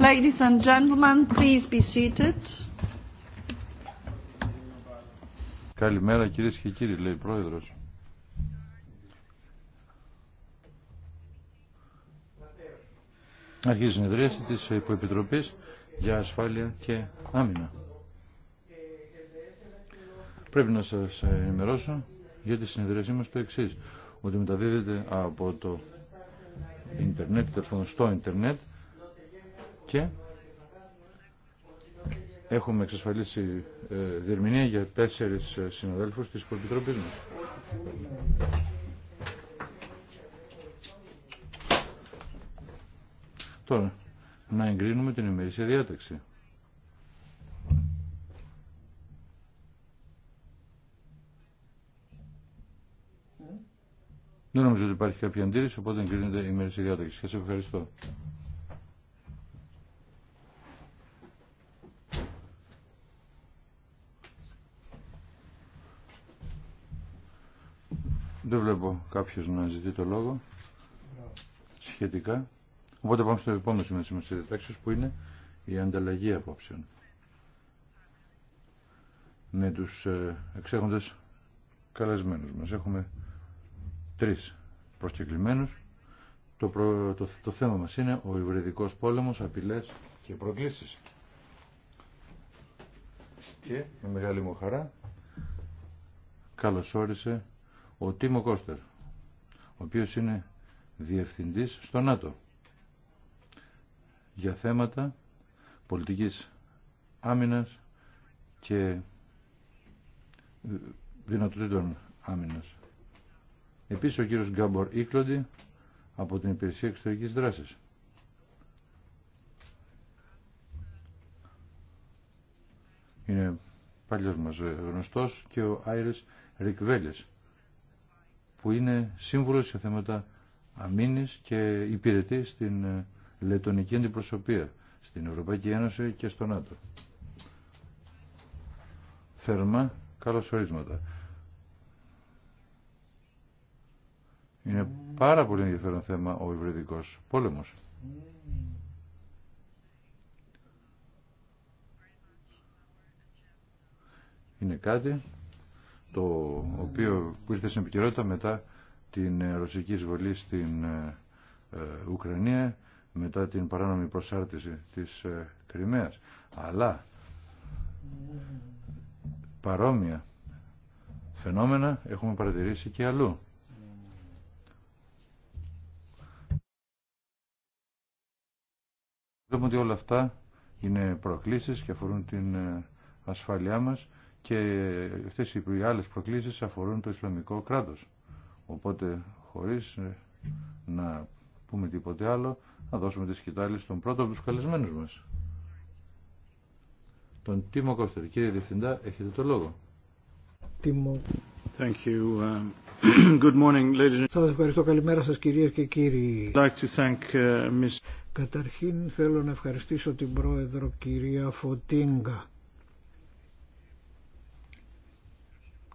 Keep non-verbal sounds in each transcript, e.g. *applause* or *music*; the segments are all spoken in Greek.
Ladies and gentlemen, please Καλημέρα κυρίες και κύριοι, λέει η Πρόεδρος. Αρχίζει η συνεδρίαση της Υποεπιτροπής για Ασφάλεια και Άμυνα. Πρέπει να σας ενημερώσω για τη συνεδρίασή μας το εξή, ότι μεταδίδεται από το ίντερνετ, στο ίντερνετ, και έχουμε εξασφαλίσει ε, διερμηνία για τέσσερις ε, συναδέλφους της Επιτροπής μας. Τώρα, να εγκρίνουμε την ημερήσια διάταξη. Δεν νομίζω ότι υπάρχει κάποια αντίρρηση, οπότε εγκρίνεται η ημερήσια διάταξη. Σας ευχαριστώ. Δεν βλέπω κάποιος να ζητεί το λόγο σχετικά. Οπότε πάμε στο επόμενο σημείο της διατάξεως που είναι η ανταλλαγή απόψεων. Με τους ε, εξέχοντες καλεσμένους μας. Έχουμε τρεις προσκεκλημένους. Το, το, το θέμα μας είναι ο υβριδικός πόλεμος, απειλές και προκλήσεις. Και με μεγάλη μου χαρά καλώς όρισε ο Τίμο Κώστερ, ο οποίος είναι διευθυντής στο ΝΑΤΟ για θέματα πολιτικής άμυνας και ε, δυνατοτήτων άμυνας. Επίσης ο κύριος Γκάμπορ Ήκλοντι από την Υπηρεσία Εξωτερικής Δράσης. Είναι παλιός μας γνωστός και ο Άιρες Ρικβέλης που είναι σύμβουλος σε θέματα αμήνης και υπηρετεί στην ε, λετονική αντιπροσωπεία, στην Ευρωπαϊκή Ένωση και στο ΝΑΤΟ. Θερμά καλωσορίσματα. Είναι πάρα πολύ ενδιαφέρον θέμα ο υβριδικός πόλεμος. Είναι κάτι το οποίο που ήρθε στην επικαιρότητα μετά την ε, ρωσική εισβολή στην ε, ε, Ουκρανία μετά την παράνομη προσάρτηση της Κρυμαίας. Αλλά παρόμοια φαινόμενα έχουμε παρατηρήσει και αλλού. Βλέπουμε ότι όλα αυτά είναι προκλήσεις και αφορούν την ασφάλειά μας και αυτές οι άλλες προκλήσεις αφορούν το Ισλαμικό κράτος. Οπότε χωρίς να πούμε τίποτε άλλο να δώσουμε τη σκητάλη στον πρώτο από τους καλεσμένους μας. Τον Τίμο Κώστερ. Κύριε Διευθυντά, έχετε το λόγο. Τίμο. Thank you. Um, *clears throat* good morning, ladies Σας ευχαριστώ. Καλημέρα σας κυρίες και κύριοι. thank, uh, Miss... Καταρχήν θέλω να ευχαριστήσω την Πρόεδρο κυρία Φωτίνγκα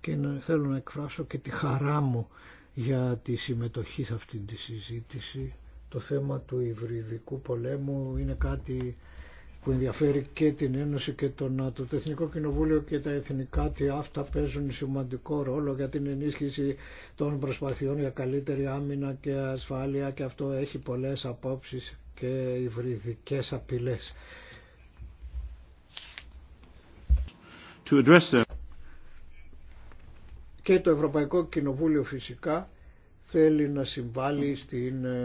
και θέλω να εκφράσω και τη χαρά μου για τη συμμετοχή σε αυτή τη συζήτηση. Το θέμα του υβριδικού πολέμου είναι κάτι που ενδιαφέρει και την Ένωση και το ΝΑΤΟ. Το Εθνικό Κοινοβούλιο και τα εθνικά τι αυτά παίζουν σημαντικό ρόλο για την ενίσχυση των προσπαθειών για καλύτερη άμυνα και ασφάλεια και αυτό έχει πολλές απόψεις και υβριδικές απειλές και το Ευρωπαϊκό Κοινοβούλιο φυσικά θέλει να συμβάλλει στην ε,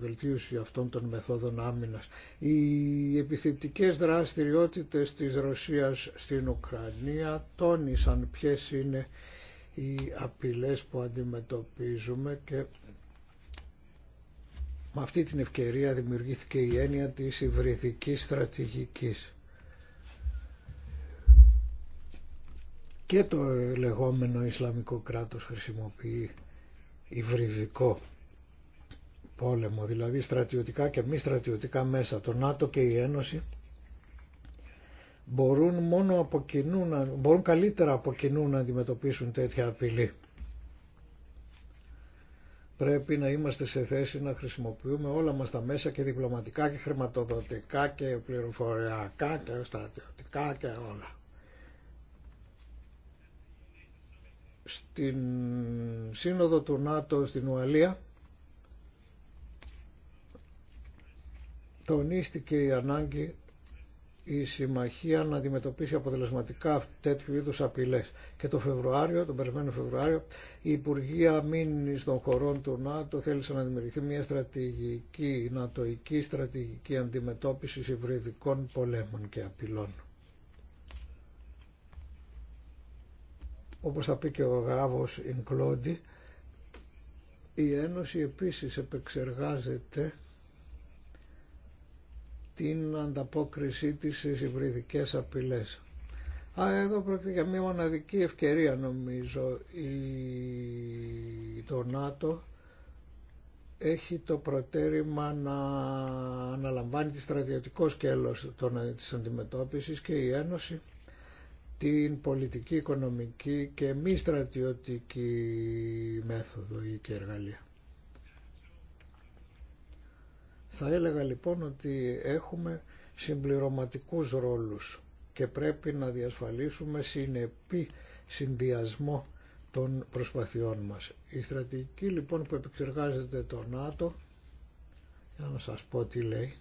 βελτίωση αυτών των μεθόδων άμυνας. Οι επιθετικές δραστηριότητες της Ρωσίας στην Ουκρανία τόνισαν ποιες είναι οι απειλές που αντιμετωπίζουμε και με αυτή την ευκαιρία δημιουργήθηκε η έννοια της υβριδικής στρατηγικής. και το λεγόμενο Ισλαμικό κράτος χρησιμοποιεί υβριδικό πόλεμο, δηλαδή στρατιωτικά και μη στρατιωτικά μέσα. Το ΝΑΤΟ και η Ένωση μπορούν, μόνο από μπορούν καλύτερα από κοινού να αντιμετωπίσουν τέτοια απειλή. Πρέπει να είμαστε σε θέση να χρησιμοποιούμε όλα μας τα μέσα και διπλωματικά και χρηματοδοτικά και πληροφοριακά και στρατιωτικά και όλα. στην σύνοδο του ΝΑΤΟ στην Ουαλία τονίστηκε η ανάγκη η συμμαχία να αντιμετωπίσει αποτελεσματικά τέτοιου είδους απειλές. Και το Φεβρουάριο, τον περισμένο Φεβρουάριο, η Υπουργεία Αμήνης των χωρών του ΝΑΤΟ θέλησε να δημιουργηθεί μια στρατηγική, νατοϊκή στρατηγική αντιμετώπισης υβριδικών πολέμων και απειλών. όπως θα πει και ο Γάβος Ινκλόντι, η Ένωση επίσης επεξεργάζεται την ανταπόκρισή της στις υβριδικές απειλές. Α, εδώ πρόκειται για μια μοναδική ευκαιρία νομίζω. Η... Το ΝΑΤΟ έχει το προτέρημα να αναλαμβάνει τη στρατιωτικό σκέλος των... της αντιμετώπισης και η Ένωση την πολιτική, οικονομική και μη στρατιωτική μέθοδο ή και εργαλεία. Θα έλεγα λοιπόν ότι έχουμε συμπληρωματικούς ρόλους και πρέπει να διασφαλίσουμε συνεπή συνδυασμό των προσπαθειών μας. Η στρατηγική λοιπόν που επεξεργάζεται το ΝΑΤΟ, για να σας πω τι λέει,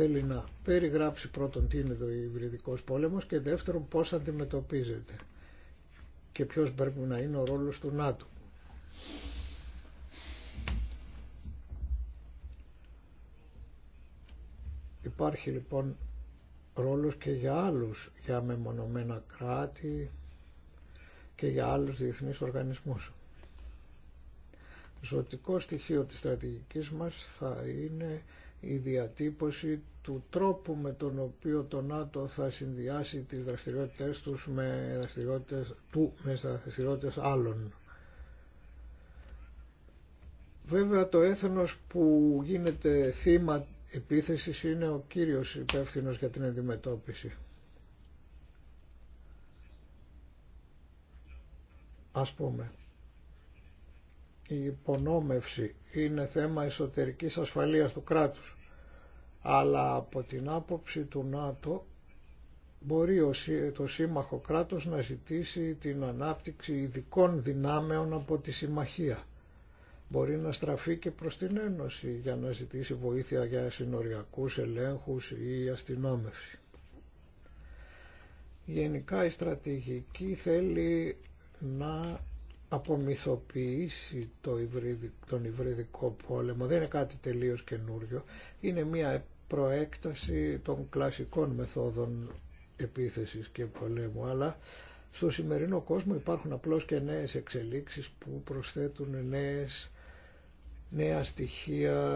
θέλει να περιγράψει πρώτον τι είναι το υβριδικός πόλεμος και δεύτερον πώς αντιμετωπίζεται και ποιος πρέπει να είναι ο ρόλος του ΝΑΤΟ. Υπάρχει λοιπόν ρόλος και για άλλους, για μεμονωμένα κράτη και για άλλους διεθνείς οργανισμούς. Ζωτικό στοιχείο της στρατηγικής μας θα είναι η διατύπωση του τρόπου με τον οποίο το ΝΑΤΟ θα συνδυάσει τις δραστηριότητες τους με δραστηριότητες του με δραστηριότητες άλλων. Βέβαια το έθνος που γίνεται θύμα επίθεσης είναι ο κύριος υπεύθυνο για την αντιμετώπιση. Ας πούμε η υπονόμευση είναι θέμα εσωτερικής ασφαλείας του κράτους. Αλλά από την άποψη του ΝΑΤΟ μπορεί το σύμμαχο κράτος να ζητήσει την ανάπτυξη ειδικών δυνάμεων από τη συμμαχία. Μπορεί να στραφεί και προς την Ένωση για να ζητήσει βοήθεια για συνοριακούς ελέγχους ή αστυνόμευση. Γενικά η στρατηγική θέλει να απομυθοποιήσει το υβριδι, τον υβριδικό πόλεμο. Δεν είναι κάτι τελείως καινούριο. Είναι μια προέκταση των κλασικών μεθόδων επίθεσης και πολέμου. Αλλά στο σημερινό κόσμο υπάρχουν απλώς και νέες εξελίξεις που προσθέτουν νέες, νέα στοιχεία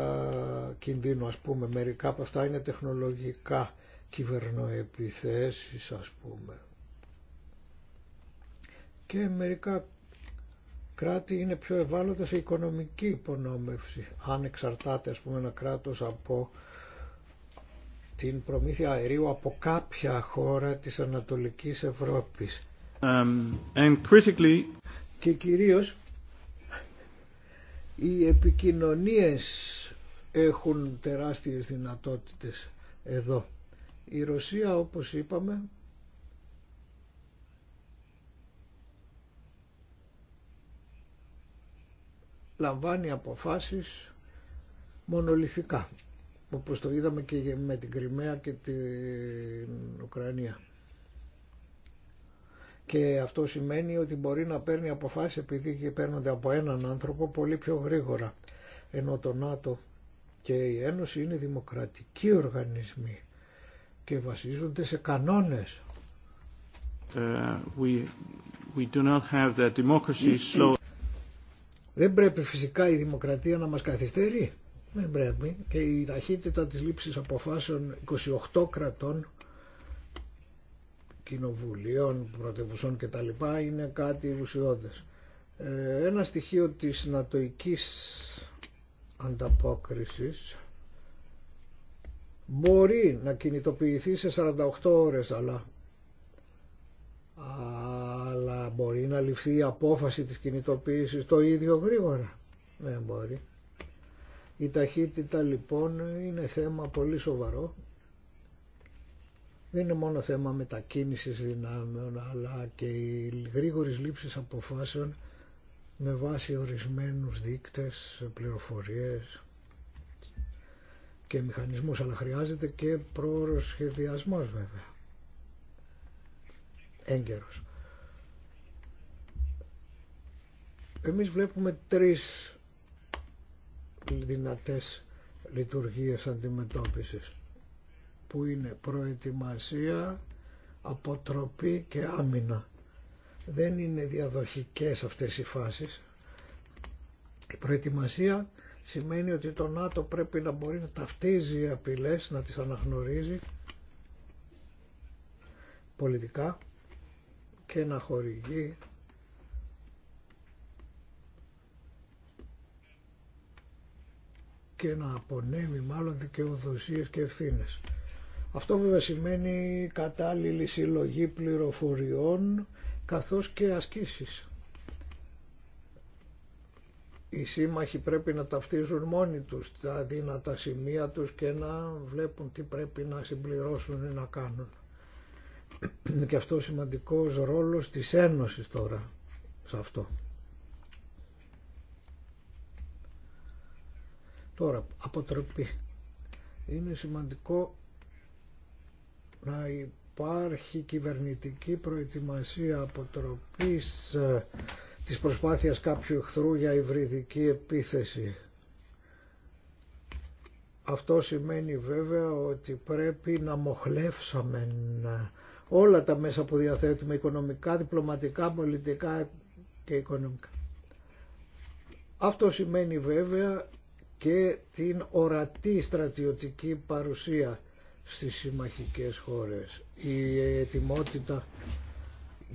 κινδύνου. Ας πούμε, μερικά από αυτά είναι τεχνολογικά κυβερνοεπιθέσεις, ας πούμε. Και μερικά κράτη είναι πιο ευάλωτα σε οικονομική υπονόμευση, αν εξαρτάται ας πούμε ένα κράτος από την προμήθεια αερίου από κάποια χώρα της Ανατολικής Ευρώπης. Um, Και κυρίως οι επικοινωνίες έχουν τεράστιες δυνατότητες εδώ. Η Ρωσία όπως είπαμε λαμβάνει αποφάσεις μονολυθικά όπως το είδαμε και με την Κρυμαία και την Ουκρανία. Και αυτό σημαίνει ότι μπορεί να παίρνει αποφάσεις επειδή παίρνονται από έναν άνθρωπο πολύ πιο γρήγορα. Ενώ το ΝΑΤΟ και η Ένωση είναι δημοκρατικοί οργανισμοί και βασίζονται σε κανόνες. Uh, we, do not have democracy slow. Δεν πρέπει φυσικά η δημοκρατία να μας καθυστερεί. Δεν πρέπει. Και η ταχύτητα της λήψης αποφάσεων 28 κρατών, κοινοβουλίων, πρωτευουσών κτλ. είναι κάτι ουσιώδες. Ε, ένα στοιχείο της νατοικής ανταπόκρισης μπορεί να κινητοποιηθεί σε 48 ώρες αλλά αλλά μπορεί να ληφθεί η απόφαση της κινητοποίησης το ίδιο γρήγορα. Δεν μπορεί. Η ταχύτητα λοιπόν είναι θέμα πολύ σοβαρό. Δεν είναι μόνο θέμα μετακίνησης δυνάμεων αλλά και η γρήγορης λήψης αποφάσεων με βάση ορισμένους δείκτες, πληροφορίες και μηχανισμούς αλλά χρειάζεται και πρόορος σχεδιασμός βέβαια έγκαιρος. Εμείς βλέπουμε τρεις δυνατές λειτουργίες αντιμετώπισης που είναι προετοιμασία, αποτροπή και άμυνα. Δεν είναι διαδοχικές αυτές οι φάσεις. Η προετοιμασία σημαίνει ότι το ΝΑΤΟ πρέπει να μπορεί να ταυτίζει απειλές, να τις αναγνωρίζει πολιτικά και να χορηγεί και να απονέμει μάλλον δικαιοδοσίες και ευθύνε. Αυτό βέβαια σημαίνει κατάλληλη συλλογή πληροφοριών καθώς και ασκήσεις. Οι σύμμαχοι πρέπει να ταυτίζουν μόνοι τους τα δύνατα σημεία τους και να βλέπουν τι πρέπει να συμπληρώσουν ή να κάνουν και αυτό σημαντικός ρόλος της Ένωσης τώρα σε αυτό. Τώρα, αποτροπή. Είναι σημαντικό να υπάρχει κυβερνητική προετοιμασία αποτροπής ε, της προσπάθειας κάποιου εχθρού για υβριδική επίθεση. Αυτό σημαίνει βέβαια ότι πρέπει να μοχλεύσαμε ε, όλα τα μέσα που διαθέτουμε οικονομικά, διπλωματικά, πολιτικά και οικονομικά. Αυτό σημαίνει βέβαια και την ορατή στρατιωτική παρουσία στις συμμαχικές χώρες. Η ετοιμότητα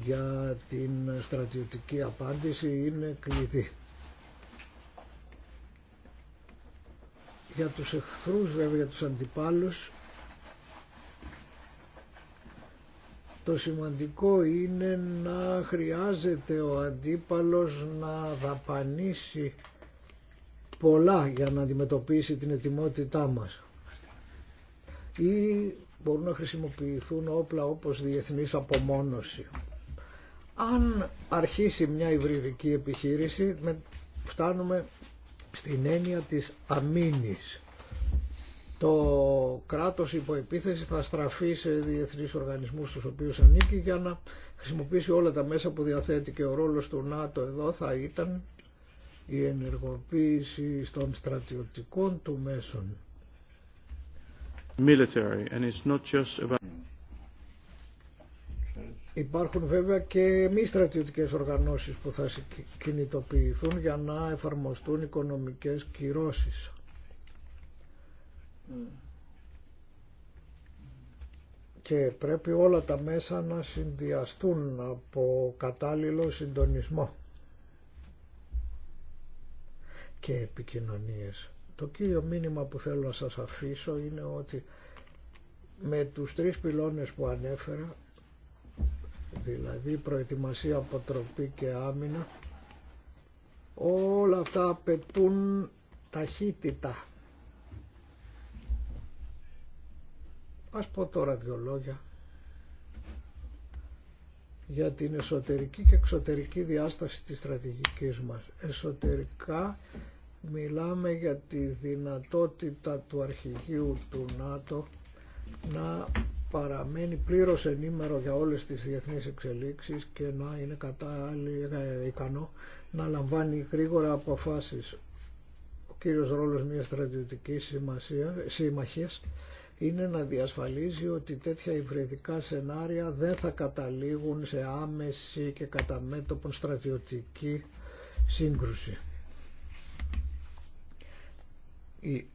για την στρατιωτική απάντηση είναι κλειδί. Για τους εχθρούς βέβαια, για τους αντιπάλους Το σημαντικό είναι να χρειάζεται ο αντίπαλος να δαπανίσει πολλά για να αντιμετωπίσει την ετοιμότητά μας. Ή μπορούν να χρησιμοποιηθούν όπλα όπως διεθνής απομόνωση. Αν αρχίσει μια υβριδική επιχείρηση, φτάνουμε στην έννοια της αμήνης το κράτος υπό επίθεση θα στραφεί σε διεθνείς οργανισμούς στους οποίους ανήκει για να χρησιμοποιήσει όλα τα μέσα που διαθέτει και ο ρόλος του ΝΑΤΟ εδώ θα ήταν η ενεργοποίηση των στρατιωτικών του μέσων. Military, and it's Υπάρχουν βέβαια και μη στρατιωτικές οργανώσεις που θα κινητοποιηθούν για να εφαρμοστούν οικονομικές κυρώσεις και πρέπει όλα τα μέσα να συνδυαστούν από κατάλληλο συντονισμό και επικοινωνίες. Το κύριο μήνυμα που θέλω να σας αφήσω είναι ότι με τους τρεις πυλώνες που ανέφερα, δηλαδή προετοιμασία, αποτροπή και άμυνα, όλα αυτά απαιτούν ταχύτητα Ας πω τώρα δύο λόγια για την εσωτερική και εξωτερική διάσταση της στρατηγικής μας. Εσωτερικά μιλάμε για τη δυνατότητα του αρχηγείου του ΝΑΤΟ να παραμένει πλήρως ενήμερο για όλες τις διεθνείς εξελίξεις και να είναι κατά άλλη ε, ικανό να λαμβάνει γρήγορα αποφάσεις. Ο κύριος ρόλος μιας στρατιωτικής συμμαχίας είναι να διασφαλίζει ότι τέτοια υβριδικά σενάρια δεν θα καταλήγουν σε άμεση και κατά μέτωπον στρατιωτική σύγκρουση. Η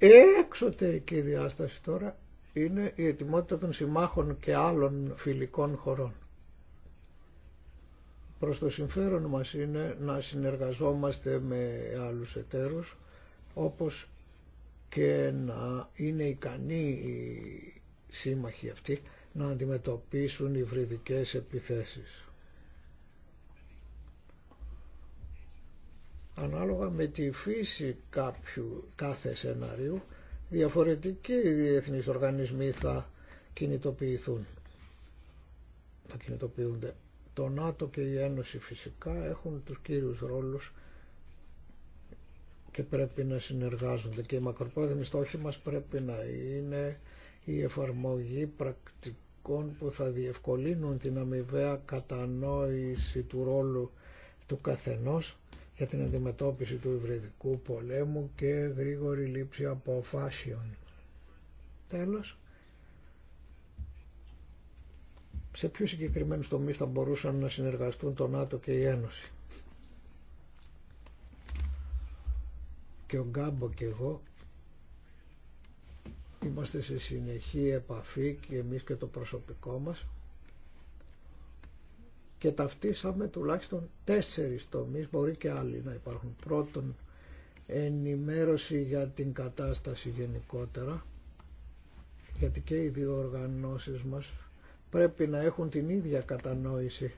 εξωτερική διάσταση τώρα είναι η ετοιμότητα των συμμάχων και άλλων φιλικών χωρών. Προς το συμφέρον μας είναι να συνεργαζόμαστε με άλλους εταίρους όπως και να είναι ικανοί οι σύμμαχοι αυτοί να αντιμετωπίσουν υβριδικές επιθέσεις. Ανάλογα με τη φύση κάποιου κάθε σενάριου, διαφορετικοί διεθνείς οργανισμοί θα κινητοποιηθούν. Θα κινητοποιούνται. Το ΝΑΤΟ και η Ένωση φυσικά έχουν τους κύριους ρόλους και πρέπει να συνεργάζονται και οι μακροπρόθεσμοι στόχοι μας πρέπει να είναι η εφαρμογή πρακτικών που θα διευκολύνουν την αμοιβαία κατανόηση του ρόλου του καθενός για την αντιμετώπιση του υβριδικού πολέμου και γρήγορη λήψη αποφάσεων. Τέλος, σε ποιους συγκεκριμένους τομείς θα μπορούσαν να συνεργαστούν το ΝΑΤΟ και η Ένωση. και ο Γκάμπο και εγώ είμαστε σε συνεχή επαφή και εμείς και το προσωπικό μας και ταυτίσαμε τουλάχιστον τέσσερις τομείς, μπορεί και άλλοι να υπάρχουν. Πρώτον, ενημέρωση για την κατάσταση γενικότερα, γιατί και οι δύο οργανώσεις μας πρέπει να έχουν την ίδια κατανόηση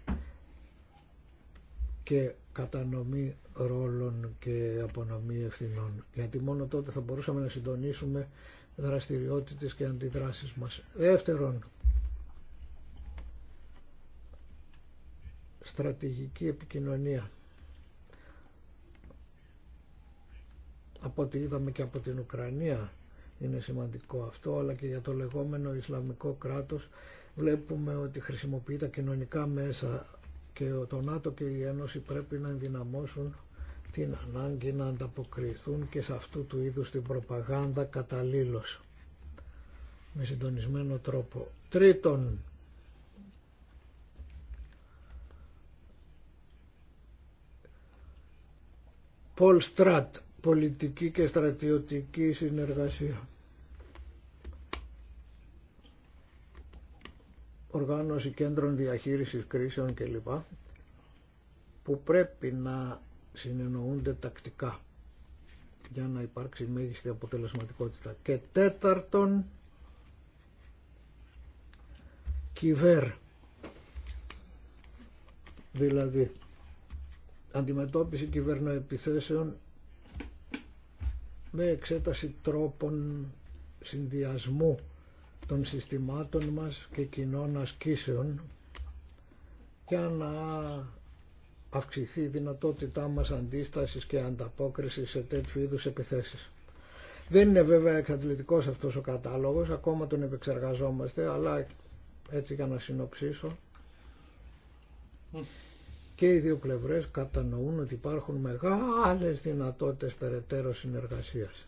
και κατανομή ρόλων και απονομή ευθυνών. Γιατί μόνο τότε θα μπορούσαμε να συντονίσουμε δραστηριότητες και αντιδράσεις μας. Δεύτερον, στρατηγική επικοινωνία. Από ό,τι είδαμε και από την Ουκρανία είναι σημαντικό αυτό, αλλά και για το λεγόμενο Ισλαμικό κράτος βλέπουμε ότι χρησιμοποιεί τα κοινωνικά μέσα και το ΝΑΤΟ και η Ένωση πρέπει να ενδυναμώσουν την ανάγκη να ανταποκριθούν και σε αυτού του είδους την προπαγάνδα καταλήλως με συντονισμένο τρόπο. Τρίτον, Πολ Στρατ, πολιτική και στρατιωτική συνεργασία. οργάνωση κέντρων διαχείρισης κρίσεων κλπ. που πρέπει να συνεννοούνται τακτικά για να υπάρξει μέγιστη αποτελεσματικότητα. Και τέταρτον, κυβέρ, δηλαδή αντιμετώπιση κυβερνοεπιθέσεων με εξέταση τρόπων συνδυασμού των συστημάτων μας και κοινών ασκήσεων για να αυξηθεί η δυνατότητά μας αντίστασης και ανταπόκρισης σε τέτοιου είδους επιθέσεις. Δεν είναι βέβαια εξαντλητικός αυτός ο κατάλογος, ακόμα τον επεξεργαζόμαστε, αλλά έτσι για να συνοψίσω. Και οι δύο πλευρές κατανοούν ότι υπάρχουν μεγάλες δυνατότητες περαιτέρω συνεργασίας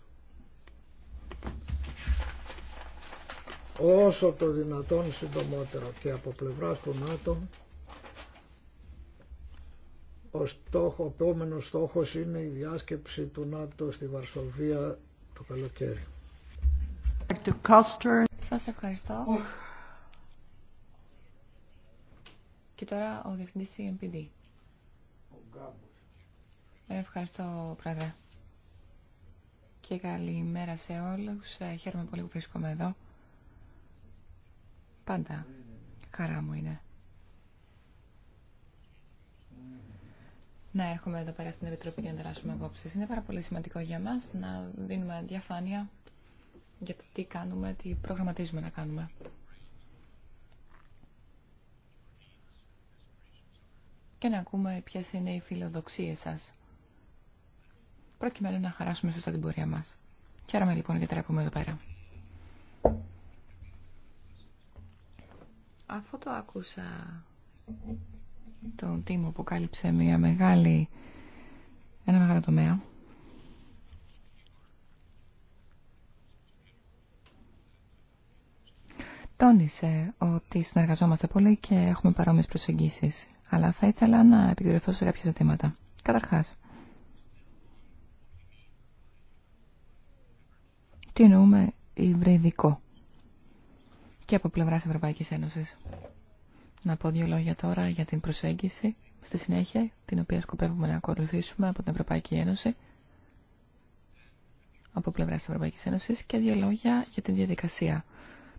όσο το δυνατόν συντομότερο και από πλευρά του ΝΑΤΟ ο, στόχο, ο στόχος είναι η διάσκεψη του ΝΑΤΟ στη Βαρσοβία το καλοκαίρι. Σας ευχαριστώ. Oh. Και τώρα ο Διευθυντής CMPD. Ευχαριστώ, Πρόεδρε. Και καλημέρα σε όλους. Ε, χαίρομαι πολύ που βρίσκομαι εδώ. Πάντα χαρά μου είναι. Να έρχομαι εδώ πέρα στην Επιτροπή και να δράσουμε απόψεις. Είναι πάρα πολύ σημαντικό για μας να δίνουμε διαφάνεια για το τι κάνουμε, τι προγραμματίζουμε να κάνουμε. Και να ακούμε ποιε είναι οι φιλοδοξίε σας. Προκειμένου να χαράσουμε σωστά την πορεία μας. Χαίρομαι λοιπόν γιατί τρέχουμε εδώ πέρα. Αφού το άκουσα τον Τίμο που κάλυψε μια μεγάλη, ένα μεγάλο τομέα, τόνισε ότι συνεργαζόμαστε πολύ και έχουμε παρόμοιες προσεγγίσεις. Αλλά θα ήθελα να επικεντρωθώ σε κάποια ζητήματα. Καταρχάς, τι εννοούμε υβριδικό και από πλευράς Ευρωπαϊκής Ένωσης. Να πω δύο λόγια τώρα για την προσέγγιση στη συνέχεια, την οποία σκοπεύουμε να ακολουθήσουμε από την Ευρωπαϊκή Ένωση, από πλευράς της Ευρωπαϊκής Ένωσης και δύο λόγια για την διαδικασία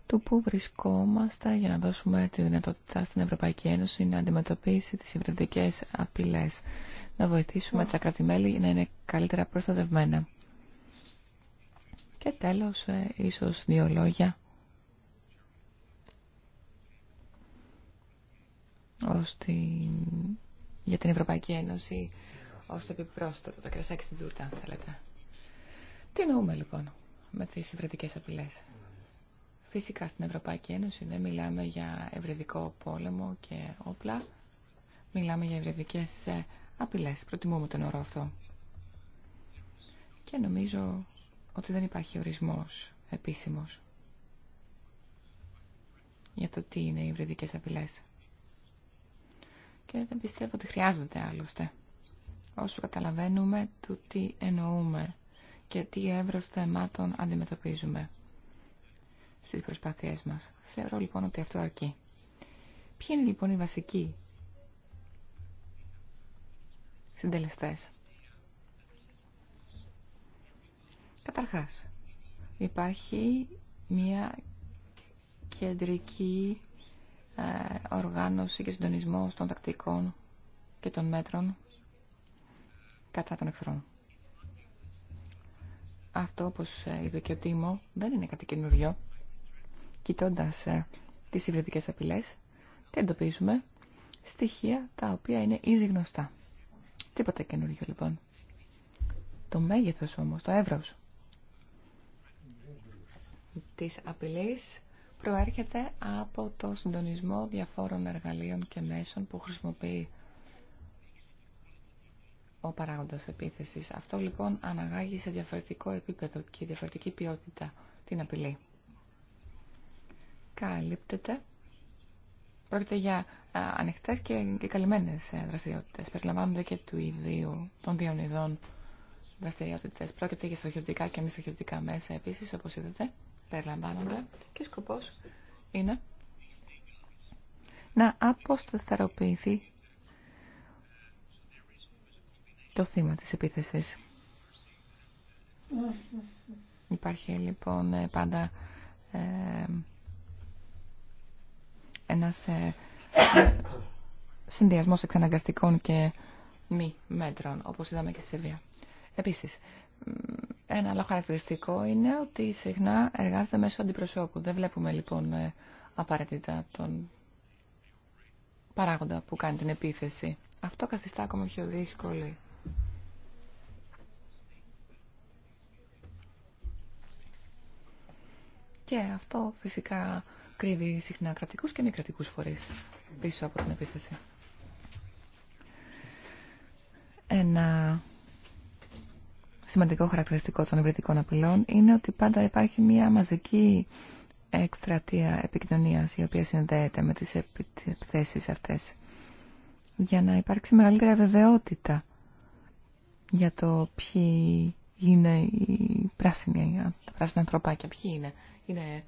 του που βρισκόμαστε για να δώσουμε τη δυνατότητα στην Ευρωπαϊκή Ένωση να αντιμετωπίσει τις υβριδικές απειλές, να βοηθήσουμε τα κρατημέλη να είναι καλύτερα προστατευμένα. Και τέλος, ε, ίσως δύο λόγια ως για την Ευρωπαϊκή Ένωση ως το επιπρόσθετο, το κρασάκι στην τούρτα, αν θέλετε. Τι εννοούμε λοιπόν με τις ευρετικές απειλές. Φυσικά στην Ευρωπαϊκή Ένωση δεν ναι, μιλάμε για ευρετικό πόλεμο και όπλα. Μιλάμε για ευρετικές ε, απειλές. Προτιμούμε τον όρο αυτό. Και νομίζω ότι δεν υπάρχει ορισμός επίσημος για το τι είναι οι ευρετικές απειλές και δεν πιστεύω ότι χρειάζεται άλλωστε. Όσο καταλαβαίνουμε του τι εννοούμε και τι εύρος θεμάτων αντιμετωπίζουμε στις προσπάθειές μας. Θεωρώ λοιπόν ότι αυτό αρκεί. Ποιοι είναι λοιπόν οι βασικοί συντελεστές. Καταρχάς, υπάρχει μια κεντρική ε, οργάνωση και συντονισμό των τακτικών και των μέτρων κατά των εχθρών. Αυτό, όπως ε, είπε και ο Τίμο, δεν είναι κάτι καινούριο. Κοιτώντας ε, τις υβριδικές απειλές, τι εντοπίζουμε, στοιχεία τα οποία είναι ήδη γνωστά. Τίποτα καινούριο λοιπόν. Το μέγεθος όμως, το εύρος της απειλής προέρχεται από το συντονισμό διαφόρων εργαλείων και μέσων που χρησιμοποιεί ο παράγοντας επίθεσης. Αυτό λοιπόν αναγάγει σε διαφορετικό επίπεδο και διαφορετική ποιότητα την απειλή. Καλύπτεται. Πρόκειται για ανοιχτές και, καλυμμένες ε, δραστηριότητες. Περιλαμβάνονται και του ιδίου των δύο ειδών δραστηριότητες. Πρόκειται για στρατιωτικά και μη στρατιωτικά μέσα επίσης, όπως είδατε περιλαμβάνονται και σκοπός είναι να αποσταθεροποιηθεί το θύμα της επίθεσης. Υπάρχει λοιπόν ε, πάντα ε, ένας ε, συνδυασμός εξαναγκαστικών και μη μέτρων, όπως είδαμε και στη Σερβία. Επίσης, ένα άλλο χαρακτηριστικό είναι ότι συχνά εργάζεται μέσω αντιπροσώπου. Δεν βλέπουμε λοιπόν ε, απαραίτητα τον παράγοντα που κάνει την επίθεση. Αυτό καθιστά ακόμα πιο δύσκολη. Και αυτό φυσικά κρύβει συχνά κρατικούς και μη κρατικούς φορείς πίσω από την επίθεση. Ένα σημαντικό χαρακτηριστικό των υβριδικών απειλών είναι ότι πάντα υπάρχει μια μαζική εκστρατεία επικοινωνίας η οποία συνδέεται με τις επιθέσεις αυτές για να υπάρξει μεγαλύτερη αβεβαιότητα για το ποιοι είναι οι πράσινοι, τα πράσινα ανθρωπάκια, ποιοι είναι. Είναι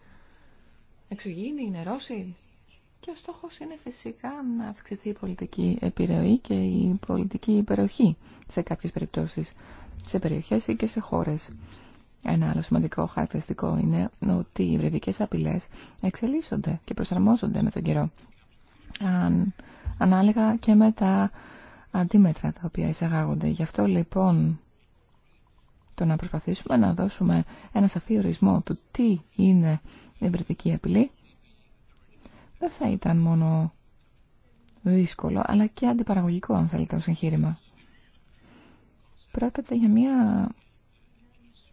εξωγήινοι, είναι Ρώσοι. Και ο στόχος είναι φυσικά να αυξηθεί η πολιτική επιρροή και η πολιτική υπεροχή σε κάποιες περιπτώσεις σε περιοχές ή και σε χώρες. Ένα άλλο σημαντικό χαρακτηριστικό είναι ότι οι βρεδικές απειλές εξελίσσονται και προσαρμόζονται με τον καιρό. Αν, ανάλογα και με τα αντίμετρα τα οποία εισαγάγονται. Γι' αυτό λοιπόν το να προσπαθήσουμε να δώσουμε ένα σαφή ορισμό του τι είναι η βρετική απειλή δεν θα ήταν μόνο δύσκολο αλλά και αντιπαραγωγικό αν θέλετε ως εγχείρημα. Πρόκειται για μια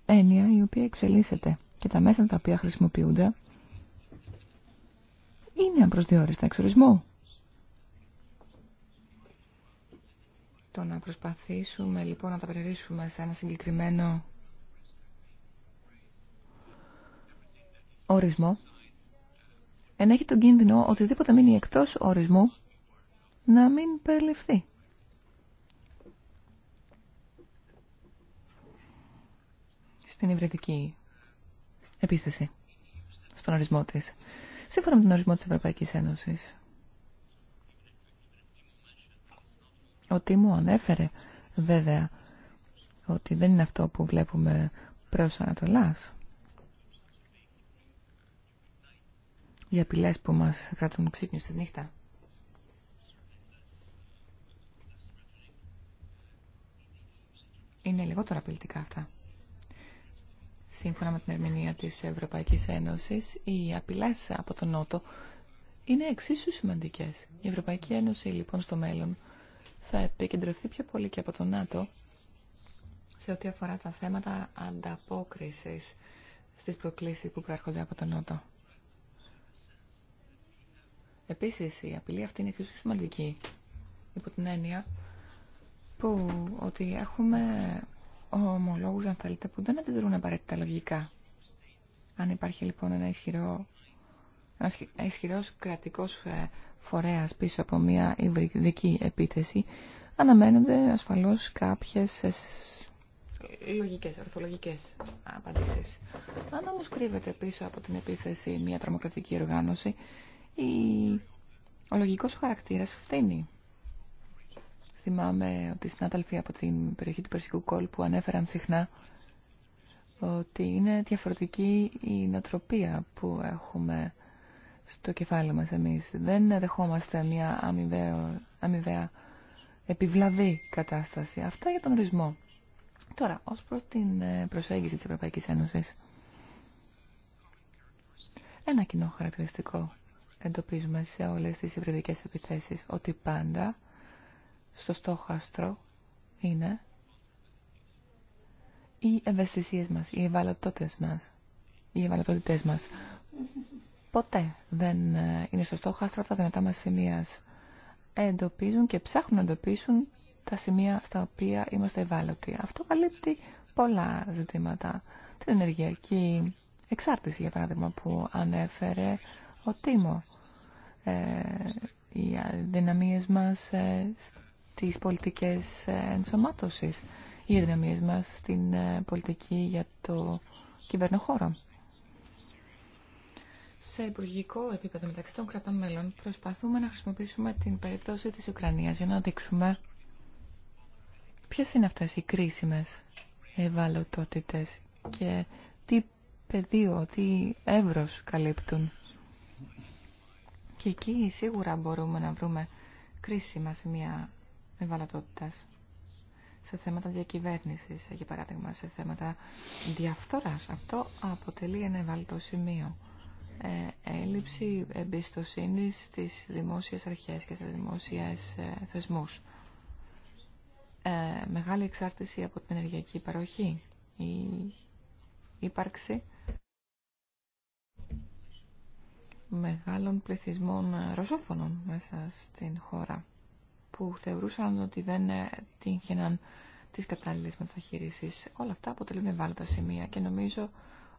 έννοια η οποία εξελίσσεται και τα μέσα τα οποία χρησιμοποιούνται είναι απροσδιορίστα εξορισμού. Το να προσπαθήσουμε λοιπόν να τα περιορίσουμε σε ένα συγκεκριμένο ορισμό ενέχει τον κίνδυνο οτιδήποτε μείνει εκτός ορισμού να μην περιληφθεί στην υβριδική επίθεση, στον ορισμό της. Σύμφωνα με τον ορισμό της Ευρωπαϊκής Ένωσης. Οτι μου ανέφερε βέβαια ότι δεν είναι αυτό που βλέπουμε προς Ανατολάς. Οι απειλέ που μας κρατούν ξύπνιους τη νύχτα. Είναι λιγότερο απειλητικά αυτά σύμφωνα με την ερμηνεία της Ευρωπαϊκής Ένωσης, οι απειλές από τον Νότο είναι εξίσου σημαντικές. Η Ευρωπαϊκή Ένωση λοιπόν στο μέλλον θα επικεντρωθεί πιο πολύ και από τον ΝΑΤΟ σε ό,τι αφορά τα θέματα ανταπόκρισης στις προκλήσεις που προέρχονται από τον Νότο. Επίσης, η απειλή αυτή είναι εξίσου σημαντική, υπό την έννοια που ότι έχουμε ομολόγους, αν θέλετε, που δεν αντιδρούν απαραίτητα λογικά. Αν υπάρχει λοιπόν ένα ισχυρό, ένας ισχυρός κρατικός ε, φορέας πίσω από μια υβριδική επίθεση, αναμένονται ασφαλώς κάποιες ε, λογικές, ορθολογικές απαντήσεις. Αν όμως κρύβεται πίσω από την επίθεση μια τρομοκρατική οργάνωση, η... ο λογικός χαρακτήρας φθήνει. Θυμάμαι ότι οι συνάδελφοι από την περιοχή του Περσικού κόλπου ανέφεραν συχνά ότι είναι διαφορετική η νοοτροπία που έχουμε στο κεφάλι μας εμείς. Δεν δεχόμαστε μια αμοιβαία επιβλαβή κατάσταση. Αυτά για τον ορισμό. Τώρα, ως προς την ε, προσέγγιση της Ευρωπαϊκής Ένωσης. Ένα κοινό χαρακτηριστικό εντοπίζουμε σε όλες τις υβριδικές επιθέσεις, ότι πάντα στο στόχαστρο είναι οι ευαισθησίες μας, οι ευαλωτότητες μας. Οι μας. Ποτέ δεν ε, είναι στο στόχαστρο τα δυνατά μας σημεία. Εντοπίζουν και ψάχνουν να εντοπίσουν τα σημεία στα οποία είμαστε ευάλωτοι. Αυτό καλύπτει πολλά ζητήματα. Την ενεργειακή εξάρτηση, για παράδειγμα, που ανέφερε ο Τίμο. Ε, οι αδυναμίες μας ε, τις πολιτικές ενσωμάτωσης οι αδυναμίες μας στην ε, πολιτική για το κυβερνοχώρο. Σε υπουργικό επίπεδο μεταξύ των κρατών μέλων προσπαθούμε να χρησιμοποιήσουμε την περίπτωση της Ουκρανίας για να δείξουμε ποιες είναι αυτές οι κρίσιμες ευαλωτότητες και τι πεδίο, τι εύρος καλύπτουν. Και εκεί σίγουρα μπορούμε να βρούμε κρίσιμα σημεία σε θέματα διακυβέρνησης, για παράδειγμα, σε θέματα διαφθοράς. Αυτό αποτελεί ένα ευάλωτο σημείο. Ε, έλλειψη εμπιστοσύνης στις δημόσιες αρχές και στις δημόσιες ε, θεσμούς. Ε, μεγάλη εξάρτηση από την ενεργειακή παροχή. Η ύπαρξη μεγάλων πληθυσμών ρωσόφωνων μέσα στην χώρα που θεωρούσαν ότι δεν ε, τύχαιναν τις κατάλληλες μεταχείρισεις. Όλα αυτά αποτελούν ευάλωτα σημεία και νομίζω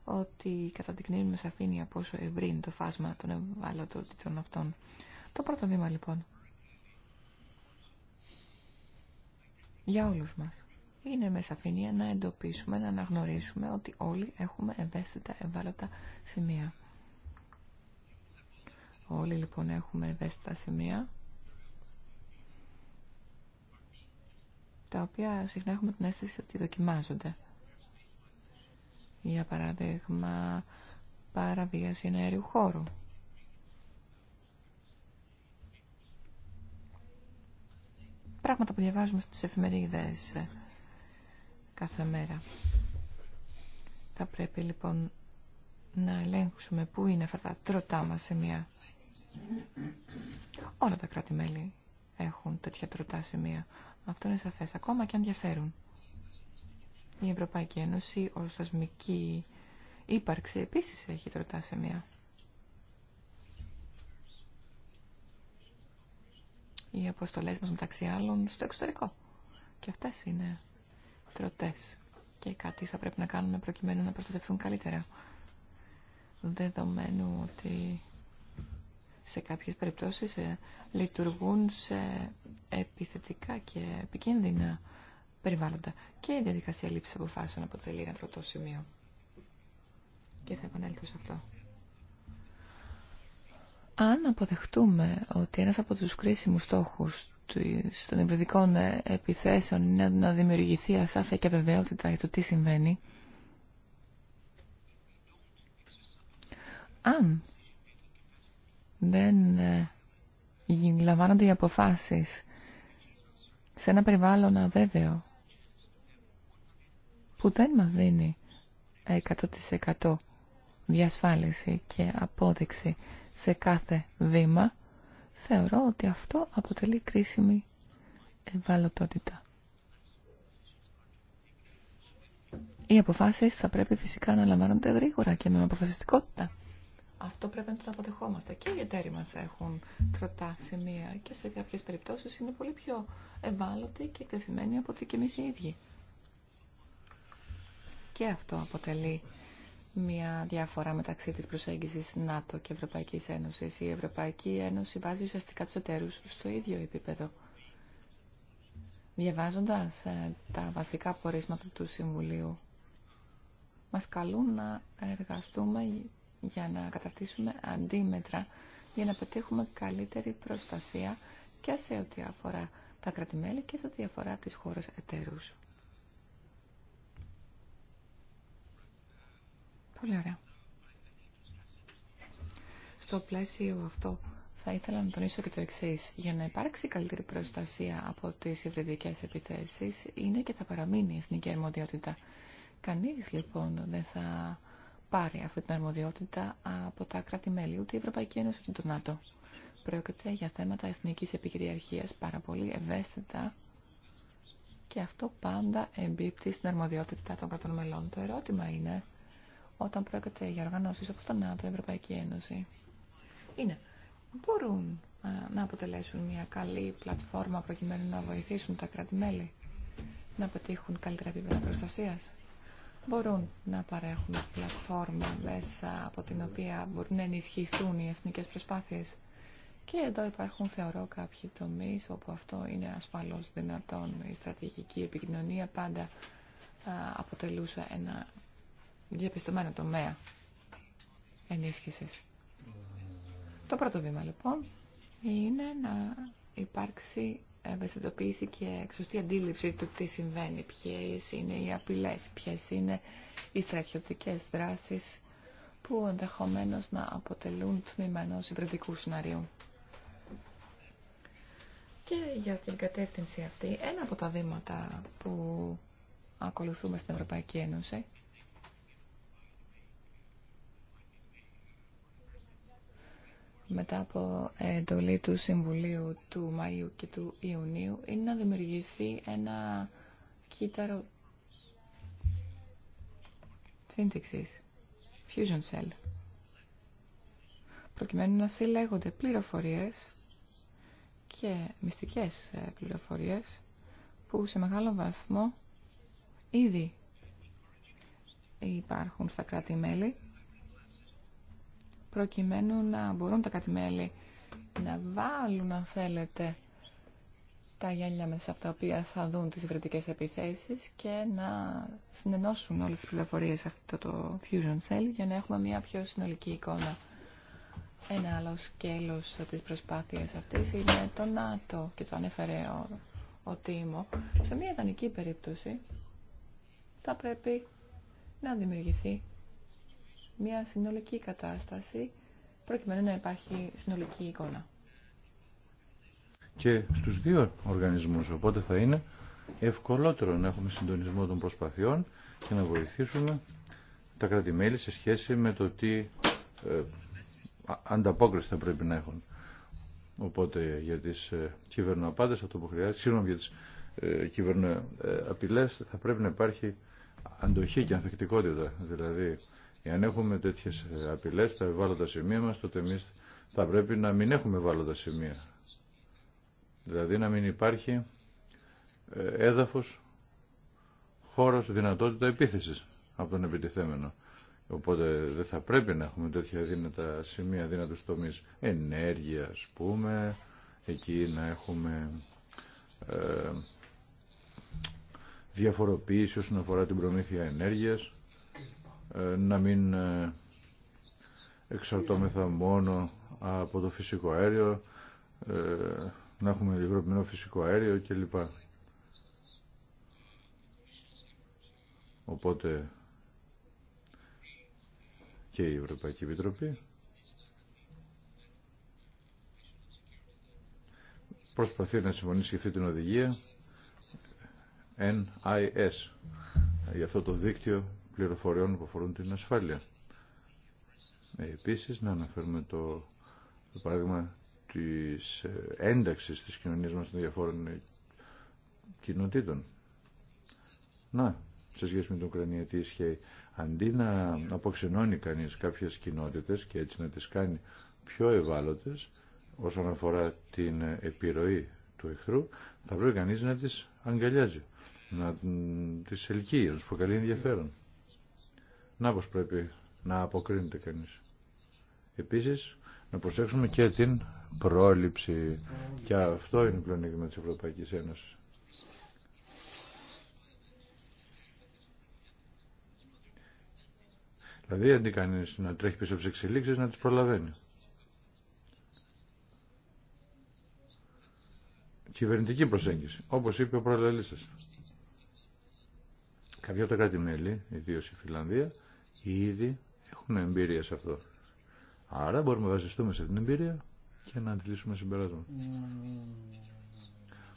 ότι καταδεικνύουν με σαφήνεια πόσο ευρύ είναι το φάσμα των ευάλωτων αυτών. Το πρώτο βήμα λοιπόν. Για όλους μας. Είναι με σαφήνεια να εντοπίσουμε, να αναγνωρίσουμε ότι όλοι έχουμε ευαίσθητα ευάλωτα σημεία. Όλοι λοιπόν έχουμε ευαίσθητα σημεία τα οποία συχνά έχουμε την αίσθηση ότι δοκιμάζονται. Για παράδειγμα, παραβίαση ενέργειου χώρου. Πράγματα που διαβάζουμε στις εφημερίδες ε, κάθε μέρα. Θα πρέπει λοιπόν να ελέγξουμε πού είναι αυτά τα τροτά μας σε μια... Όλα τα κράτη-μέλη έχουν τέτοια τροτά σημεία. Αυτό είναι σαφές, ακόμα και αν διαφέρουν. Η Ευρωπαϊκή Ένωση ως θεσμική ύπαρξη επίσης έχει τροτά σημεία. Οι αποστολές μας μεταξύ άλλων στο εξωτερικό. Και αυτές είναι τροτές. Και κάτι θα πρέπει να κάνουμε προκειμένου να προστατευτούν καλύτερα. Δεδομένου ότι σε κάποιες περιπτώσεις ε, λειτουργούν σε επιθετικά και επικίνδυνα περιβάλλοντα. Και η διαδικασία λήψης αποφάσεων αποτελεί ένα σημείο. Και θα επανέλθω σε αυτό. Αν αποδεχτούμε ότι ένας από τους κρίσιμους στόχους των υπηρετικών ε, επιθέσεων είναι να δημιουργηθεί ασάφεια και βεβαιότητα για το τι συμβαίνει, αν δεν ε, λαμβάνονται οι αποφάσεις σε ένα περιβάλλον αβέβαιο που δεν μας δίνει 100% διασφάλιση και απόδειξη σε κάθε βήμα, θεωρώ ότι αυτό αποτελεί κρίσιμη ευαλωτότητα. Οι αποφάσεις θα πρέπει φυσικά να λαμβάνονται γρήγορα και με αποφασιστικότητα. Αυτό πρέπει να το αποδεχόμαστε. Και οι εταίροι μα έχουν τροτά σημεία και σε κάποιε περιπτώσει είναι πολύ πιο ευάλωτοι και εκτεθειμένοι από ότι και εμεί οι ίδιοι. Και αυτό αποτελεί μια διαφορά μεταξύ της προσέγγισης ΝΑΤΟ και Ευρωπαϊκής Ένωσης. Η Ευρωπαϊκή Ένωση βάζει ουσιαστικά τους εταίρους στο ίδιο επίπεδο. Διαβάζοντας ε, τα βασικά πορίσματα του Συμβουλίου, μας καλούν να εργαστούμε για να καταστήσουμε αντίμετρα για να πετύχουμε καλύτερη προστασία και σε ό,τι αφορά τα κρατημέλη και σε ό,τι αφορά τις χώρες εταίρους. Πολύ ωραία. Στο πλαίσιο αυτό θα ήθελα να τονίσω και το εξή. Για να υπάρξει καλύτερη προστασία από τι υβριδικέ επιθέσει είναι και θα παραμείνει η εθνική αρμοδιότητα. Κανεί λοιπόν δεν θα πάρει αυτή την αρμοδιότητα από τα κράτη-μέλη, ούτε η Ευρωπαϊκή Ένωση ούτε το ΝΑΤΟ. Πρόκειται για θέματα εθνικής επικυριαρχίας, πάρα πολύ ευαίσθητα και αυτό πάντα εμπίπτει στην αρμοδιότητα των κρατών μελών. Το ερώτημα είναι, όταν πρόκειται για οργανώσει όπως το ΝΑΤΟ, η Ευρωπαϊκή Ένωση, είναι, μπορούν να αποτελέσουν μια καλή πλατφόρμα προκειμένου να βοηθήσουν τα κράτη-μέλη να πετύχουν καλύτερα επίπεδα προστασία μπορούν να παρέχουν πλατφόρμα μέσα από την οποία μπορούν να ενισχυθούν οι εθνικές προσπάθειες. Και εδώ υπάρχουν, θεωρώ, κάποιοι τομείς όπου αυτό είναι ασφαλώς δυνατόν. Η στρατηγική επικοινωνία πάντα αποτελούσε ένα διαπιστωμένο τομέα ενίσχυσης. Το πρώτο βήμα, λοιπόν, είναι να υπάρξει ευαισθητοποίηση και σωστή αντίληψη του τι συμβαίνει, ποιες είναι οι απειλές, ποιες είναι οι στρατιωτικές δράσεις που ενδεχομένως να αποτελούν τμήμα ενός υβριδικού σενάριου. Και για την κατεύθυνση αυτή, ένα από τα βήματα που ακολουθούμε στην Ευρωπαϊκή Ένωση μετά από εντολή του Συμβουλίου του Μαΐου και του Ιουνίου είναι να δημιουργηθεί ένα κύτταρο σύνδεξης, fusion cell, προκειμένου να συλλέγονται πληροφορίες και μυστικές ε, πληροφορίες που σε μεγάλο βαθμό ήδη υπάρχουν στα κράτη-μέλη προκειμένου να μπορούν τα κατημέλη να βάλουν, αν θέλετε, τα γυαλιά μέσα από τα οποία θα δουν τις υβρετικές επιθέσεις και να συνενώσουν όλες τις πληροφορίες αυτό το Fusion Cell για να έχουμε μια πιο συνολική εικόνα. Ένα άλλο σκέλος της προσπάθειας αυτής είναι το ΝΑΤΟ και το ανέφερε ο, ο Τίμο. Σε μια ιδανική περίπτωση θα πρέπει να δημιουργηθεί μια συνολική κατάσταση προκειμένου να υπάρχει συνολική εικόνα. Και στους δύο οργανισμούς, οπότε θα είναι ευκολότερο να έχουμε συντονισμό των προσπαθειών και να βοηθήσουμε τα κράτη-μέλη σε σχέση με το τι ε, ανταπόκριση θα πρέπει να έχουν. Οπότε για τις ε, κυβερνοαπάντες, αυτό που χρειάζεται, σύνομα για τις ε, κυβερνοαπειλές, θα πρέπει να υπάρχει αντοχή και ανθεκτικότητα. Δηλαδή Εάν έχουμε τέτοιε απειλέ, τα ευάλωτα σημεία μα, τότε εμεί θα πρέπει να μην έχουμε ευάλωτα σημεία. Δηλαδή να μην υπάρχει ε, έδαφος, χώρος, δυνατότητα επίθεση από τον επιτιθέμενο. Οπότε δεν θα πρέπει να έχουμε τέτοια δύνατα σημεία, δύνατους τομείς. Ενέργεια, α πούμε, εκεί να έχουμε ε, διαφοροποίηση όσον αφορά την προμήθεια ενέργειας. Ε, να μην ε, εξαρτώμεθα μόνο από το φυσικό αέριο, ε, να έχουμε υγροπημένο φυσικό αέριο κλπ. Οπότε και η Ευρωπαϊκή Επιτροπή προσπαθεί να συμφωνήσει αυτή την οδηγία NIS για αυτό το δίκτυο πληροφοριών που αφορούν την ασφάλεια. Ε, επίσης, να αναφέρουμε το, το παράδειγμα της ε, ένταξης της κοινωνίας μας των διαφόρων ε, κοινοτήτων. Να, σε σχέση με την Ουκρανία τι ισχύει. Αντί να αποξενώνει κανείς κάποιες κοινότητες και έτσι να τις κάνει πιο ευάλωτες όσον αφορά την επιρροή του εχθρού, θα πρέπει κανείς να τις αγκαλιάζει, να τις ελκύει, να τους προκαλεί ενδιαφέρον. Να πως πρέπει να αποκρίνεται κανείς. Επίσης, να προσέξουμε και την πρόληψη. Και αυτό είναι πλεονέκτημα της Ευρωπαϊκής Ένωσης. Δηλαδή, αντί κανείς να τρέχει πίσω από τις εξελίξεις, να τις προλαβαίνει. Κυβερνητική προσέγγιση, όπως είπε ο προλαλής σας. Κάποια από τα κράτη-μέλη, ιδίως η Φιλανδία, Ήδη έχουμε εμπειρία σε αυτό. Άρα μπορούμε να βασιστούμε σε την εμπειρία και να αντιλήσουμε συμπεράσματα.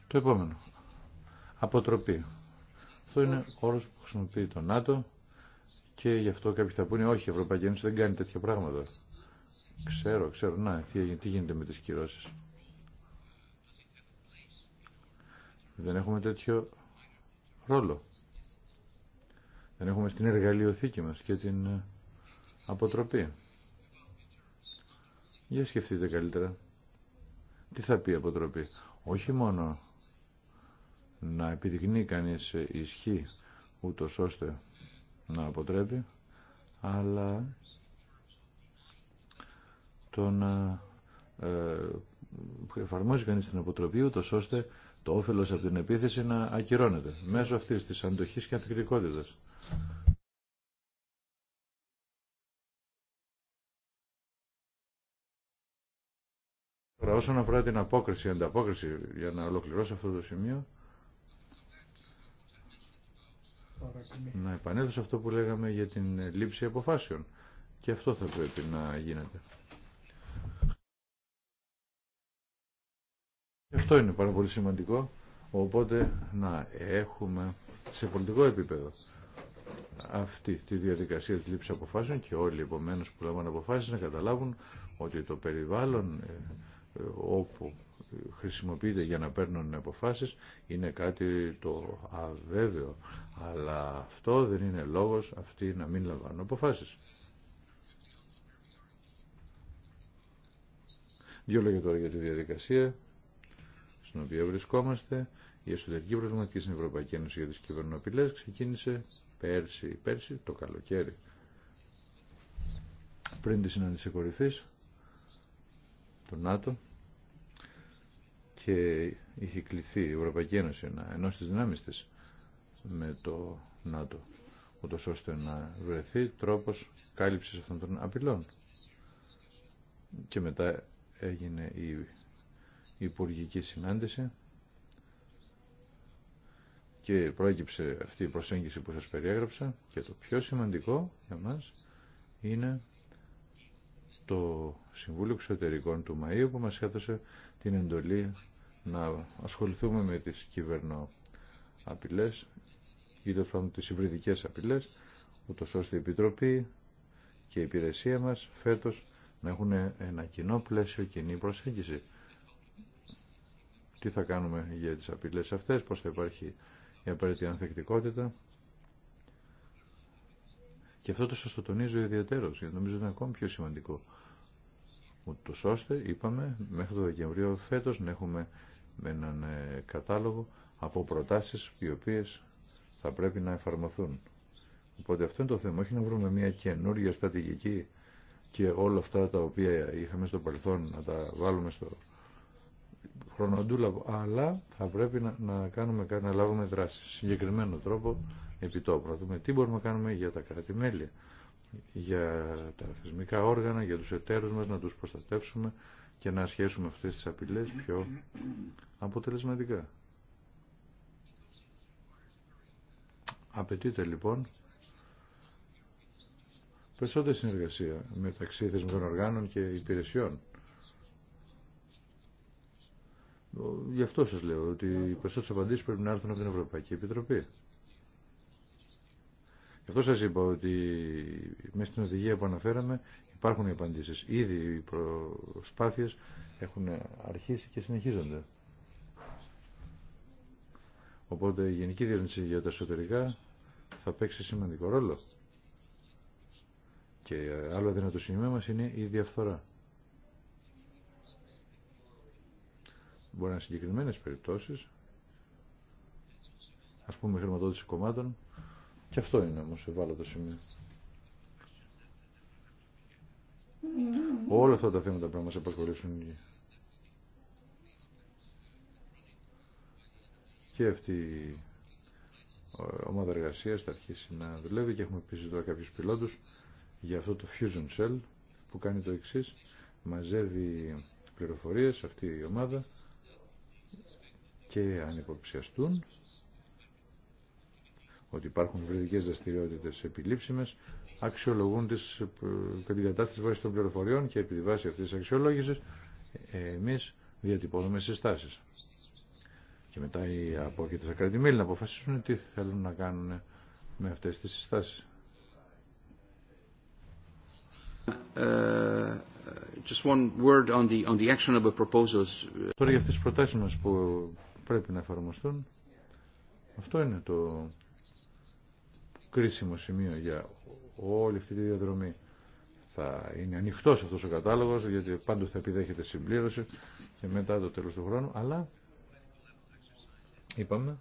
Το επόμενο. Αποτροπή. Αυτό είναι όρο που χρησιμοποιεί το ΝΑΤΟ και γι' αυτό κάποιοι θα πούνε όχι, η Ευρωπαϊκή Ένωση δεν κάνει τέτοια πράγματα. Ξέρω, ξέρω. Να, τι γίνεται με τις κυρώσεις. Δεν έχουμε τέτοιο ρόλο. Δεν έχουμε στην εργαλειοθήκη μας και την ε, αποτροπή. Για σκεφτείτε καλύτερα. Τι θα πει η αποτροπή. Όχι μόνο να επιδεικνύει κανείς ισχύ ούτω ώστε να αποτρέπει, αλλά το να ε, εφαρμόζει κανείς την αποτροπή ούτως ώστε το όφελος από την επίθεση να ακυρώνεται μέσω αυτής της αντοχής και ανθεκτικότητας. όσον αφορά την απόκριση, ανταπόκριση, για να ολοκληρώσω αυτό το σημείο, να επανέλθω σε αυτό που λέγαμε για την λήψη αποφάσεων. Και αυτό θα πρέπει να γίνεται. Αυτό είναι πάρα πολύ σημαντικό, οπότε να έχουμε σε πολιτικό επίπεδο αυτή τη διαδικασία της λήψης αποφάσεων και όλοι επομένως που λάβουν αποφάσεις να καταλάβουν ότι το περιβάλλον ε, όπου χρησιμοποιείται για να παίρνουν αποφάσεις είναι κάτι το αβέβαιο αλλά αυτό δεν είναι λόγος αυτοί να μην λαμβάνουν αποφάσεις Δύο λόγια τώρα για τη διαδικασία στην οποία βρισκόμαστε η εσωτερική προβληματική στην Ευρωπαϊκή Ένωση για τις κυβερνοπηλές ξεκίνησε πέρσι, πέρσι το καλοκαίρι πριν τη συνάντηση του ΝΑΤΟ και είχε κληθεί η Ευρωπαϊκή Ένωση να ενώσει τις δυνάμεις της με το ΝΑΤΟ ούτω ώστε να βρεθεί τρόπος κάλυψης αυτών των απειλών. Και μετά έγινε η υπουργική συνάντηση και προέκυψε αυτή η προσέγγιση που σας περιέγραψα και το πιο σημαντικό για μας είναι το Συμβούλιο Εξωτερικών του Μαΐου που μας έδωσε την εντολή να ασχοληθούμε με τις κυβερνό απειλές ή το φρόντι τις υβριδικές απειλές ούτως ώστε η το φραγμα τις υβριδικες απειλες ουτως ωστε η επιτροπη και η υπηρεσία μας φέτος να έχουν ένα κοινό πλαίσιο, κοινή προσέγγιση. Τι θα κάνουμε για τις απειλές αυτές, πώς θα υπάρχει η απαραίτητη ανθεκτικότητα. Και αυτό το σας το τονίζω ιδιαίτερος, γιατί νομίζω είναι ακόμη πιο σημαντικό ούτω ώστε, είπαμε, μέχρι το Δεκεμβρίο φέτος να έχουμε έναν ε, κατάλογο από προτάσεις οι οποίες θα πρέπει να εφαρμοθούν. Οπότε αυτό είναι το θέμα, όχι να βρούμε μια καινούργια στρατηγική και όλα αυτά τα οποία είχαμε στο παρελθόν να τα βάλουμε στο χρονοτούλαβο, αλλά θα πρέπει να, κάνουμε, να λάβουμε δράση. Συγκεκριμένο τρόπο επιτόπου, να δούμε τι μπορούμε να κάνουμε για τα κράτη-μέλη για τα θεσμικά όργανα, για τους εταίρους μας, να τους προστατεύσουμε και να ασχέσουμε αυτές τις απειλές πιο αποτελεσματικά. Απαιτείται λοιπόν περισσότερη συνεργασία μεταξύ θεσμικών οργάνων και υπηρεσιών. Γι' αυτό σας λέω ότι οι περισσότερες απαντήσεις πρέπει να έρθουν από την Ευρωπαϊκή Επιτροπή αυτό σας είπα ότι μέσα στην οδηγία που αναφέραμε υπάρχουν οι απαντήσεις. Ήδη οι προσπάθειες έχουν αρχίσει και συνεχίζονται. Οπότε η Γενική Διεύθυνση για τα εσωτερικά θα παίξει σημαντικό ρόλο. Και άλλο δυνατό σημείο μας είναι η διαφθορά. Μπορεί να είναι συγκεκριμένες περιπτώσεις, ας πούμε χρηματοδότηση κομμάτων, και αυτό είναι όμως ευάλωτο σημείο. Όλα αυτά τα θέματα πρέπει να μας απασχολήσουν και αυτή η ομάδα εργασία θα αρχίσει να δουλεύει και έχουμε επίσης τώρα κάποιους πιλότους για αυτό το Fusion Cell που κάνει το εξής μαζεύει πληροφορίες αυτή η ομάδα και αν υποψιαστούν ότι υπάρχουν κριτικές δραστηριότητε επιλήψιμε, αξιολογούν τις, ε, την κατάσταση βάση των πληροφοριών και επί τη βάση αυτής της αξιολόγησης ε, εμείς διατυπώνουμε συστάσεις. Και μετά οι απόκειτες ακρατημέλη να αποφασίσουν τι θέλουν να κάνουν με αυτές τις συστάσεις. Τώρα για αυτές τις προτάσεις μας που πρέπει να εφαρμοστούν, αυτό είναι το κρίσιμο σημείο για όλη αυτή τη διαδρομή. Θα είναι ανοιχτό αυτός ο κατάλογος, γιατί πάντω θα επιδέχεται συμπλήρωση και μετά το τέλο του χρόνου, αλλά είπαμε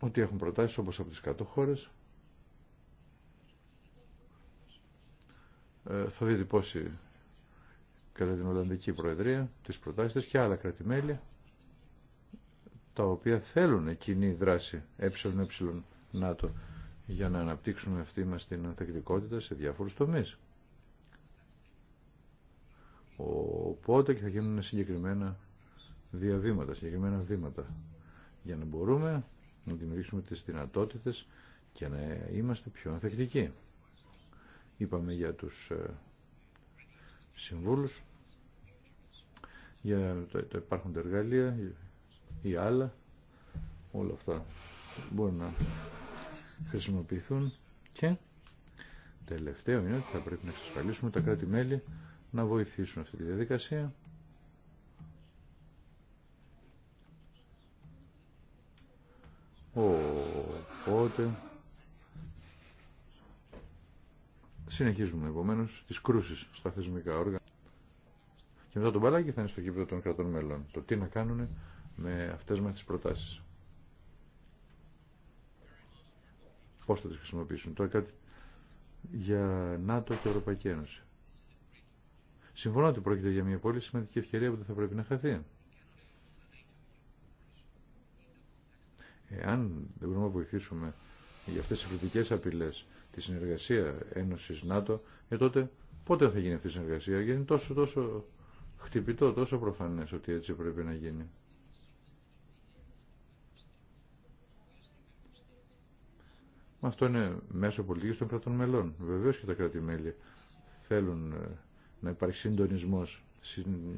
ότι έχουν προτάσεις όπως από τι κάτω χώρε. Ε, θα θα πόσοι κατά την Ολλανδική Προεδρία τις προτάσεις και άλλα κρατημέλια τα οποία θέλουν κοινή δράση ΕΕ ΝΑΤΟ για να αναπτύξουμε αυτή μας την ανθεκτικότητα σε διάφορους τομείς. Οπότε και θα γίνουν συγκεκριμένα διαβήματα, συγκεκριμένα βήματα για να μπορούμε να δημιουργήσουμε τις δυνατότητες και να είμαστε πιο ανθεκτικοί. Είπαμε για τους ε, συμβούλους, για τα υπάρχοντα εργαλεία, ή άλλα. Όλα αυτά μπορούν να χρησιμοποιηθούν και τελευταίο είναι ότι θα πρέπει να εξασφαλίσουμε τα κράτη-μέλη να βοηθήσουν αυτή τη διαδικασία. Οπότε συνεχίζουμε επομένω τις κρούσεις στα θεσμικά όργανα. Και μετά τον μπαλάκι θα είναι στο κύπρο των κρατών μελών. Το τι να κάνουν με αυτές μας τις προτάσεις. Πώς θα τις χρησιμοποιήσουν. Τώρα κάτι για ΝΑΤΟ και Ευρωπαϊκή Ένωση. Συμφωνώ ότι πρόκειται για μια πολύ σημαντική ευκαιρία που δεν θα πρέπει να χαθεί. Εάν δεν μπορούμε να βοηθήσουμε για αυτές τις κριτικές απειλές τη συνεργασία Ένωσης ΝΑΤΟ, ε, τότε πότε θα γίνει αυτή η συνεργασία, γιατί είναι τόσο, τόσο χτυπητό, τόσο προφανές ότι έτσι πρέπει να γίνει. Αυτό είναι μέσω πολιτική των κρατών μελών. βεβαίω και τα κράτη-μέλη θέλουν ε, να υπάρχει συντονισμό,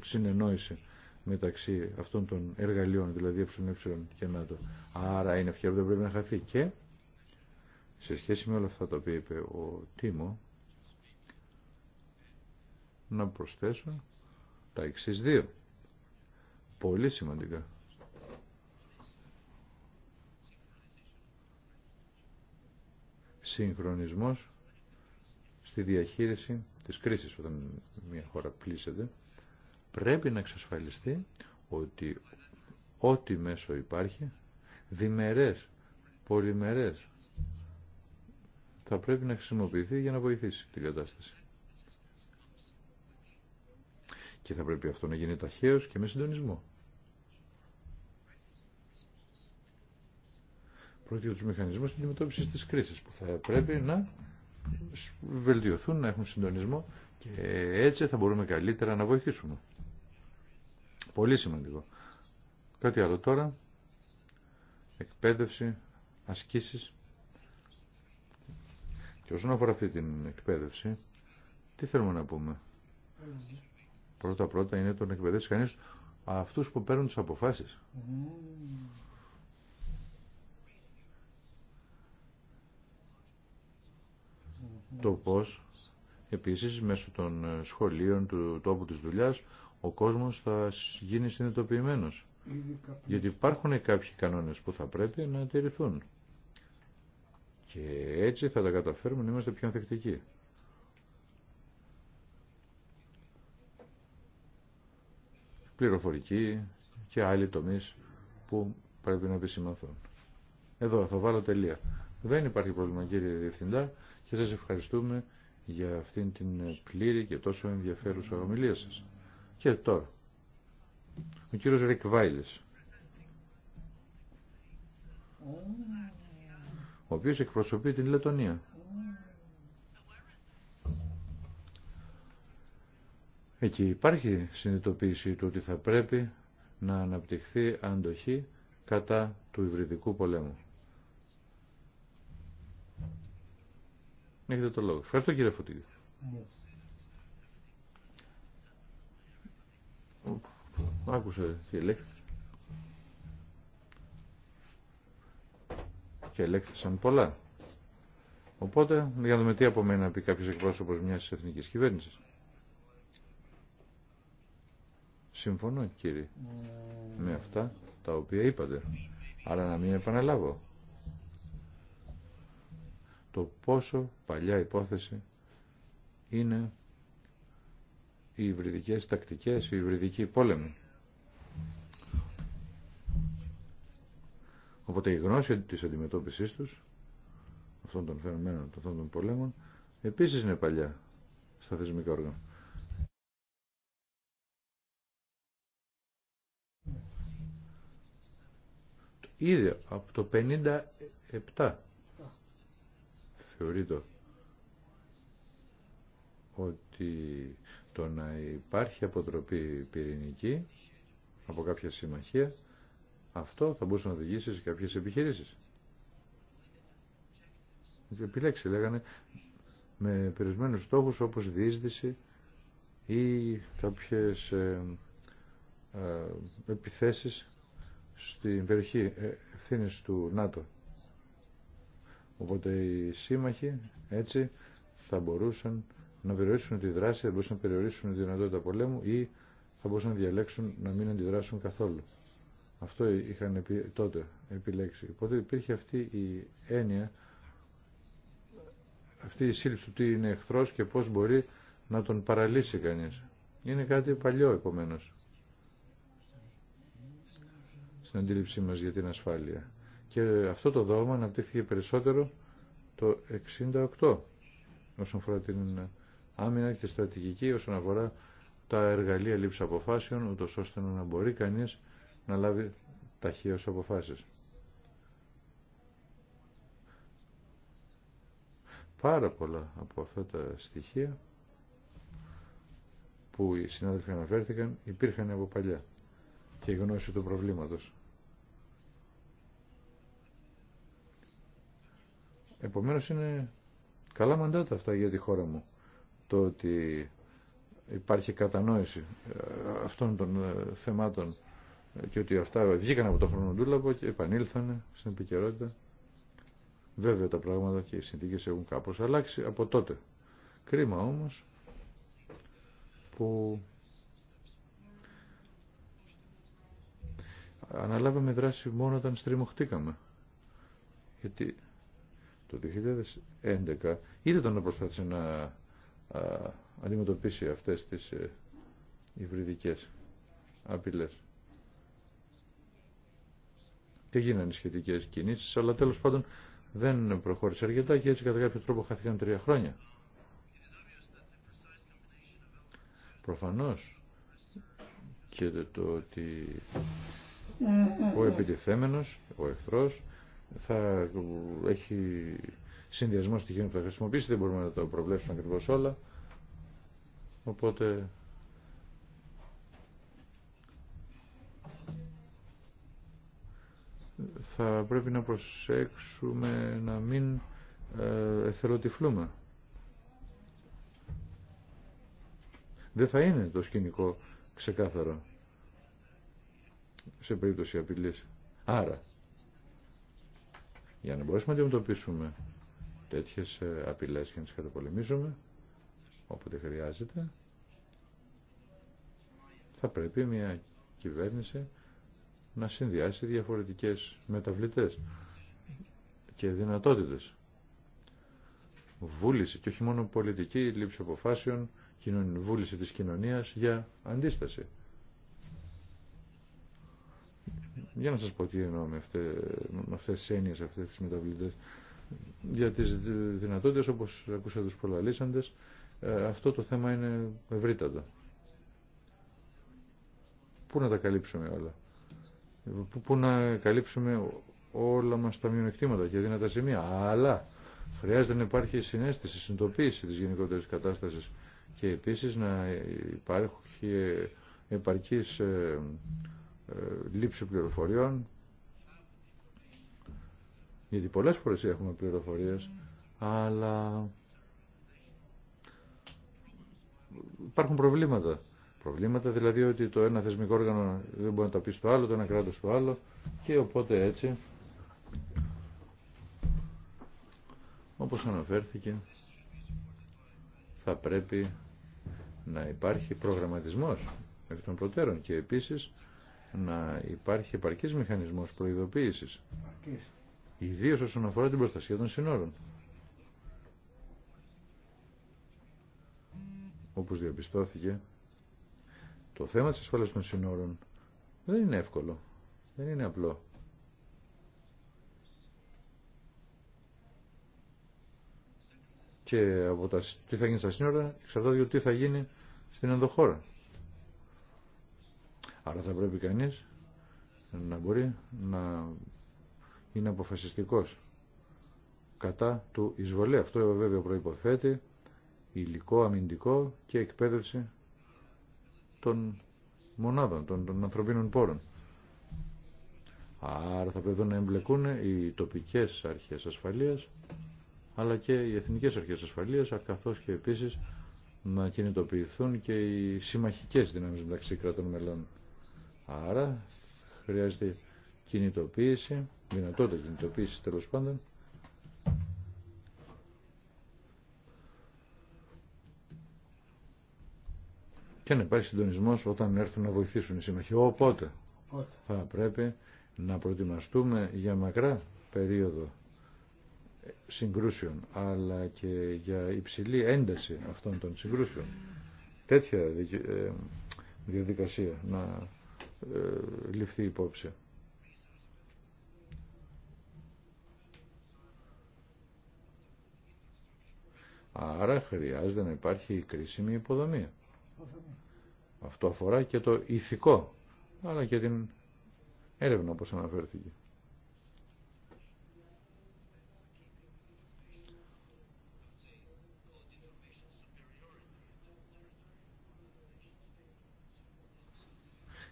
συνεννόηση μεταξύ αυτών των εργαλείων, δηλαδή ΕΕ και ΝΑΤΟ. Άρα είναι ευκαιρία που δεν πρέπει να χαθεί. Και σε σχέση με όλα αυτά τα οποία είπε ο Τίμο, να προσθέσω τα εξή δύο. Πολύ σημαντικά. συγχρονισμός στη διαχείριση της κρίσης όταν μια χώρα πλήσεται πρέπει να εξασφαλιστεί ότι ό,τι μέσο υπάρχει διμερές, πολυμερές θα πρέπει να χρησιμοποιηθεί για να βοηθήσει την κατάσταση. Και θα πρέπει αυτό να γίνει ταχαίως και με συντονισμό. πρόκειται για τους μηχανισμούς αντιμετώπιση τη κρίση που θα πρέπει να βελτιωθούν, να έχουν συντονισμό και έτσι θα μπορούμε καλύτερα να βοηθήσουμε. Πολύ σημαντικό. Κάτι άλλο τώρα. Εκπαίδευση, ασκήσεις. Και όσον αφορά αυτή την εκπαίδευση, τι θέλουμε να πούμε. Πρώτα-πρώτα είναι το να εκπαιδεύσει κανείς αυτούς που παίρνουν τις αποφάσεις. το πώς επίσης μέσω των ε, σχολείων του τόπου της δουλειάς ο κόσμος θα γίνει συνειδητοποιημένος. Γιατί υπάρχουν κάποιοι κανόνες που θα πρέπει να τηρηθούν. Και έτσι θα τα καταφέρουμε να είμαστε πιο ανθεκτικοί. Πληροφορική και άλλοι τομείς που πρέπει να επισημαθούν. Εδώ θα βάλω τελεία. Δεν υπάρχει πρόβλημα κύριε Διευθυντά και σας ευχαριστούμε για αυτήν την πλήρη και τόσο ενδιαφέρουσα ομιλία σας. Και τώρα, ο κύριος Ρικ Βάιλες, ο οποίος εκπροσωπεί την Λετωνία. Εκεί υπάρχει συνειδητοποίηση του ότι θα πρέπει να αναπτυχθεί αντοχή κατά του υβριδικού πολέμου. Έχετε το λόγο. Ευχαριστώ κύριε Φωτίδη. Άκουσα τι ελέγχθη. Και ελέγχθησαν πολλά. Οπότε, για να δούμε τι απομένει να πει κάποιος εκπρόσωπος μιας εθνικής κυβέρνησης. Συμφωνώ κύριε με αυτά τα οποία είπατε. Άρα να μην επαναλάβω το πόσο παλιά υπόθεση είναι οι υβριδικές τακτικές, οι υβριδικοί πόλεμοι. Οπότε η γνώση της αντιμετώπισης τους, αυτών των φαινομένων, αυτών των πολέμων, επίσης είναι παλιά στα θεσμικά όργανα. Ήδη από το 57 Θεωρείται ότι το να υπάρχει αποτροπή πυρηνική από κάποια συμμαχία, αυτό θα μπορούσε να οδηγήσει σε κάποιες επιχειρήσεις. Επιλέξει, λέγανε, με περιορισμένους στόχους όπως διείσδυση ή κάποιες ε, ε, επιθέσεις στην περιοχή ε, ευθύνη του ΝΑΤΟ. Οπότε οι σύμμαχοι έτσι θα μπορούσαν να περιορίσουν τη δράση, θα μπορούσαν να περιορίσουν τη δυνατότητα πολέμου ή θα μπορούσαν να διαλέξουν να μην αντιδράσουν καθόλου. Αυτό είχαν τότε επιλέξει. Οπότε υπήρχε αυτή η έννοια, αυτή η σύλληψη του τι είναι εχθρός και πώς μπορεί να τον παραλύσει κανείς. Είναι κάτι παλιό επομένως στην αντίληψή μας για την ασφάλεια και αυτό το δόγμα αναπτύχθηκε περισσότερο το 68 όσον αφορά την άμυνα και τη στρατηγική, όσον αφορά τα εργαλεία λήψη αποφάσεων, ούτω ώστε να μπορεί κανείς να λάβει ταχύως αποφάσεις. Πάρα πολλά από αυτά τα στοιχεία που οι συνάδελφοι αναφέρθηκαν υπήρχαν από παλιά και η γνώση του προβλήματος. Επομένως είναι καλά μαντάτα αυτά για τη χώρα μου. Το ότι υπάρχει κατανόηση ε, αυτών των ε, θεμάτων και ότι αυτά βγήκαν από το χρονοτούλαπο και επανήλθαν στην επικαιρότητα. Βέβαια τα πράγματα και οι συνθήκες έχουν κάπως αλλάξει από τότε. Κρίμα όμως που αναλάβαμε δράση μόνο όταν στριμωχτήκαμε. Γιατί το 2011 ήδη τον προσπάθησε να αντιμετωπίσει αυτές τις ε, υβριδικές απειλές. Και γίνανε σχετικές κινήσεις, αλλά τέλος πάντων δεν προχώρησε αρκετά και έτσι κατά κάποιο τρόπο χάθηκαν τρία χρόνια. Προφανώς και το ότι ο επιτιθέμενος, ο εχθρός, θα έχει συνδυασμό στοιχείων που θα χρησιμοποιήσει, δεν μπορούμε να το προβλέψουμε ακριβώ όλα. Οπότε θα πρέπει να προσέξουμε να μην ε, εθελοτυφλούμε. Δεν θα είναι το σκηνικό ξεκάθαρο σε περίπτωση απειλής. Άρα, για να μπορέσουμε να αντιμετωπίσουμε τέτοιες ε, απειλέ και να τι καταπολεμήσουμε όποτε χρειάζεται θα πρέπει μια κυβέρνηση να συνδυάσει διαφορετικές μεταβλητές και δυνατότητες. Βούληση και όχι μόνο πολιτική λήψη αποφάσεων, βούληση της κοινωνίας για αντίσταση. Για να σας πω τι εννοώ με, αυτέ, με αυτές τις έννοιες, αυτές τις μεταβλητές. Για τις δυνατότητες, όπως ακούσα τους προλαλήσαντες, ε, αυτό το θέμα είναι ευρύτατο. Πού να τα καλύψουμε όλα. Πού να καλύψουμε όλα μας τα μειονεκτήματα και δύνατα σημεία. Αλλά χρειάζεται να υπάρχει συνέστηση, συνειδητοποίηση της γενικότερης κατάστασης και επίσης να υπάρχει επαρκής ε, ε, λήψη πληροφοριών. Γιατί πολλές φορές έχουμε πληροφορίες, αλλά υπάρχουν προβλήματα. Προβλήματα δηλαδή ότι το ένα θεσμικό όργανο δεν μπορεί να τα πει στο άλλο, το ένα κράτος στο άλλο και οπότε έτσι, όπως αναφέρθηκε, θα πρέπει να υπάρχει προγραμματισμός εκ των προτέρων και επίσης να υπάρχει επαρκής μηχανισμός προειδοποίησης. Ιδίως όσον αφορά την προστασία των συνόρων. Όπως διαπιστώθηκε, το θέμα της ασφάλειας των συνόρων δεν είναι εύκολο. Δεν είναι απλό. Και από τα, τι θα γίνει στα σύνορα εξαρτάται τι θα γίνει στην ενδοχώρα. Άρα θα πρέπει κανείς να μπορεί να είναι αποφασιστικός κατά του εισβολή. Αυτό βέβαια προϋποθέτει υλικό, αμυντικό και εκπαίδευση των μονάδων, των, των ανθρωπίνων πόρων. Άρα θα πρέπει να εμπλεκούν οι τοπικές αρχές ασφαλείας αλλά και οι εθνικές αρχές ασφαλείας καθώς και επίσης να κινητοποιηθούν και οι συμμαχικές δυνάμεις μεταξύ κρατών μελών. Άρα χρειάζεται κινητοποίηση, δυνατότητα κινητοποίηση τέλο πάντων. Και να υπάρχει συντονισμό όταν έρθουν να βοηθήσουν οι σύμμαχοι. Οπότε θα πρέπει να προετοιμαστούμε για μακρά περίοδο συγκρούσεων, αλλά και για υψηλή ένταση αυτών των συγκρούσεων. Τέτοια ε, διαδικασία να ε, ληφθεί υπόψη. Άρα χρειάζεται να υπάρχει η κρίσιμη υποδομή. Αυτό αφορά και το ηθικό, αλλά και την έρευνα όπως αναφέρθηκε.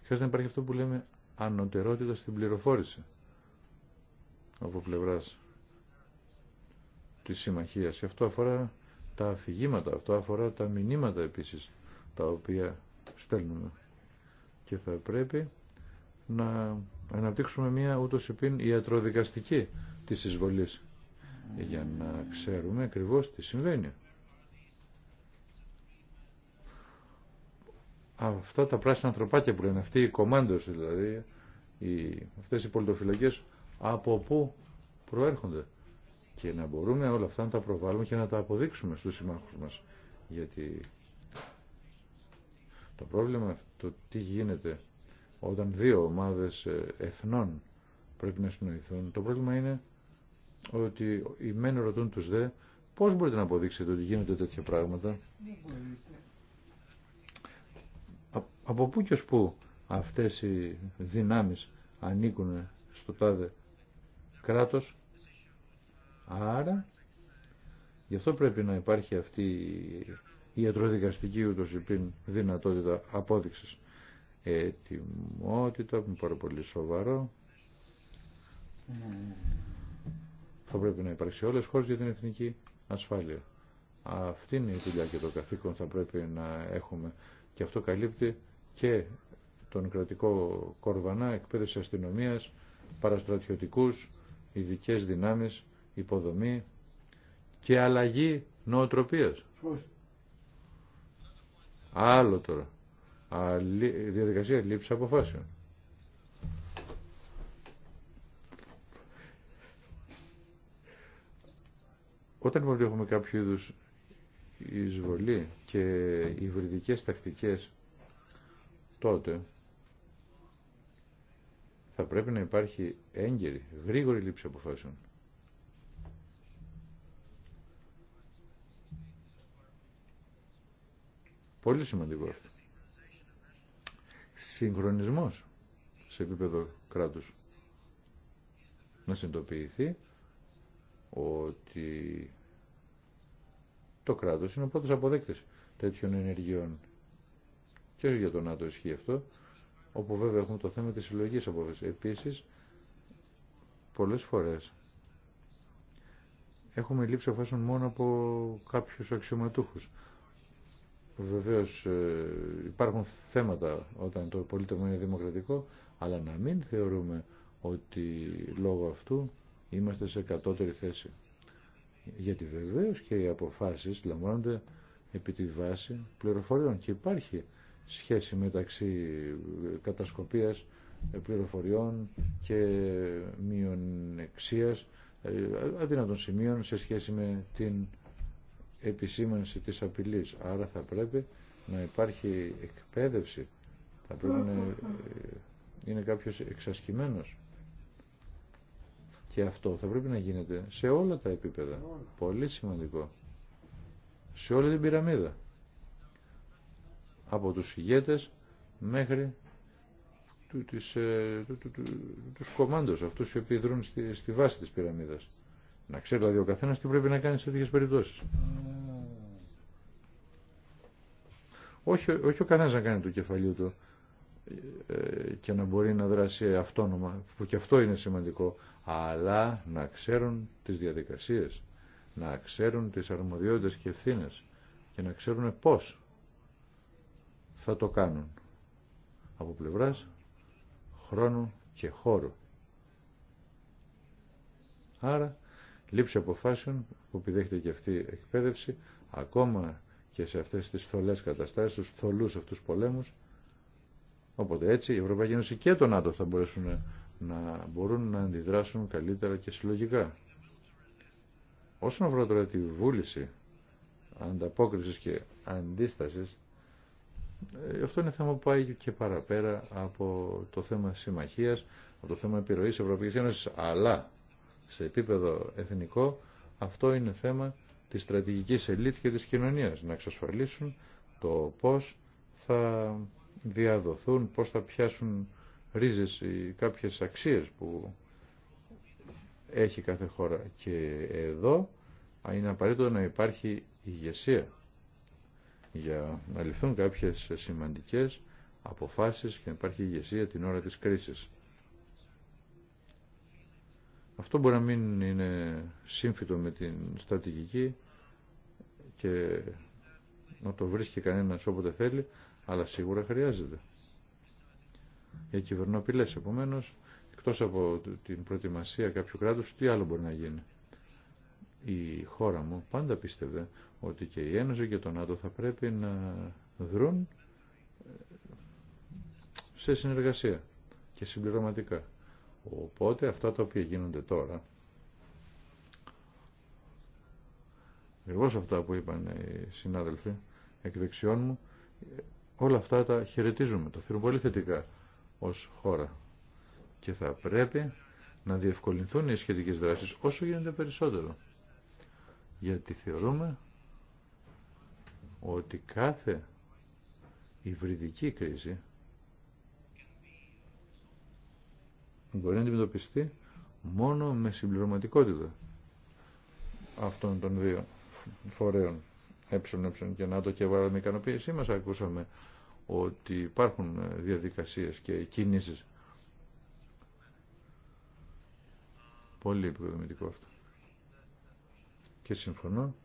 Χρειάζεται να υπάρχει αυτό που λέμε ανωτερότητα στην πληροφόρηση από πλευρά της συμμαχίας. Αυτό αφορά τα αφηγήματα, αυτό αφορά τα μηνύματα επίσης τα οποία στέλνουμε. Και θα πρέπει να αναπτύξουμε μια ούτως πειν ιατροδικαστική της εισβολής για να ξέρουμε ακριβώς τι συμβαίνει. αυτά τα πράσινα ανθρωπάκια που λένε, αυτοί οι κομμάντος δηλαδή, οι, αυτές οι πολιτοφυλακές, από πού προέρχονται. Και να μπορούμε όλα αυτά να τα προβάλλουμε και να τα αποδείξουμε στους συμμάχους μας. Γιατί το πρόβλημα το τι γίνεται όταν δύο ομάδες ε, εθνών πρέπει να συνοηθούν, το πρόβλημα είναι ότι οι μένου ρωτούν τους δε πώς μπορείτε να αποδείξετε ότι γίνονται τέτοια πράγματα από πού και ως πού αυτές οι δυνάμεις ανήκουν στο τάδε κράτος. Άρα, γι' αυτό πρέπει να υπάρχει αυτή η ιατροδικαστική ούτως υπήν δυνατότητα απόδειξης. Ετοιμότητα, που είναι πάρα πολύ σοβαρό. Θα πρέπει να υπαρχει αυτη η ιατροδικαστικη ουτως δυνατοτητα αποδειξης ετοιμοτητα που ειναι παρα πολυ σοβαρο θα πρεπει να υπαρξει σε όλες χώρες για την εθνική ασφάλεια. Αυτή είναι η δουλειά και το καθήκον θα πρέπει να έχουμε. Και αυτό καλύπτει και τον κρατικό κορβανά, εκπαίδευση αστυνομίας, παραστρατιωτικούς, ειδικέ δυνάμεις, υποδομή και αλλαγή νοοτροπίας. Άλλο τώρα. Αλλη... Διαδικασία λήψη αποφάσεων. Όταν λοιπόν κάποιο είδου εισβολή και υβριδικές τακτικές τότε θα πρέπει να υπάρχει έγκαιρη, γρήγορη λήψη αποφάσεων. Πολύ σημαντικό αυτό. Συγχρονισμός σε επίπεδο κράτους. Να συνειδητοποιηθεί ότι το κράτος είναι ο πρώτος αποδέκτης τέτοιων ενεργειών και για τον ΝΑΤΟ ισχύει αυτό, όπου βέβαια έχουμε το θέμα της συλλογική απόφαση. Επίσης, πολλές φορές έχουμε λήψη αποφάσεων μόνο από κάποιους αξιωματούχους. Βεβαίως ε, υπάρχουν θέματα όταν το πολίτευμα είναι δημοκρατικό, αλλά να μην θεωρούμε ότι λόγω αυτού είμαστε σε κατώτερη θέση. Γιατί βεβαίως και οι αποφάσεις λαμβάνονται επί τη βάση πληροφοριών και υπάρχει σχέση μεταξύ κατασκοπίας πληροφοριών και μειονεξίας ε, αδύνατων σημείων σε σχέση με την επισήμανση της απειλής. Άρα θα πρέπει να υπάρχει εκπαίδευση, θα πρέπει να είναι κάποιος εξασκημένος. Και αυτό θα πρέπει να γίνεται σε όλα τα επίπεδα. Πολύ σημαντικό. Σε όλη την πυραμίδα από τους ηγέτες μέχρι τους, ε, τους κομμάντους αυτούς οι οποίοι δρούν στη, βάση της πυραμίδας. Να ξέρει δηλαδή ο καθένας τι πρέπει να κάνει σε τέτοιες περιπτώσεις. Όχι, όχι ο καθένας να κάνει το κεφαλίου του ε, και να μπορεί να δράσει αυτόνομα, που και αυτό είναι σημαντικό, αλλά να ξέρουν τις διαδικασίες, να ξέρουν τις αρμοδιότητες και ευθύνες και να ξέρουν πώς θα το κάνουν από πλευράς χρόνου και χώρου. Άρα, λήψη αποφάσεων που επιδέχεται και αυτή η εκπαίδευση, ακόμα και σε αυτές τις θολές καταστάσεις, τους θολούς αυτούς πολέμους, Οπότε έτσι η Ευρωπαϊκή Ένωση και το ΝΑΤΟ θα μπορέσουν να μπορούν να αντιδράσουν καλύτερα και συλλογικά. Όσον αφορά τώρα τη βούληση ανταπόκρισης και αντίστασης ε, αυτό είναι θέμα που πάει και παραπέρα από το θέμα συμμαχίας, από το θέμα επιρροής Ευρωπαϊκής Ένωσης, αλλά σε επίπεδο εθνικό αυτό είναι θέμα της στρατηγικής ελίτ και της κοινωνίας, να εξασφαλίσουν το πώς θα διαδοθούν, πώς θα πιάσουν ρίζες ή κάποιες αξίες που έχει κάθε χώρα. Και εδώ είναι απαραίτητο να υπάρχει ηγεσία για να ληφθούν κάποιες σημαντικές αποφάσεις και να υπάρχει ηγεσία την ώρα της κρίσης. Αυτό μπορεί να μην είναι σύμφυτο με την στρατηγική και να το βρίσκει κανένας όποτε θέλει, αλλά σίγουρα χρειάζεται. Για κυβερνόπηλες επομένως, εκτός από την προετοιμασία κάποιου κράτους, τι άλλο μπορεί να γίνει η χώρα μου πάντα πίστευε ότι και η Ένωση και το ΝΑΤΟ θα πρέπει να δρουν ε, σε συνεργασία και συμπληρωματικά. Οπότε αυτά τα οποία γίνονται τώρα, ακριβώ αυτά που είπαν οι συνάδελφοι εκ δεξιών μου, όλα αυτά τα χαιρετίζουμε, τα θεωρούμε πολύ θετικά ως χώρα. Και θα πρέπει να διευκολυνθούν οι σχετικές δράσεις όσο γίνεται περισσότερο γιατί θεωρούμε ότι κάθε υβριδική κρίση μπορεί να αντιμετωπιστεί μόνο με συμπληρωματικότητα αυτών των δύο φορέων ε, και και το και βάλαμε ικανοποίησή μας ακούσαμε ότι υπάρχουν διαδικασίες και κινήσεις πολύ επικοδομητικό αυτό και συμφωνώ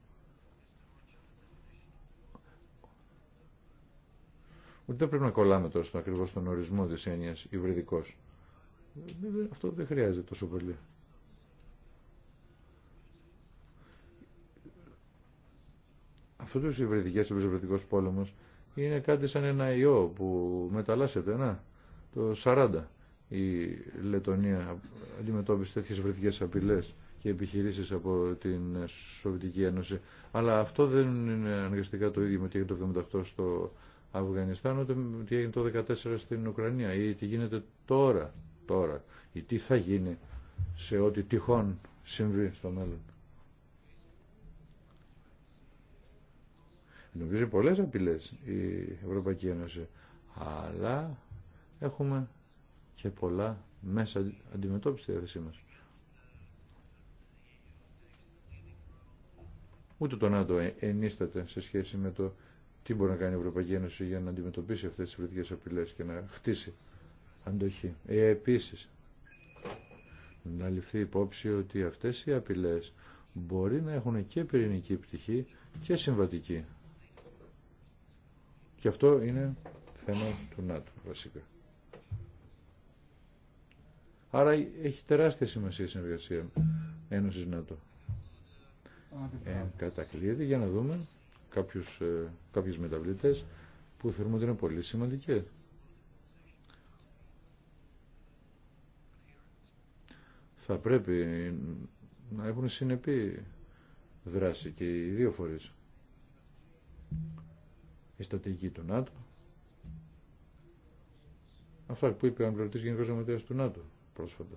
ότι δεν πρέπει να κολλάμε τώρα στον τον ορισμό τη έννοια υβριδικό. Αυτό δεν χρειάζεται τόσο πολύ. Αυτό τους υβριδικές, ο υβριδικό πόλεμο είναι κάτι σαν ένα ιό που μεταλλάσσεται, να, το 40 η Λετωνία αντιμετώπισε τέτοιε υβριδικέ απειλές και επιχειρήσεις από την Σοβιετική Ένωση. Αλλά αυτό δεν είναι αναγκαστικά το ίδιο με τι έγινε το 1978 στο Αφγανιστάν, ούτε με τι έγινε το 2014 στην Ουκρανία ή τι γίνεται τώρα, τώρα ή τι θα γίνει σε ό,τι τυχόν συμβεί στο μέλλον. Νομίζω πολλές απειλές η Ευρωπαϊκή Ένωση, αλλά έχουμε και πολλά μέσα αντιμετώπιση στη διάθεσή μας. Ούτε το ΝΑΤΟ ε, ενίσταται σε σχέση με το τι μπορεί να κάνει η Ευρωπαϊκή Ένωση για να αντιμετωπίσει αυτές τις βρετικές απειλές και να χτίσει αντοχή. Ε, επίσης, να ληφθεί υπόψη ότι αυτές οι απειλές μπορεί να έχουν και πυρηνική πτυχή και συμβατική. Και αυτό είναι θέμα του ΝΑΤΟ βασικά. Άρα έχει τεράστια σημασία η συνεργασία Ένωσης ΝΑΤΟ. Εν κατακλείδη για να δούμε κάποιους, ε, κάποιους μεταβλητές που θεωρούμε ότι είναι πολύ σημαντικέ. Θα πρέπει να έχουν συνεπή δράση και οι δύο φορείς. Η στρατηγική του ΝΑΤΟ. Αυτά που είπε ο Αμπλωτής Γενικός του ΝΑΤΟ πρόσφατα.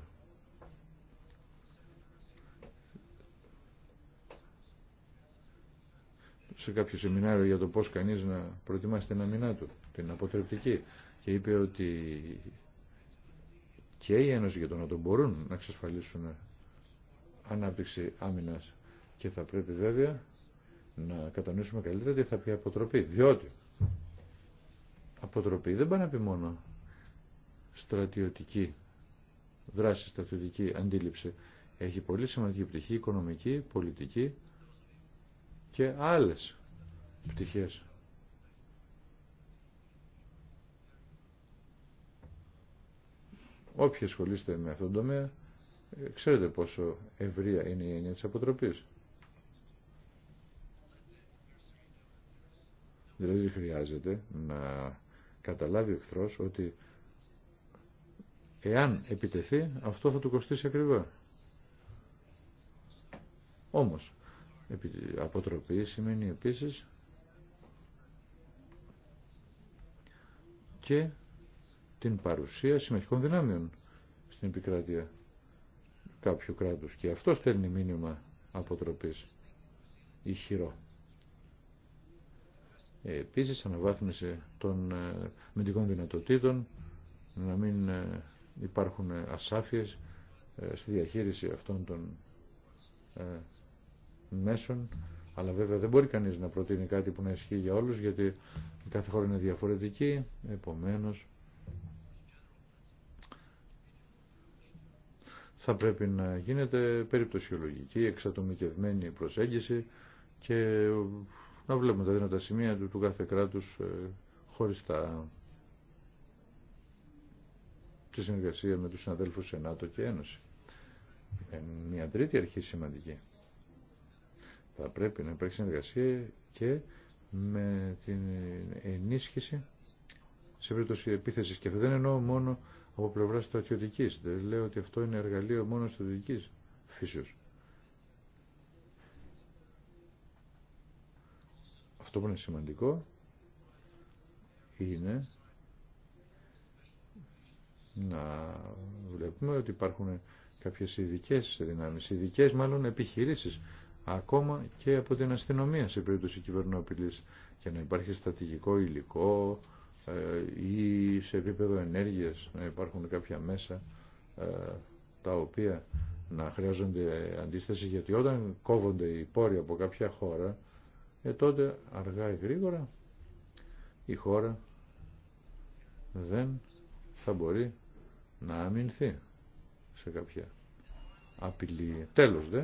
σε κάποιο σεμινάριο για το πώς κανείς να προετοιμάσει την αμυνά του, την αποτρεπτική. Και είπε ότι και η Ένωση για το να τον μπορούν να εξασφαλίσουν ανάπτυξη άμυνας και θα πρέπει βέβαια να κατανοήσουμε καλύτερα τι θα πει αποτροπή. Διότι αποτροπή δεν πάνε να πει μόνο στρατιωτική δράση, στρατιωτική αντίληψη. Έχει πολύ σημαντική πτυχή, οικονομική, πολιτική, και άλλες πτυχές. Όποιοι ασχολείστε με αυτόν τον τομέα, ε, ξέρετε πόσο ευρεία είναι η έννοια της αποτροπής. Δηλαδή χρειάζεται να καταλάβει ο εχθρός ότι εάν επιτεθεί αυτό θα του κοστίσει ακριβά. Όμως αποτροπή σημαίνει επίσης και την παρουσία συμμεχικών δυνάμεων στην επικράτεια κάποιου κράτους. Και αυτό στέλνει μήνυμα αποτροπής ηχηρό. Ε, επίσης αναβάθμιση των ε, μυντικών δυνατοτήτων να μην ε, υπάρχουν ασάφειες στη διαχείριση αυτών των μέσων, αλλά βέβαια δεν μπορεί κανείς να προτείνει κάτι που να ισχύει για όλους, γιατί κάθε χώρα είναι διαφορετική, επομένως θα πρέπει να γίνεται περιπτωσιολογική, εξατομικευμένη προσέγγιση και να βλέπουμε τα δυνατά σημεία του, του κάθε κράτους ε, χωριστά τη συνεργασία με τους συναδέλφους ΕΝΑΤΟ και Ένωση. Ε, μια τρίτη αρχή σημαντική θα πρέπει να υπάρχει συνεργασία και με την ενίσχυση σε περίπτωση επίθεση. Και δεν εννοώ μόνο από πλευρά στρατιωτική. Δεν λέω ότι αυτό είναι εργαλείο μόνο στρατιωτική φύσεω. Αυτό που είναι σημαντικό είναι να βλέπουμε ότι υπάρχουν κάποιες ειδικέ δυνάμεις, ειδικέ μάλλον επιχειρήσεις ακόμα και από την αστυνομία σε περίπτωση κυβερνοαπειλής και να υπάρχει στρατηγικό υλικό ε, ή σε επίπεδο ενέργειας να υπάρχουν κάποια μέσα ε, τα οποία να χρειάζονται αντίσταση γιατί όταν κόβονται οι πόροι από κάποια χώρα ε, τότε αργά ή γρήγορα η σε επιπεδο ενεργειας να υπαρχουν καποια μεσα τα οποια να χρειαζονται αντισταση γιατι οταν κοβονται οι ποροι απο καποια χωρα τοτε αργα η γρηγορα η χωρα δεν θα μπορεί να αμυνθεί σε κάποια απειλή. Τέλος δε,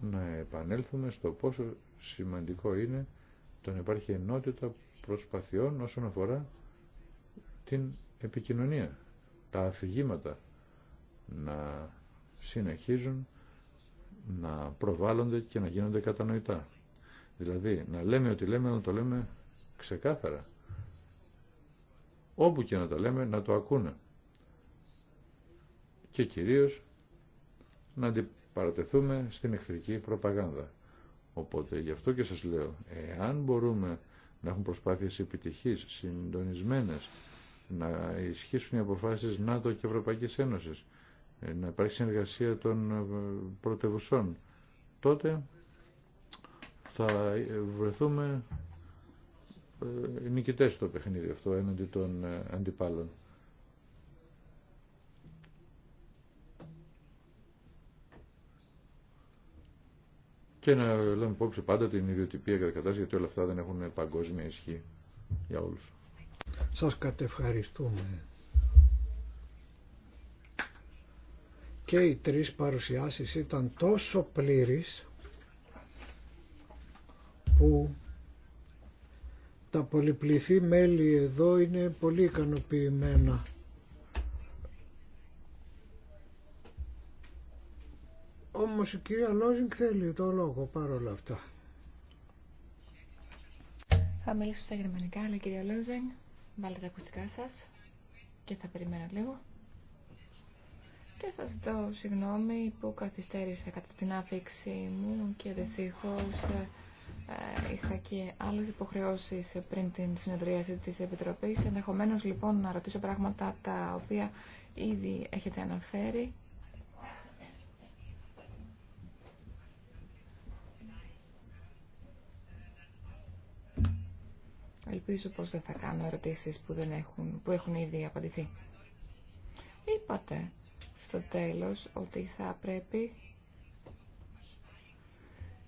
να επανέλθουμε στο πόσο σημαντικό είναι το να υπάρχει ενότητα προσπαθειών όσον αφορά την επικοινωνία. Τα αφηγήματα να συνεχίζουν να προβάλλονται και να γίνονται κατανοητά. Δηλαδή, να λέμε ότι λέμε, να το λέμε ξεκάθαρα. Όπου και να τα λέμε, να το ακούνε. Και κυρίως να παρατεθούμε στην εχθρική προπαγάνδα. Οπότε γι' αυτό και σας λέω, εάν μπορούμε να έχουν προσπάθειες επιτυχής, συντονισμένες, να ισχύσουν οι αποφάσεις ΝΑΤΟ και Ευρωπαϊκής Ένωσης, ε, να υπάρχει συνεργασία των ε, πρωτευουσών, τότε θα ε, βρεθούμε νικητές στο παιχνίδι αυτό έναντι των αντιπάλων. και να λέμε υπόψη πάντα την ιδιωτική κατάσταση γιατί όλα αυτά δεν έχουν παγκόσμια ισχύ για όλους. Σας κατευχαριστούμε. Και οι τρεις παρουσιάσεις ήταν τόσο πλήρεις που τα πολυπληθή μέλη εδώ είναι πολύ ικανοποιημένα Όμως η κυρία Λόζινγκ θέλει το λόγο παρόλα αυτά. Θα μιλήσω στα γερμανικά, αλλά κυρία Λόζινγκ, βάλτε τα ακουστικά σας και θα περιμένω λίγο. Και σας ζητώ συγγνώμη που καθυστέρησα κατά την άφηξή μου και δυστυχώς ε, είχα και άλλες υποχρεώσεις πριν την συνεδρίαση της Επιτροπής. Ενδεχομένως λοιπόν να ρωτήσω πράγματα τα οποία ήδη έχετε αναφέρει Ελπίζω πως δεν θα κάνω ερωτήσεις που, δεν έχουν, που έχουν ήδη απαντηθεί. Είπατε στο τέλος ότι θα πρέπει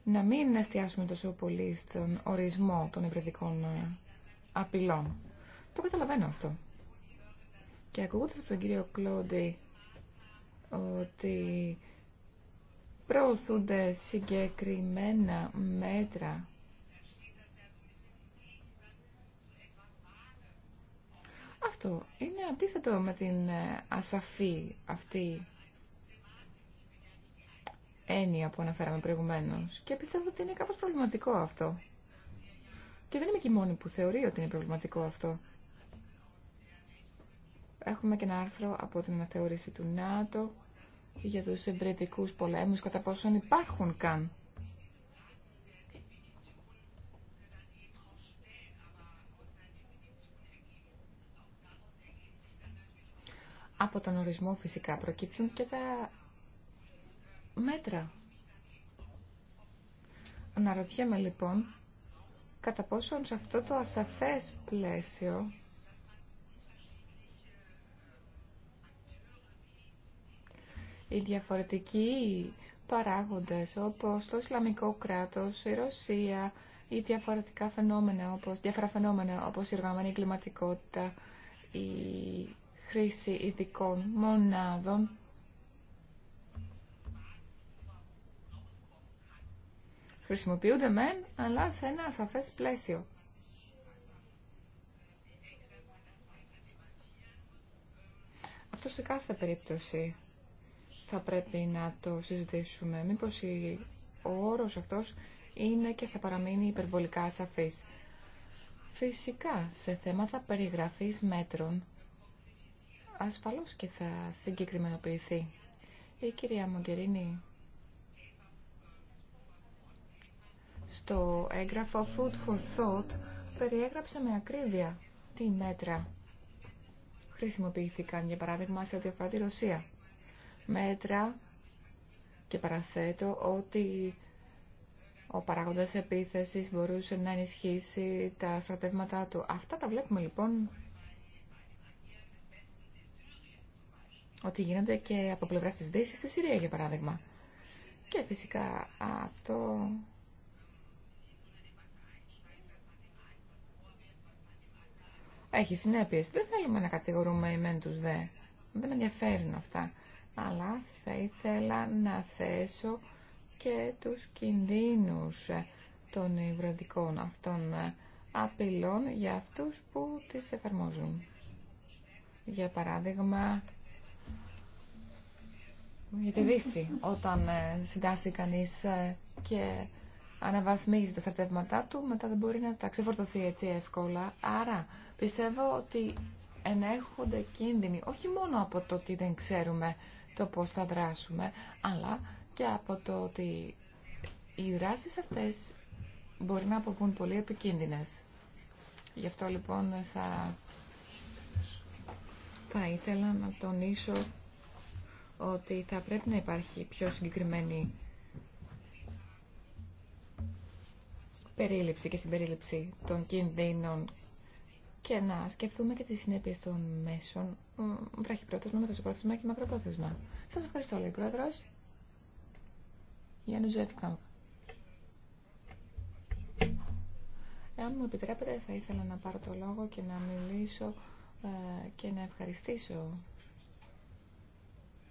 να μην εστιάσουμε τόσο πολύ στον ορισμό των ευρετικών ε, απειλών. Το καταλαβαίνω αυτό. Και ακούγοντας από τον κύριο Κλόντι ότι προωθούνται συγκεκριμένα μέτρα Είναι αντίθετο με την ε, ασαφή αυτή έννοια που αναφέραμε προηγουμένως. Και πιστεύω ότι είναι κάπως προβληματικό αυτό. Και δεν είμαι και η μόνη που θεωρεί ότι είναι προβληματικό αυτό. Έχουμε και ένα άρθρο από την αναθεώρηση του ΝΑΤΟ για τους εμπρετικούς πολέμους, κατά πόσον υπάρχουν καν. Από τον ορισμό φυσικά προκύπτουν και τα μέτρα. Αναρωτιέμαι λοιπόν κατά πόσον σε αυτό το ασαφές πλαίσιο οι διαφορετικοί παράγοντες όπως το Ισλαμικό κράτος, η Ρωσία ή διαφορετικά φαινόμενα όπως, διάφορα φαινόμενα όπως η οργανωμένη κλιματικότητα, η χρήση ειδικών μονάδων χρησιμοποιούνται μεν, αλλά σε ένα σαφές πλαίσιο. Αυτό σε κάθε περίπτωση θα πρέπει να το συζητήσουμε. Μήπως ο όρος αυτός είναι και θα παραμείνει υπερβολικά σαφής; Φυσικά, σε θέματα περιγραφής μέτρων ασφαλώς και θα συγκεκριμενοποιηθεί. Η κυρία Μογκερίνη στο έγγραφο Food for Thought περιέγραψε με ακρίβεια τι μέτρα χρησιμοποιήθηκαν, για παράδειγμα, σε ό,τι αφορά Ρωσία. Μέτρα και παραθέτω ότι ο παράγοντας επίθεσης μπορούσε να ενισχύσει τα στρατεύματά του. Αυτά τα βλέπουμε λοιπόν ότι γίνονται και από πλευρά της Δύσης στη Συρία, για παράδειγμα. Και φυσικά αυτό έχει συνέπειε. Δεν θέλουμε να κατηγορούμε μεν τους δε. Δεν με ενδιαφέρουν αυτά. Αλλά θα ήθελα να θέσω και τους κινδύνους των υβραδικών αυτών απειλών για αυτούς που τις εφαρμόζουν. Για παράδειγμα, για τη Δύση όταν ε, συντάσσει κανείς ε, και αναβαθμίζει τα στρατεύματά του, μετά δεν μπορεί να τα ξεφορτωθεί έτσι εύκολα. Άρα πιστεύω ότι ενέχονται κίνδυνοι όχι μόνο από το ότι δεν ξέρουμε το πώς θα δράσουμε, αλλά και από το ότι οι δράσεις αυτές μπορεί να αποβούν πολύ επικίνδυνες. Γι' αυτό λοιπόν θα, θα ήθελα να τονίσω ότι θα πρέπει να υπάρχει πιο συγκεκριμένη περίληψη και συμπερίληψη των κινδύνων και να σκεφτούμε και τις συνέπειες των μέσων βραχυπρόθεσμα, πρόθεσμα και μακροπρόθεσμα. Σας ευχαριστώ, λέει Πρόεδρος. Γιάννου Ζεύκαμπ. Εάν μου επιτρέπετε, θα ήθελα να πάρω το λόγο και να μιλήσω ε, και να ευχαριστήσω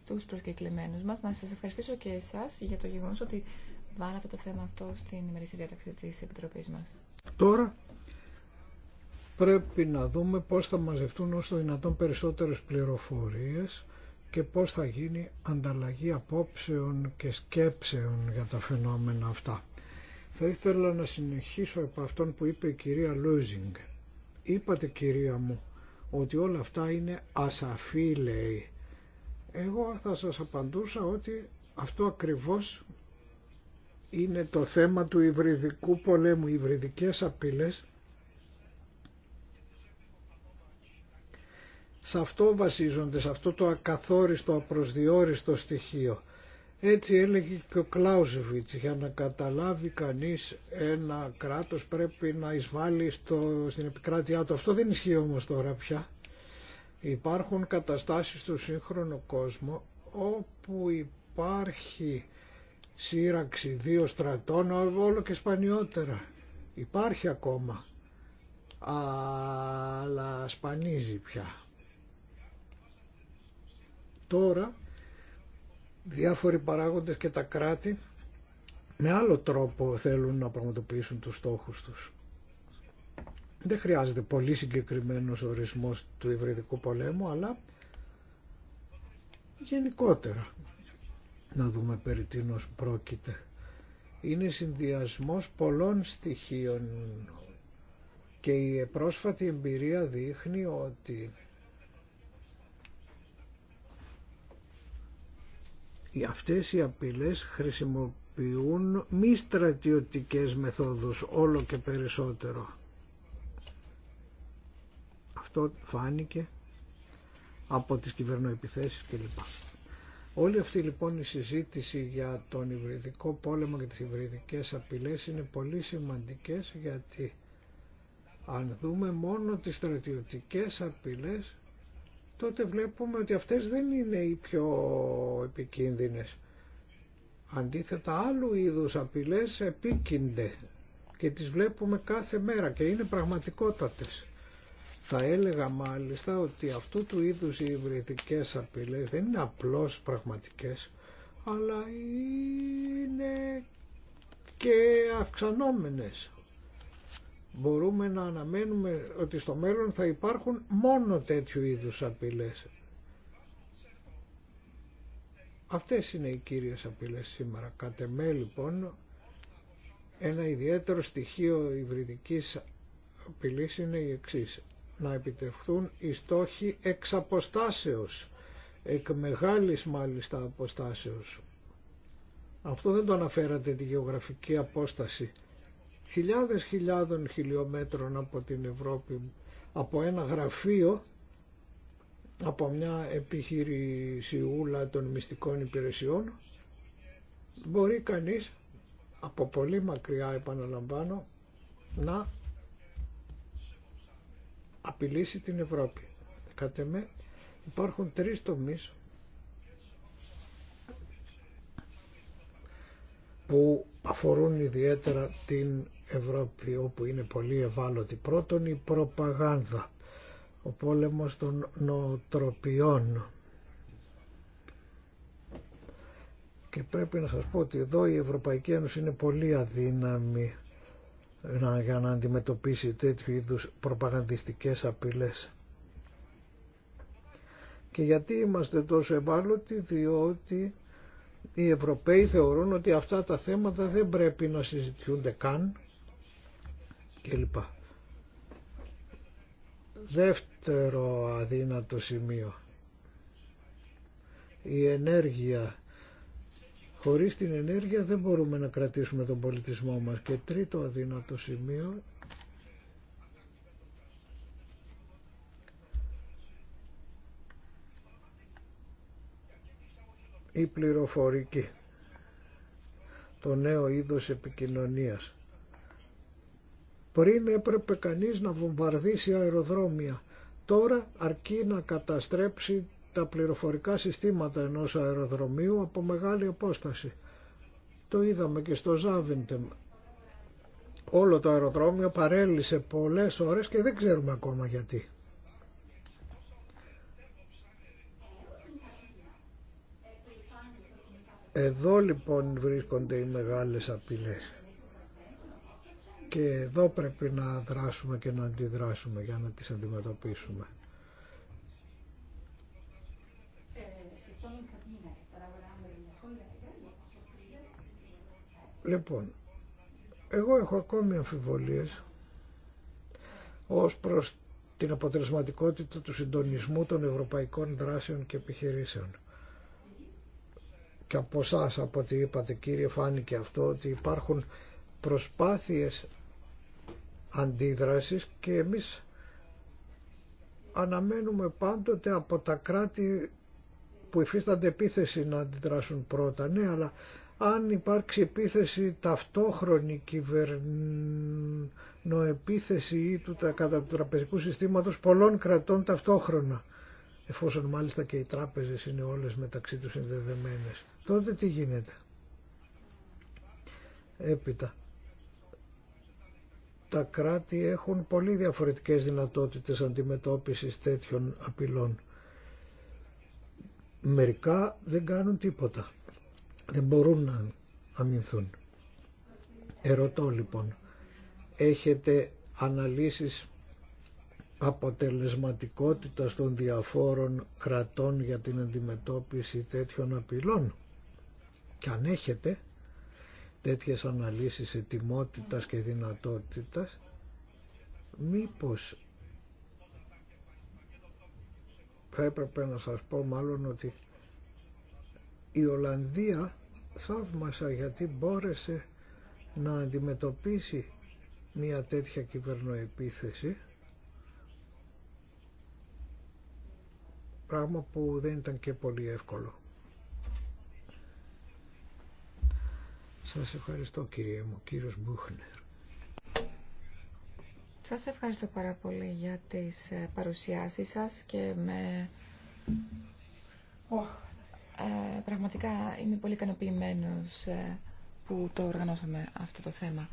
του προσκεκλημένους μας. Να σας ευχαριστήσω και εσάς για το γεγονός ότι βάλατε το θέμα αυτό στην ημερήσια διάταξη της Επιτροπής μας. Τώρα πρέπει να δούμε πώς θα μαζευτούν όσο δυνατόν περισσότερες πληροφορίες και πώς θα γίνει ανταλλαγή απόψεων και σκέψεων για τα φαινόμενα αυτά. Θα ήθελα να συνεχίσω από αυτόν που είπε η κυρία Λούζινγκ. Είπατε κυρία μου ότι όλα αυτά είναι ασαφή λέει εγώ θα σας απαντούσα ότι αυτό ακριβώς είναι το θέμα του υβριδικού πολέμου. Οι υβριδικές απειλές σε αυτό βασίζονται, σε αυτό το ακαθόριστο, απροσδιόριστο στοιχείο. Έτσι έλεγε και ο Κλάουζεβιτς, για να καταλάβει κανείς ένα κράτος πρέπει να εισβάλλει στο, στην επικράτειά του. Αυτό δεν ισχύει όμως τώρα πια. Υπάρχουν καταστάσεις στο σύγχρονο κόσμο όπου υπάρχει σύραξη δύο στρατών όλο και σπανιότερα. Υπάρχει ακόμα, αλλά σπανίζει πια. Τώρα διάφοροι παράγοντες και τα κράτη με άλλο τρόπο θέλουν να πραγματοποιήσουν τους στόχους τους. Δεν χρειάζεται πολύ συγκεκριμένος ορισμός του υβριδικού πολέμου, αλλά γενικότερα να δούμε περί τίνος πρόκειται. Είναι συνδυασμός πολλών στοιχείων και η πρόσφατη εμπειρία δείχνει ότι αυτές οι απειλές χρησιμοποιούν μη στρατιωτικές μεθόδους όλο και περισσότερο αυτό φάνηκε από τις κυβερνοεπιθέσεις κλπ. Όλη αυτή λοιπόν η συζήτηση για τον υβριδικό πόλεμο και τις υβριδικές απειλές είναι πολύ σημαντικές γιατί αν δούμε μόνο τις στρατιωτικές απειλές τότε βλέπουμε ότι αυτές δεν είναι οι πιο επικίνδυνες. Αντίθετα άλλου είδους απειλές επίκυνται και τις βλέπουμε κάθε μέρα και είναι πραγματικότατες. Θα έλεγα μάλιστα ότι αυτού του είδους οι υβριδικές απειλές δεν είναι απλώς πραγματικές, αλλά είναι και αυξανόμενες. Μπορούμε να αναμένουμε ότι στο μέλλον θα υπάρχουν μόνο τέτοιου είδους απειλές. Αυτές είναι οι κύριες απειλές σήμερα. Κατ' εμέ λοιπόν ένα ιδιαίτερο στοιχείο υβριδικής απειλής είναι η εξής να επιτευχθούν οι στόχοι εξ αποστάσεως, εκ μεγάλης μάλιστα αποστάσεως. Αυτό δεν το αναφέρατε τη γεωγραφική απόσταση. Χιλιάδες χιλιάδων χιλιόμετρων από την Ευρώπη, από ένα γραφείο, από μια επιχειρησιούλα των μυστικών υπηρεσιών, μπορεί κανείς από πολύ μακριά επαναλαμβάνω να απειλήσει την Ευρώπη. Κατ' εμέ υπάρχουν τρεις τομείς που αφορούν ιδιαίτερα την Ευρώπη όπου είναι πολύ ευάλωτη. Πρώτον η προπαγάνδα, ο πόλεμος των νοοτροπιών. Και πρέπει να σας πω ότι εδώ η Ευρωπαϊκή Ένωση είναι πολύ αδύναμη να, για να αντιμετωπίσει τέτοιου είδους προπαγανδιστικές απειλές. Και γιατί είμαστε τόσο ευάλωτοι, διότι οι Ευρωπαίοι θεωρούν ότι αυτά τα θέματα δεν πρέπει να συζητιούνται καν κλπ. Δεύτερο αδύνατο σημείο. Η ενέργεια Χωρίς την ενέργεια δεν μπορούμε να κρατήσουμε τον πολιτισμό μας. Και τρίτο αδύνατο σημείο η πληροφορική, το νέο είδος επικοινωνίας. Πριν έπρεπε κανείς να βομβαρδίσει αεροδρόμια, τώρα αρκεί να καταστρέψει τα πληροφορικά συστήματα ενός αεροδρομίου από μεγάλη απόσταση. Το είδαμε και στο Ζάβιντεμ. Όλο το αεροδρόμιο παρέλυσε πολλές ώρες και δεν ξέρουμε ακόμα γιατί. Εδώ λοιπόν βρίσκονται οι μεγάλες απειλές. Και εδώ πρέπει να δράσουμε και να αντιδράσουμε για να τις αντιμετωπίσουμε. Λοιπόν, εγώ έχω ακόμη αμφιβολίες ως προς την αποτελεσματικότητα του συντονισμού των ευρωπαϊκών δράσεων και επιχειρήσεων. Και από εσά, από ό,τι είπατε κύριε, φάνηκε αυτό ότι υπάρχουν προσπάθειες αντίδρασης και εμείς αναμένουμε πάντοτε από τα κράτη που υφίστανται επίθεση να αντιδράσουν πρώτα. Ναι, αλλά αν υπάρξει επίθεση ταυτόχρονη κυβερνοεπίθεση ή του, κατά του τραπεζικού συστήματος πολλών κρατών ταυτόχρονα εφόσον μάλιστα και οι τράπεζες είναι όλες μεταξύ τους συνδεδεμένες τότε τι γίνεται έπειτα τα κράτη έχουν πολύ διαφορετικές δυνατότητες αντιμετώπισης τέτοιων απειλών μερικά δεν κάνουν τίποτα δεν μπορούν να αμυνθούν. Ερωτώ λοιπόν, έχετε αναλύσεις αποτελεσματικότητας των διαφόρων κρατών για την αντιμετώπιση τέτοιων απειλών και αν έχετε τέτοιες αναλύσεις ετοιμότητας και δυνατότητας μήπως θα έπρεπε να σας πω μάλλον ότι η Ολλανδία θαύμασα γιατί μπόρεσε να αντιμετωπίσει μια τέτοια κυβερνοεπίθεση πράγμα που δεν ήταν και πολύ εύκολο. Σας ευχαριστώ κύριε μου, κύριος Μπούχνερ. Σας ευχαριστώ πάρα πολύ για τις ε, παρουσιάσεις σας και με... Ε, πραγματικά είμαι πολύ ικανοποιημένο ε, που το οργανώσαμε αυτό το θέμα.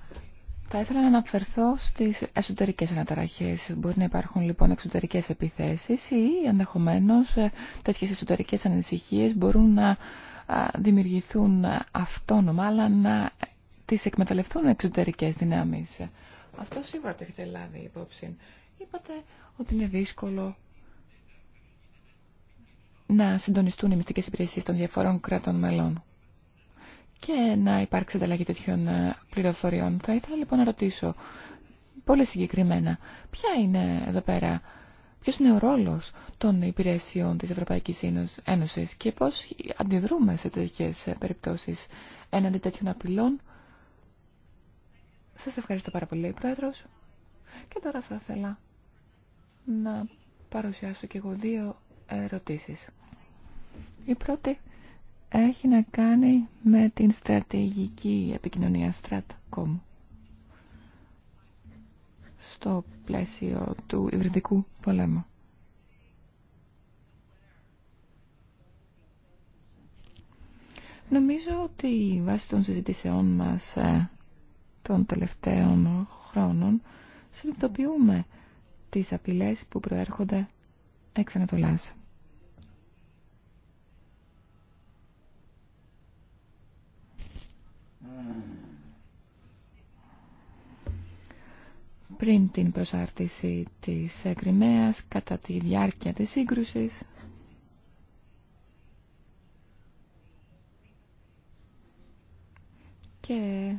Θα ήθελα να αναφερθώ στις εσωτερικές αναταραχές. Μπορεί να υπάρχουν λοιπόν εξωτερικές επιθέσεις ή ενδεχομένω ε, τέτοιες εσωτερικές ανησυχίες μπορούν να δημιουργηθούν αυτόνομα αλλά να τις εκμεταλλευτούν εξωτερικές δυνάμεις. Αυτό σίγουρα το έχετε λάβει υπόψη. Είπατε ότι είναι δύσκολο να συντονιστούν οι μυστικές υπηρεσίες των διαφορών κρατών μελών και να υπάρξει ανταλλαγή τέτοιων ε, πληροφοριών. Θα ήθελα λοιπόν να ρωτήσω πολύ συγκεκριμένα ποια είναι εδώ πέρα, ποιος είναι ο ρόλος των υπηρεσιών της Ευρωπαϊκής Ένωσης και πώς αντιδρούμε σε τέτοιες ε, περιπτώσεις έναντι τέτοιων απειλών. Σας ευχαριστώ πάρα πολύ, Πρόεδρος. Και τώρα θα ήθελα να παρουσιάσω και εγώ δύο ερωτήσεις. Η πρώτη έχει να κάνει με την στρατηγική επικοινωνία Stratcom στο πλαίσιο του υβριδικού πολέμου. Νομίζω ότι βάσει των συζητήσεών μας ε, των τελευταίων χρόνων συνειδητοποιούμε τις απειλές που προέρχονται εξ Ανατολάς. πριν την προσάρτηση της Κρυμαίας κατά τη διάρκεια της σύγκρουσης και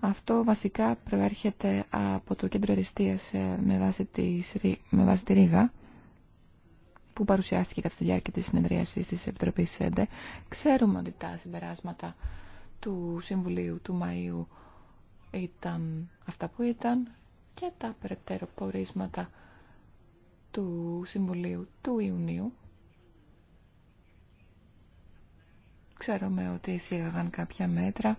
αυτό βασικά προέρχεται από το κέντρο αριστείας ε, με βάση, τη, με βάση τη Ρήγα που παρουσιάστηκε κατά τη διάρκεια της συνεδρίασης της Επιτροπής ΣΕΝΤΕ. Ξέρουμε ότι τα συμπεράσματα του Συμβουλίου του Μαΐου ήταν αυτά που ήταν και τα περαιτέρω πορίσματα του Συμβουλίου του Ιουνίου. Ξέρουμε ότι εισήγαγαν κάποια μέτρα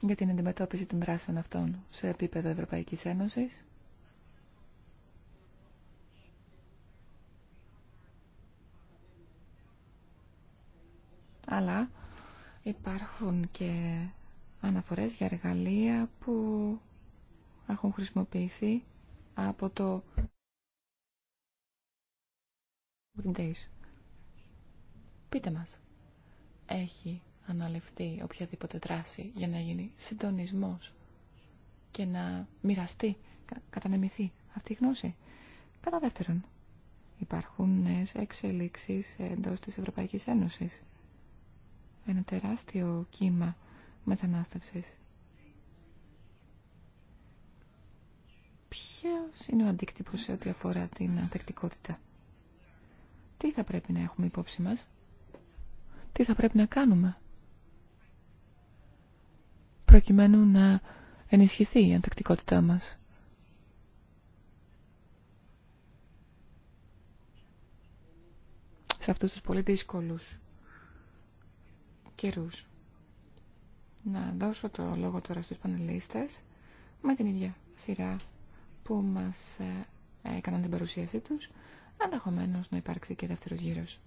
για την αντιμετώπιση των δράσεων αυτών σε επίπεδο Ευρωπαϊκής Ένωσης. αλλά υπάρχουν και αναφορές για εργαλεία που έχουν χρησιμοποιηθεί από το Days. Πείτε μας, έχει αναλυφθεί οποιαδήποτε δράση για να γίνει συντονισμός και να μοιραστεί, κατανεμηθεί αυτή η γνώση. Κατά δεύτερον, υπάρχουν νέες εξελίξεις εντός της Ευρωπαϊκής Ένωσης ένα τεράστιο κύμα μετανάστευσης. Ποιος είναι ο αντίκτυπος σε ό,τι αφορά την ανθεκτικότητα. Τι θα πρέπει να έχουμε υπόψη μας. Τι θα πρέπει να κάνουμε. Προκειμένου να ενισχυθεί η ανθεκτικότητά μας. Σε αυτούς τους πολύ δύσκολους καιρούς. Να δώσω το λόγο τώρα στους πανελίστες με την ίδια σειρά που μας ε, έκαναν την παρουσίασή τους, ενδεχομένω να υπάρξει και δεύτερο γύρος.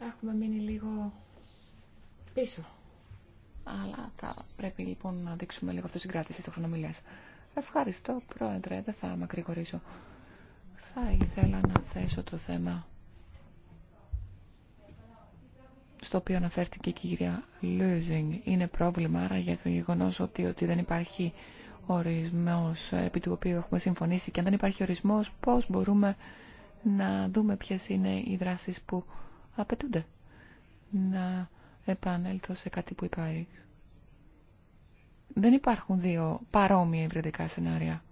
Έχουμε μείνει λίγο πίσω, αλλά θα πρέπει λοιπόν να δείξουμε λίγο αυτοσυγκράτηση στο χρονομιλές. Ευχαριστώ, Πρόεδρε, δεν θα μακρηγορήσω. Θα ήθελα να θέσω το θέμα στο οποίο αναφέρθηκε η κυρία Λούζινγκ. Είναι πρόβλημα άρα για το γεγονό ότι, ότι δεν υπάρχει ορισμός επί του οποίου έχουμε συμφωνήσει και αν δεν υπάρχει ορισμός πώς μπορούμε να δούμε ποιες είναι οι δράσεις που απαιτούνται. Να επανέλθω σε κάτι που υπάρχει. Δεν υπάρχουν δύο παρόμοια υβριδικά σενάρια.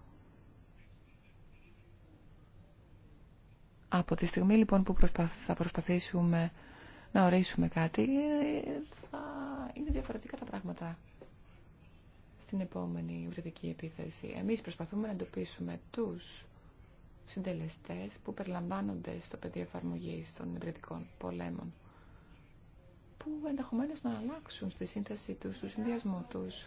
Από τη στιγμή λοιπόν που θα προσπαθήσουμε να ορίσουμε κάτι, θα είναι διαφορετικά τα πράγματα στην επόμενη βρετική επίθεση. Εμείς προσπαθούμε να εντοπίσουμε τους συντελεστές που περιλαμβάνονται στο πεδίο εφαρμογή των βρετικών πολέμων που ενδεχομένως να αλλάξουν στη σύνθεσή τους, στο συνδυασμό τους.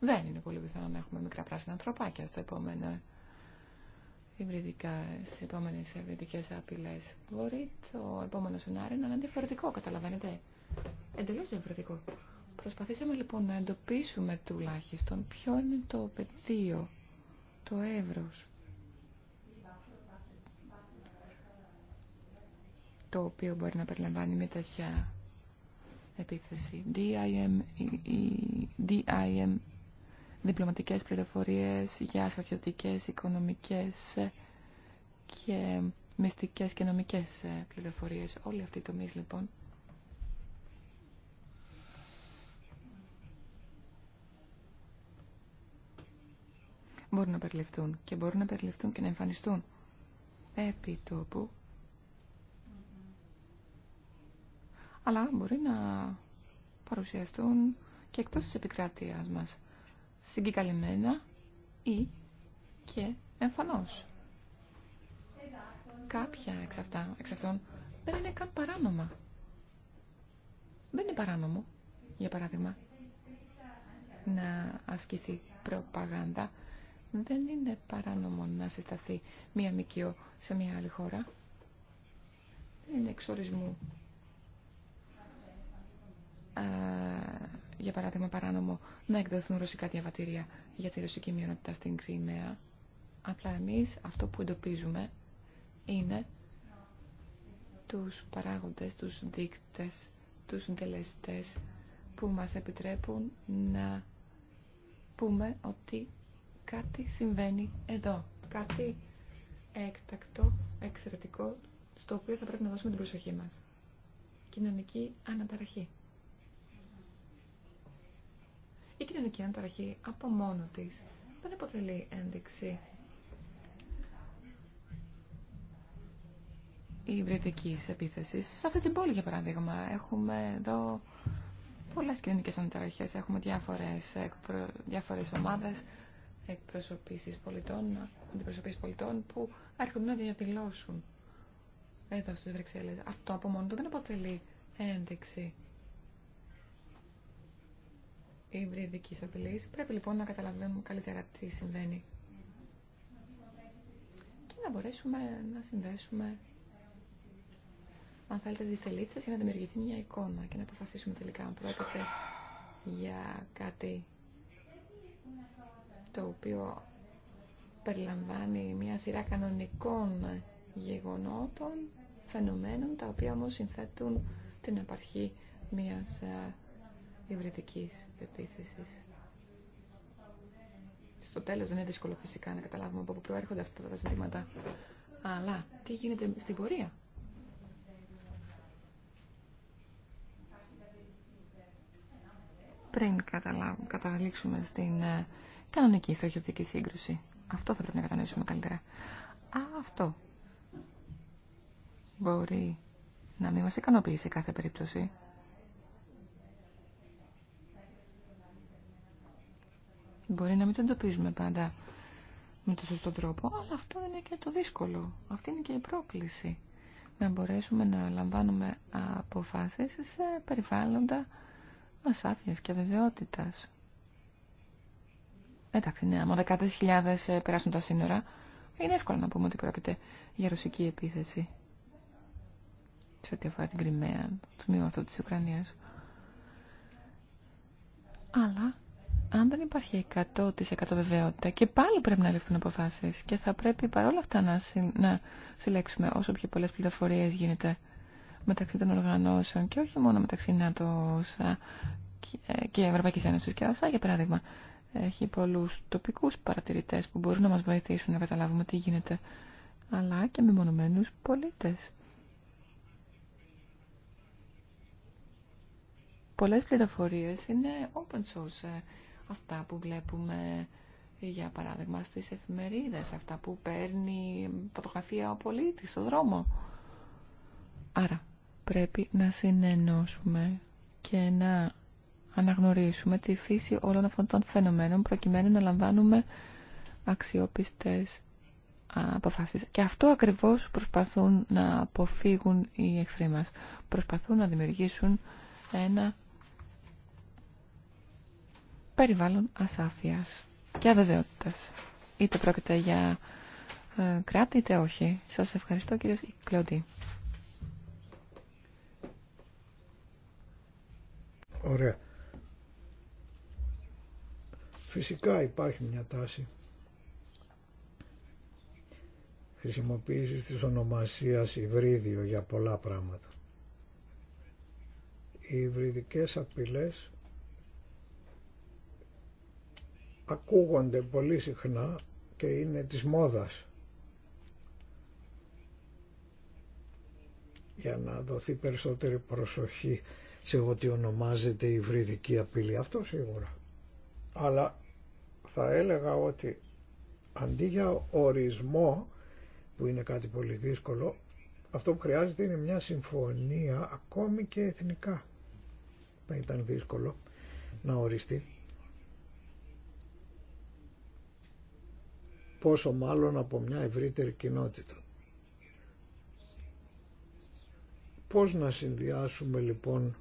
Δεν είναι πολύ πιθανό να έχουμε μικρά πράσινα ανθρωπάκια στο επόμενο υβριδικά, σε επόμενε ευρυδικέ απειλέ. Μπορεί το επόμενο σενάριο να είναι διαφορετικό, καταλαβαίνετε. Εντελώς διαφορετικό. Προσπαθήσαμε λοιπόν να εντοπίσουμε τουλάχιστον ποιο είναι το πεδίο, το εύρος, το οποίο μπορεί να περιλαμβάνει μια τέτοια επίθεση. DIM, e, DIM e διπλωματικές πληροφορίες για στρατιωτικές, οικονομικές και μυστικές και νομικές πληροφορίες. Όλοι αυτοί οι τομείς λοιπόν. Μπορούν να περιληφθούν και μπορούν να περιληφθούν και να εμφανιστούν επί τόπου. Αλλά μπορεί να παρουσιαστούν και εκτός της επικράτειας μας συγκεκαλυμμένα ή και εμφανώς. Κάποια εξ, αυτών δεν είναι καν παράνομα. Δεν είναι παράνομο, για παράδειγμα, να ασκηθεί προπαγάνδα. Δεν είναι παράνομο να συσταθεί μία μικιό σε μία άλλη χώρα. Δεν είναι εξορισμού ε, για παράδειγμα παράνομο, να εκδοθούν ρωσικά διαβατήρια για τη ρωσική μειονότητα στην Κρυμαία. Απλά εμείς αυτό που εντοπίζουμε είναι τους παράγοντες, τους δείκτες, τους συντελεστές που μας επιτρέπουν να πούμε ότι κάτι συμβαίνει εδώ. Κάτι έκτακτο, εξαιρετικό, στο οποίο θα πρέπει να δώσουμε την προσοχή μας. Κοινωνική αναταραχή. Η κοινωνική ανταραχή από μόνο της δεν αποτελεί ένδειξη βρετική επίθεση. Σε αυτή την πόλη, για παράδειγμα, έχουμε εδώ πολλέ κοινωνικέ ανταραχέ. Έχουμε διάφορε εκπρο... διάφορες ομάδε εκπροσωπήσει πολιτών, αντιπροσωπήσει πολιτών που έρχονται να διαδηλώσουν εδώ στι Βρυξέλλε. Αυτό από μόνο του δεν αποτελεί ένδειξη βρυδική απειλή. Πρέπει λοιπόν να καταλαβαίνουμε καλύτερα τι συμβαίνει και να μπορέσουμε να συνδέσουμε αν θέλετε τις τελίτσες για να δημιουργηθεί μια εικόνα και να αποφασίσουμε τελικά αν πρόκειται για κάτι το οποίο περιλαμβάνει μια σειρά κανονικών γεγονότων, φαινομένων, τα οποία όμως συνθέτουν την επαρχή μιας ε, υβριδικής επίθεσης. Στο τέλος δεν είναι δύσκολο φυσικά να καταλάβουμε από πού προέρχονται αυτά τα ζητήματα. Αλλά τι γίνεται στην πορεία. Πριν καταλήξουμε στην ε, κανονική στοχευτική σύγκρουση. Αυτό θα πρέπει να κατανοήσουμε καλύτερα. Α, αυτό μπορεί να μην μας ικανοποιήσει κάθε περίπτωση. Μπορεί να μην το εντοπίζουμε πάντα με τον σωστό τρόπο, αλλά αυτό είναι και το δύσκολο. Αυτή είναι και η πρόκληση. Να μπορέσουμε να λαμβάνουμε αποφάσεις σε περιβάλλοντα ασάφειας και αβεβαιότητας. Εντάξει, ναι, άμα δεκάδες χιλιάδες ε, περάσουν τα σύνορα, είναι εύκολο να πούμε ότι πρόκειται για ρωσική επίθεση. Σε ό,τι αφορά την Κρυμαία, το σημείο αυτό της Ουκρανίας. Αλλά αν δεν υπάρχει 100% βεβαιότητα και πάλι πρέπει να ληφθούν αποφάσεις και θα πρέπει παρόλα αυτά να, συ, συλλέξουμε όσο πιο πολλές πληροφορίες γίνεται μεταξύ των οργανώσεων και όχι μόνο μεταξύ ΝΑΤΟ και, ε, και Ευρωπαϊκής Ένωσης και ΑΣΑ για παράδειγμα έχει πολλούς τοπικούς παρατηρητές που μπορούν να μας βοηθήσουν να καταλάβουμε τι γίνεται αλλά και μεμονωμένους πολίτες. Πολλές πληροφορίες είναι open source ε, αυτά που βλέπουμε για παράδειγμα στις εφημερίδες, αυτά που παίρνει φωτογραφία ο πολίτης στο δρόμο. Άρα πρέπει να συνενώσουμε και να αναγνωρίσουμε τη φύση όλων αυτών των φαινομένων προκειμένου να λαμβάνουμε αξιόπιστες αποφάσεις. Και αυτό ακριβώς προσπαθούν να αποφύγουν οι εχθροί μας. Προσπαθούν να δημιουργήσουν ένα περιβάλλον ασάφειας και αβεβαιότητας. Είτε πρόκειται για ε, κράτη είτε όχι. Σας ευχαριστώ κύριε Κλοντή. Ωραία. Φυσικά υπάρχει μια τάση χρησιμοποίησης της ονομασίας υβρίδιο για πολλά πράγματα. Οι υβριδικές απειλές ακούγονται πολύ συχνά και είναι της μόδας. για να δοθεί περισσότερη προσοχή σε ό,τι ονομάζεται υβριδική απειλή. Αυτό σίγουρα. Αλλά θα έλεγα ότι αντί για ορισμό, που είναι κάτι πολύ δύσκολο, αυτό που χρειάζεται είναι μια συμφωνία ακόμη και εθνικά. Θα ήταν δύσκολο να οριστεί. πόσο μάλλον από μια ευρύτερη κοινότητα. Πώς να συνδυάσουμε λοιπόν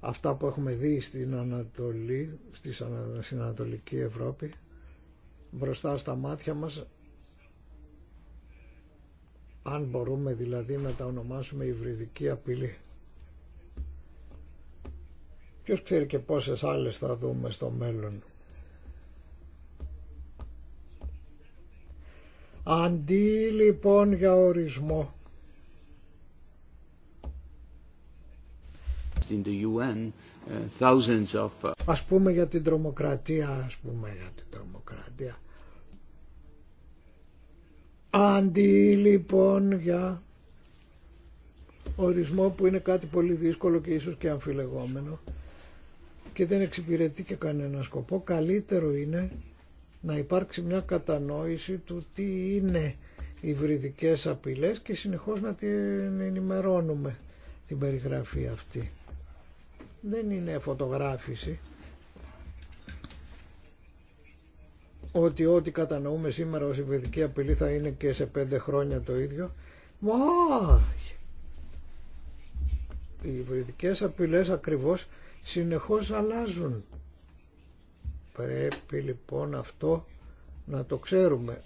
αυτά που έχουμε δει στην Ανατολή, στην Ανατολική Ευρώπη, μπροστά στα μάτια μας, αν μπορούμε δηλαδή να τα ονομάσουμε υβριδική απειλή. Ποιος ξέρει και πόσες άλλες θα δούμε στο μέλλον. Αντί λοιπόν για ορισμό. In the UN, uh, of... Uh, ας πούμε για την τρομοκρατία, ας πούμε για την τρομοκρατία. Αντί λοιπόν για ορισμό που είναι κάτι πολύ δύσκολο και ίσως και αμφιλεγόμενο και δεν εξυπηρετεί και κανένα σκοπό, καλύτερο είναι να υπάρξει μια κατανόηση του τι είναι οι βρυδικές απειλές και συνεχώς να την ενημερώνουμε την περιγραφή αυτή. Δεν είναι φωτογράφηση ότι ό,τι κατανοούμε σήμερα ως βρυδική απειλή θα είναι και σε πέντε χρόνια το ίδιο. Μα οι υβριδικές απειλές ακριβώς συνεχώς αλλάζουν Πρέπει λοιπόν αυτό να το ξέρουμε.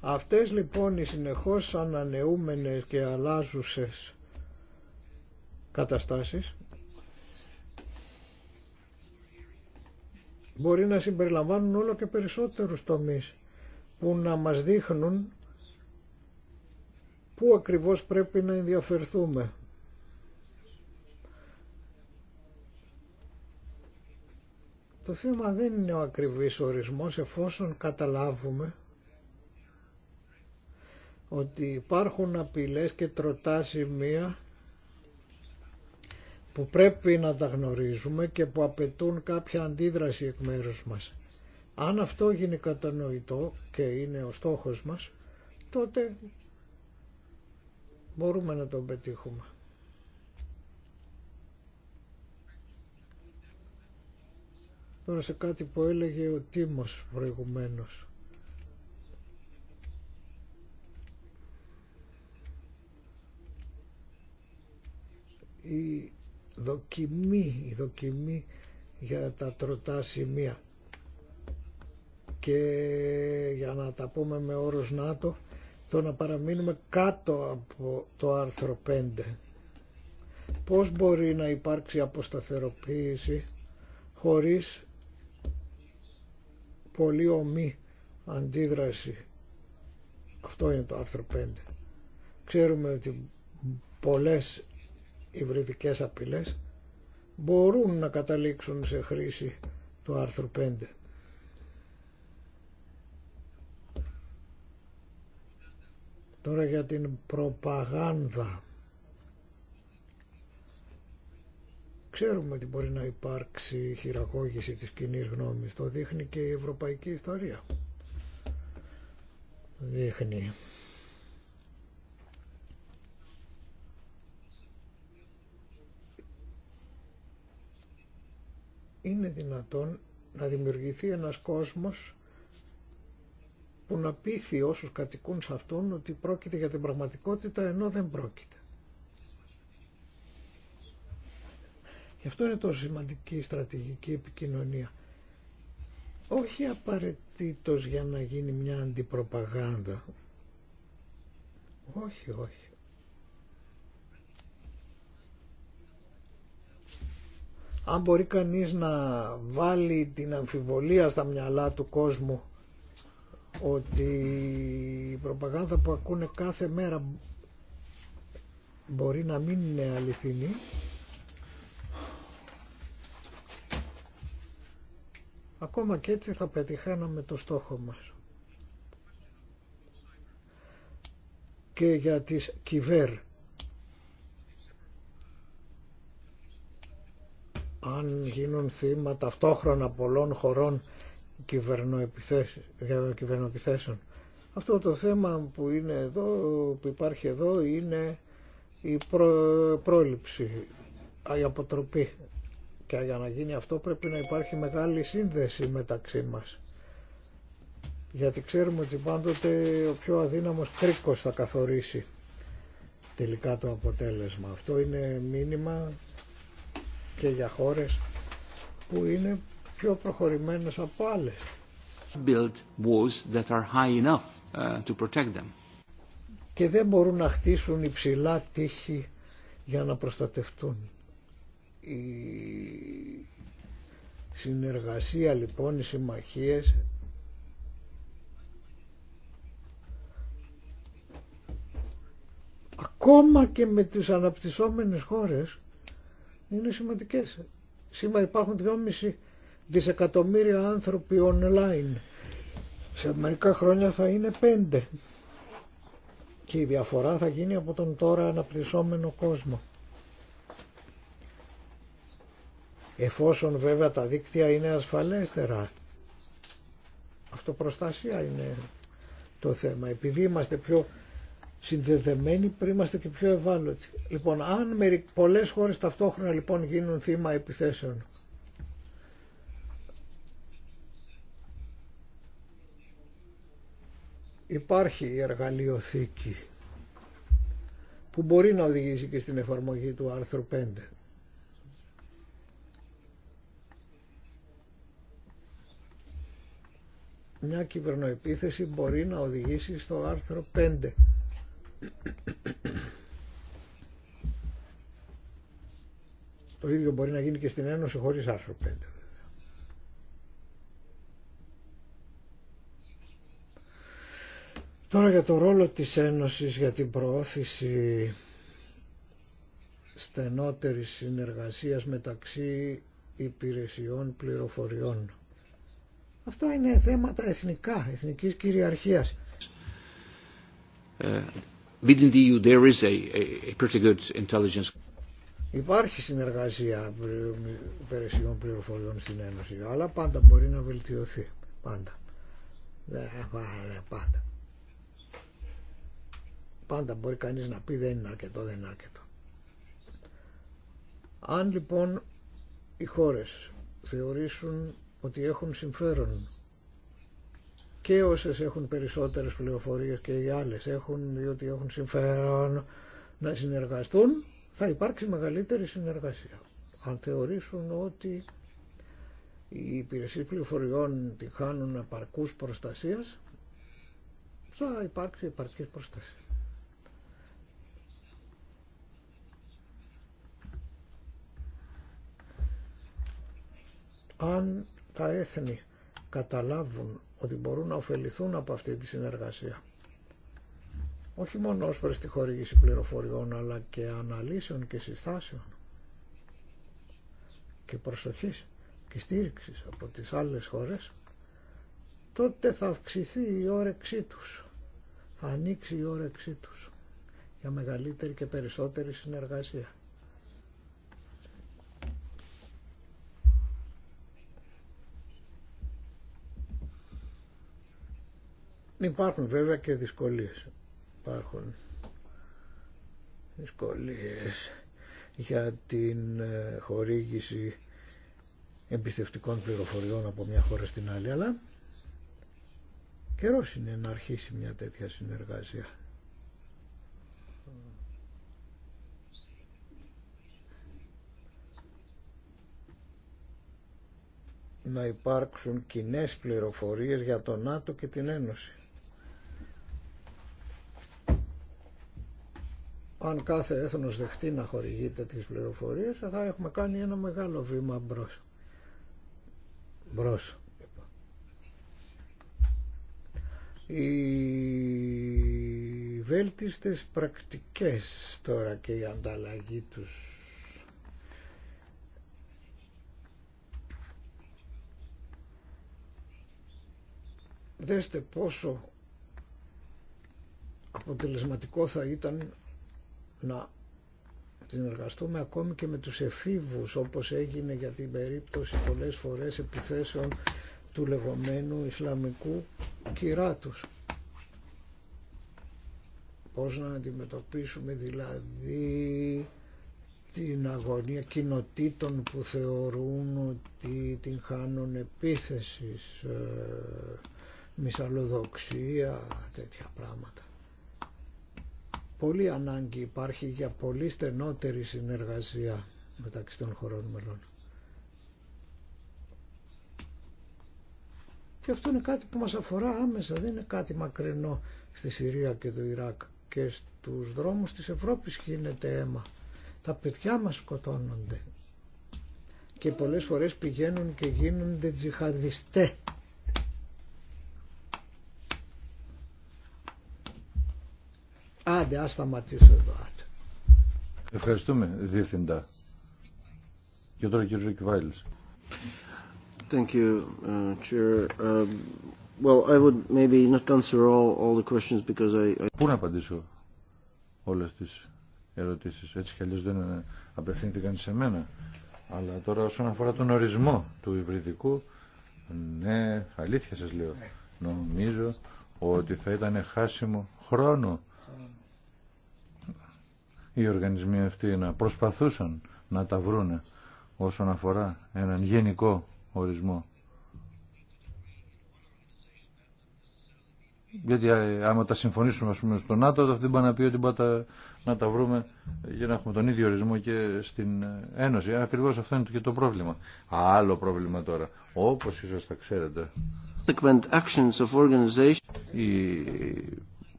Αυτές λοιπόν οι συνεχώς ανανεούμενες και αλλάζουσες καταστάσεις μπορεί να συμπεριλαμβάνουν όλο και περισσότερους τομείς που να μας δείχνουν πού ακριβώς πρέπει να ενδιαφερθούμε. Το θέμα δεν είναι ο ακριβής ορισμός εφόσον καταλάβουμε ότι υπάρχουν απειλές και τροτά σημεία που πρέπει να τα γνωρίζουμε και που απαιτούν κάποια αντίδραση εκ μέρους μας. Αν αυτό γίνει κατανοητό και είναι ο στόχος μας, τότε μπορούμε να τον πετύχουμε. Τώρα σε κάτι που έλεγε ο Τίμος προηγουμένως. Η δοκιμή, η δοκιμή για τα τροτά σημεία και για να τα πούμε με όρος ΝΑΤΟ το να παραμείνουμε κάτω από το άρθρο 5. Πώς μπορεί να υπάρξει αποσταθεροποίηση χωρίς πολύ ομή αντίδραση. Αυτό είναι το άρθρο 5. Ξέρουμε ότι πολλές υβριδικές απειλές μπορούν να καταλήξουν σε χρήση το άρθρου 5. Τώρα για την προπαγάνδα. Ξέρουμε ότι μπορεί να υπάρξει χειραγώγηση της κοινή γνώμης. Το δείχνει και η ευρωπαϊκή ιστορία. Δείχνει. Είναι δυνατόν να δημιουργηθεί ένας κόσμος που να πείθει όσους κατοικούν σε αυτόν ότι πρόκειται για την πραγματικότητα ενώ δεν πρόκειται. Γι' αυτό είναι τόσο σημαντική η στρατηγική επικοινωνία. Όχι απαραίτητο για να γίνει μια αντιπροπαγάνδα. Όχι, όχι. Αν μπορεί κανείς να βάλει την αμφιβολία στα μυαλά του κόσμου ότι η προπαγάνδα που ακούνε κάθε μέρα μπορεί να μην είναι αληθινή ακόμα και έτσι θα πετυχαίναμε το στόχο μας. Και για τις κυβέρ. Αν γίνουν θύματα ταυτόχρονα πολλών χωρών κυβερνοεπιθέσεων. Αυτό το θέμα που είναι εδώ, που υπάρχει εδώ είναι η πρόληψη, η αποτροπή και για να γίνει αυτό πρέπει να υπάρχει μεγάλη σύνδεση μεταξύ μας. Γιατί ξέρουμε ότι πάντοτε ο πιο αδύναμος κρίκος θα καθορίσει τελικά το αποτέλεσμα. Αυτό είναι μήνυμα και για χώρες που είναι πιο προχωρημένες από άλλες. Build walls that are high enough uh, to protect them. Και δεν μπορούν να χτίσουν υψηλά τείχη για να προστατευτούν. Η συνεργασία λοιπόν, οι συμμαχίες ακόμα και με τις αναπτυσσόμενες χώρες είναι σημαντικές. Σήμερα υπάρχουν 2,5 δισεκατομμύρια άνθρωποι online. Σε μερικά χρόνια θα είναι πέντε. Και η διαφορά θα γίνει από τον τώρα αναπτυσσόμενο κόσμο. Εφόσον βέβαια τα δίκτυα είναι ασφαλέστερα. Αυτοπροστασία είναι το θέμα. Επειδή είμαστε πιο συνδεδεμένοι πριν είμαστε και πιο ευάλωτοι. Λοιπόν, αν πολλές χώρες ταυτόχρονα λοιπόν γίνουν θύμα επιθέσεων Υπάρχει η εργαλειοθήκη που μπορεί να οδηγήσει και στην εφαρμογή του άρθρου 5. Μια κυβερνοεπίθεση μπορεί να οδηγήσει στο άρθρο 5. Το ίδιο μπορεί να γίνει και στην Ένωση χωρίς άρθρο 5. Τώρα για το ρόλο της Ένωσης για την προώθηση στενότερης συνεργασίας μεταξύ υπηρεσιών πληροφοριών. Αυτά είναι θέματα εθνικά, εθνικής κυριαρχίας. Uh, e there is Υπάρχει συνεργασία υπηρεσιών πληροφοριών στην Ένωση, αλλά πάντα μπορεί να βελτιωθεί. Πάντα. Πάντα. Πάντα μπορεί κανείς να πει δεν είναι αρκετό, δεν είναι αρκετό. Αν λοιπόν οι χώρες θεωρήσουν ότι έχουν συμφέρον και όσες έχουν περισσότερες πληροφορίες και οι άλλες έχουν διότι έχουν συμφέρον να συνεργαστούν θα υπάρξει μεγαλύτερη συνεργασία. Αν θεωρήσουν ότι οι υπηρεσίες πληροφοριών τη χάνουν απαρκούς προστασίας θα υπάρξει επαρκής προστασία. αν τα έθνη καταλάβουν ότι μπορούν να ωφεληθούν από αυτή τη συνεργασία όχι μόνο ως προς τη χορήγηση πληροφοριών αλλά και αναλύσεων και συστάσεων και προσοχής και στήριξης από τις άλλες χώρες τότε θα αυξηθεί η όρεξή τους θα ανοίξει η όρεξή τους για μεγαλύτερη και περισσότερη συνεργασία. Υπάρχουν βέβαια και δυσκολίες. Υπάρχουν δυσκολίες για την ε, χορήγηση εμπιστευτικών πληροφοριών από μια χώρα στην άλλη, αλλά καιρός είναι να αρχίσει μια τέτοια συνεργασία. να υπάρξουν κοινέ πληροφορίες για τον ΝΑΤΟ και την Ένωση. αν κάθε έθνος δεχτεί να χορηγείται τις πληροφορίες θα έχουμε κάνει ένα μεγάλο βήμα μπρος. Μπρος. Οι βέλτιστες πρακτικές τώρα και η ανταλλαγή τους δέστε πόσο αποτελεσματικό θα ήταν να συνεργαστούμε ακόμη και με τους εφήβους όπως έγινε για την περίπτωση πολλές φορές επιθέσεων του λεγόμενου Ισλαμικού κυράτους. Πώς να αντιμετωπίσουμε δηλαδή την αγωνία κοινοτήτων που θεωρούν ότι την χάνουν επίθεσης, ε, μυσαλλοδοξία, τέτοια πράγματα πολύ ανάγκη υπάρχει για πολύ στενότερη συνεργασία μεταξύ των χωρών μελών. Και αυτό είναι κάτι που μας αφορά άμεσα, δεν είναι κάτι μακρινό στη Συρία και το Ιράκ και στους δρόμους της Ευρώπης γίνεται αίμα. Τα παιδιά μας σκοτώνονται και πολλές φορές πηγαίνουν και γίνονται τζιχαδιστές. Άντε, ας σταματήσω εδώ. Ευχαριστούμε, Διευθυντά. Και τώρα κύριο Ρίκ Βάιλς. Thank you, uh, Chair. Um, well, I would maybe not answer all, all the questions because I, I... Πού να απαντήσω όλες τις ερωτήσεις. Έτσι κι αλλιώς δεν απευθύνθηκαν σε μένα. Αλλά τώρα όσον αφορά τον ορισμό του υβριδικού, ναι, αλήθεια σας λέω, ναι. νομίζω ότι θα ήταν χάσιμο χρόνο οι οργανισμοί αυτοί να προσπαθούσαν να τα βρούνε όσον αφορά έναν γενικό ορισμό. Γιατί άμα τα συμφωνήσουμε ας πούμε, στο ΝΑΤΟ, αυτό δεν να πει ότι μπορεί να τα βρούμε για να έχουμε τον ίδιο ορισμό και στην Ένωση. Ακριβώς αυτό είναι και το πρόβλημα. Άλλο πρόβλημα τώρα, όπως ίσως τα ξέρετε. Οι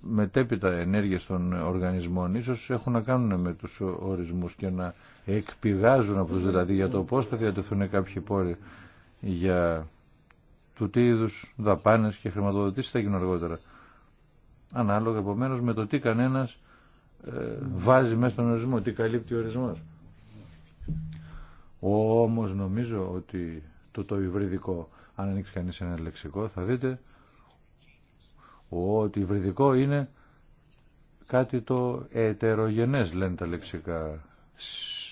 μετέπειτα ενέργειες των οργανισμών ίσως έχουν να κάνουν με τους ορισμούς και να εκπηγάζουν αυτούς δηλαδή για το πώς θα διατεθούν κάποιοι πόροι για του τι είδου δαπάνες και χρηματοδοτήσεις θα γίνουν αργότερα. Ανάλογα επομένως με το τι κανένας ε, βάζει μέσα στον ορισμό, τι καλύπτει ο ορισμός. Όμως νομίζω ότι το το υβριδικό, αν ανοίξει κανείς ένα λεξικό θα δείτε ότι υβριδικό είναι κάτι το ετερογενές λένε τα λεξικά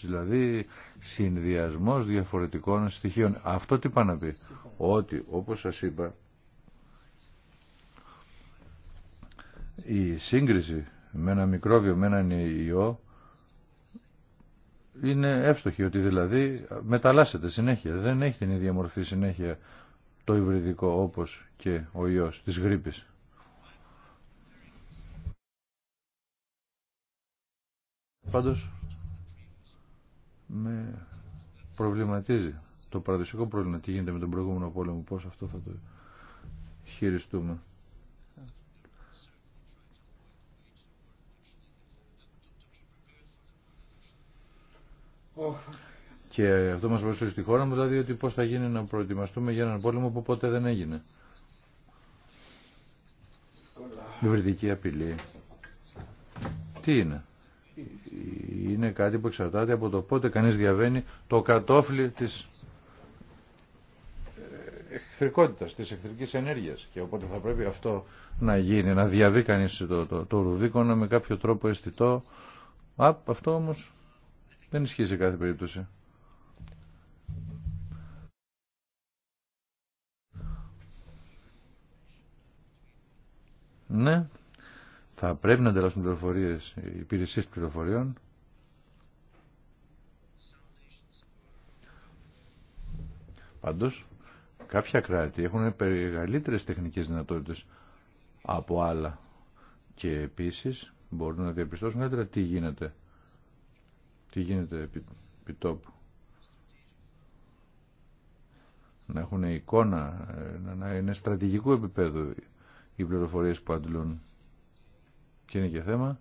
δηλαδή συνδυασμός διαφορετικών στοιχείων αυτό τι πάνε να πει ότι όπως σας είπα η σύγκριση με ένα μικρόβιο με έναν ιό είναι εύστοχη ότι δηλαδή μεταλλάσσεται συνέχεια δεν έχει την ίδια μορφή συνέχεια το υβριδικό όπως και ο ιός της γρήπης Πάντως, με προβληματίζει το παραδοσιακό πρόβλημα. Τι γίνεται με τον προηγούμενο πόλεμο, πώς αυτό θα το χειριστούμε. Και αυτό μας βοηθούσε στη χώρα μου, δηλαδή ότι πώς θα γίνει να προετοιμαστούμε για έναν πόλεμο που ποτέ δεν έγινε. Υβριδική απειλή. Τι είναι είναι κάτι που εξαρτάται από το πότε κανείς διαβαίνει το κατόφλι της εχθρικότητας, της εχθρικής ενέργειας και οπότε θα πρέπει αυτό να γίνει, να διαβεί κανείς το, το, το με κάποιο τρόπο αισθητό. Α, αυτό όμως δεν ισχύει σε κάθε περίπτωση. Ναι, θα πρέπει να ανταλλάσσουν πληροφορίες οι πληροφοριών Πάντως, κάποια κράτη έχουν μεγαλύτερε τεχνικές δυνατότητε από άλλα και επίσης μπορούν να διαπιστώσουν καλύτερα τι γίνεται. Τι γίνεται επί, τόπου. Να έχουν εικόνα, ε, να είναι στρατηγικού επίπεδου οι πληροφορίες που αντλούν. Και είναι και θέμα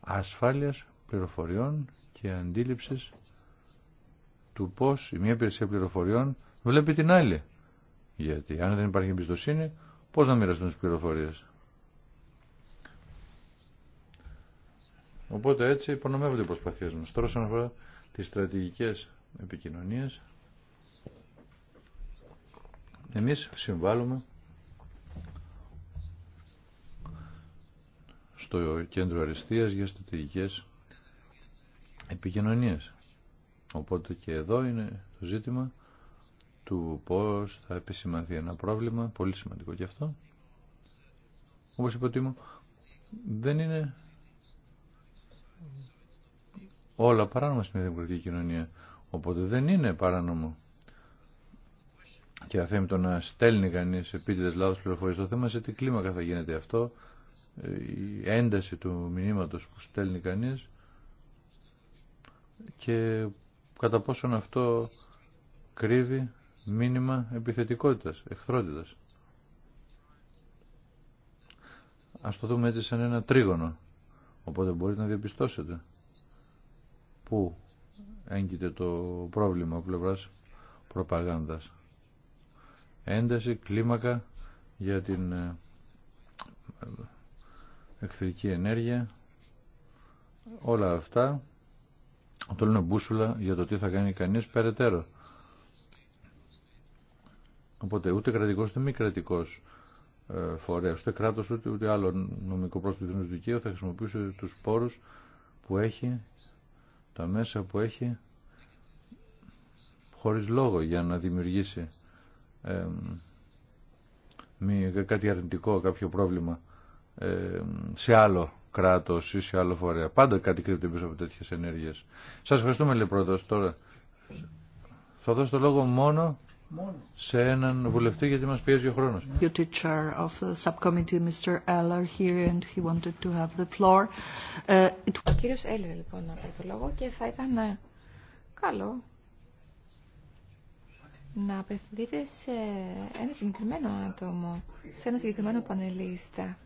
ασφάλειας πληροφοριών και αντίληψης του πώς η μία υπηρεσία πληροφοριών βλέπει την άλλη. Γιατί αν δεν υπάρχει εμπιστοσύνη, πώς να μοιραστούν τις πληροφορίες. Οπότε έτσι υπονομεύονται οι προσπαθίες μας. Τώρα σαν αφορά τις στρατηγικές επικοινωνίες, εμείς συμβάλλουμε στο κέντρο αριστείας για στρατηγικές επικοινωνίες. Οπότε και εδώ είναι το ζήτημα του πώς θα επισημανθεί ένα πρόβλημα, πολύ σημαντικό και αυτό. Όπως είπε δεν είναι όλα παράνομα στην δημοκρατική κοινωνία. Οπότε δεν είναι παράνομο. Και το να στέλνει κανείς επίτηδες λάθος πληροφορίε. στο θέμα σε τι κλίμακα θα γίνεται αυτό, η ένταση του μηνύματος που στέλνει κανείς και κατά πόσον αυτό κρύβει μήνυμα επιθετικότητας, εχθρότητας. Ας το δούμε έτσι σαν ένα τρίγωνο. Οπότε μπορείτε να διαπιστώσετε πού έγκυται το πρόβλημα πλευράς προπαγάνδας. Ένταση, κλίμακα για την ε, εχθρική ενέργεια, όλα αυτά το λένε μπούσουλα για το τι θα κάνει κανείς περαιτέρω. Οπότε ούτε κρατικός ούτε μη κρατικός ε, φορέας, ούτε κράτος ούτε, ούτε άλλο νομικό πρόσωπο του δικαίου θα χρησιμοποιήσει τους πόρους που έχει, τα μέσα που έχει, χωρίς λόγο για να δημιουργήσει ε, κάτι αρνητικό, κάποιο πρόβλημα ε, σε άλλο κράτος ή σε άλλο φορέα. Πάντα κάτι κρύπτει πίσω από τέτοιες ενέργειες. Σας ευχαριστούμε λέει πρώτος τώρα. Θα δώσω το λόγο μόνο σε έναν βουλευτή γιατί μας πιέζει ο χρόνος. Ο κύριος έλεγε λοιπόν να πει το λόγο και θα ήταν ε, καλό να απευθυνθείτε σε ένα συγκεκριμένο άτομο, σε ένα συγκεκριμένο πανελίστα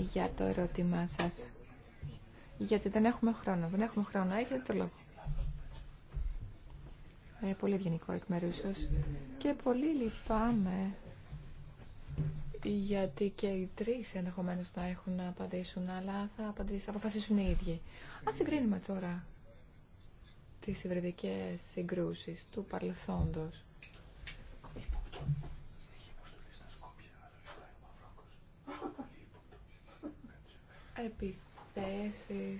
για το ερώτημά σας. Γιατί δεν έχουμε χρόνο. Δεν έχουμε χρόνο. Έχετε το λόγο. Ε, πολύ ευγενικό εκ μέρους Και πολύ λυπάμαι γιατί και οι τρει ενδεχομένω να έχουν να απαντήσουν, αλλά θα, απαντήσουν, θα αποφασίσουν οι ίδιοι. Αν συγκρίνουμε τώρα τι υβριδικές συγκρούσει του παρελθόντος Επιθέσει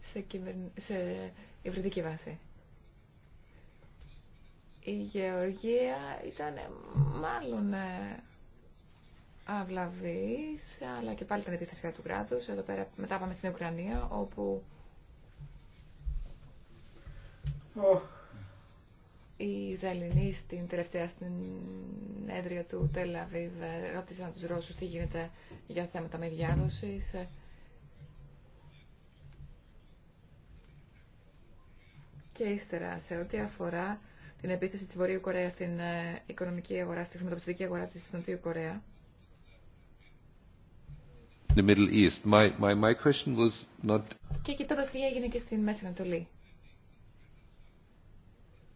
σε, κυβερν... σε υβριδική βάση. Η Γεωργία ήταν μάλλον ε, αυλαβής, αλλά και πάλι ήταν επίθεση του κράτου. Εδώ πέρα μετά πάμε στην Ουκρανία, όπου... Oh. Η Ισραηλινοί στην τελευταία στην έδρια του Τελαβίβ ε, ρώτησαν τους Ρώσους τι γίνεται για θέματα με διάδοση. Και ύστερα, σε ό,τι αφορά την επίθεση της Βορείου Κορέα στην ε, οικονομική αγορά, στη χρηματοπιστική αγορά της Νοτιού Κορέα, The Middle East. My, my, my question was not... Και κοιτώντας τι έγινε και στην Μέση Ανατολή.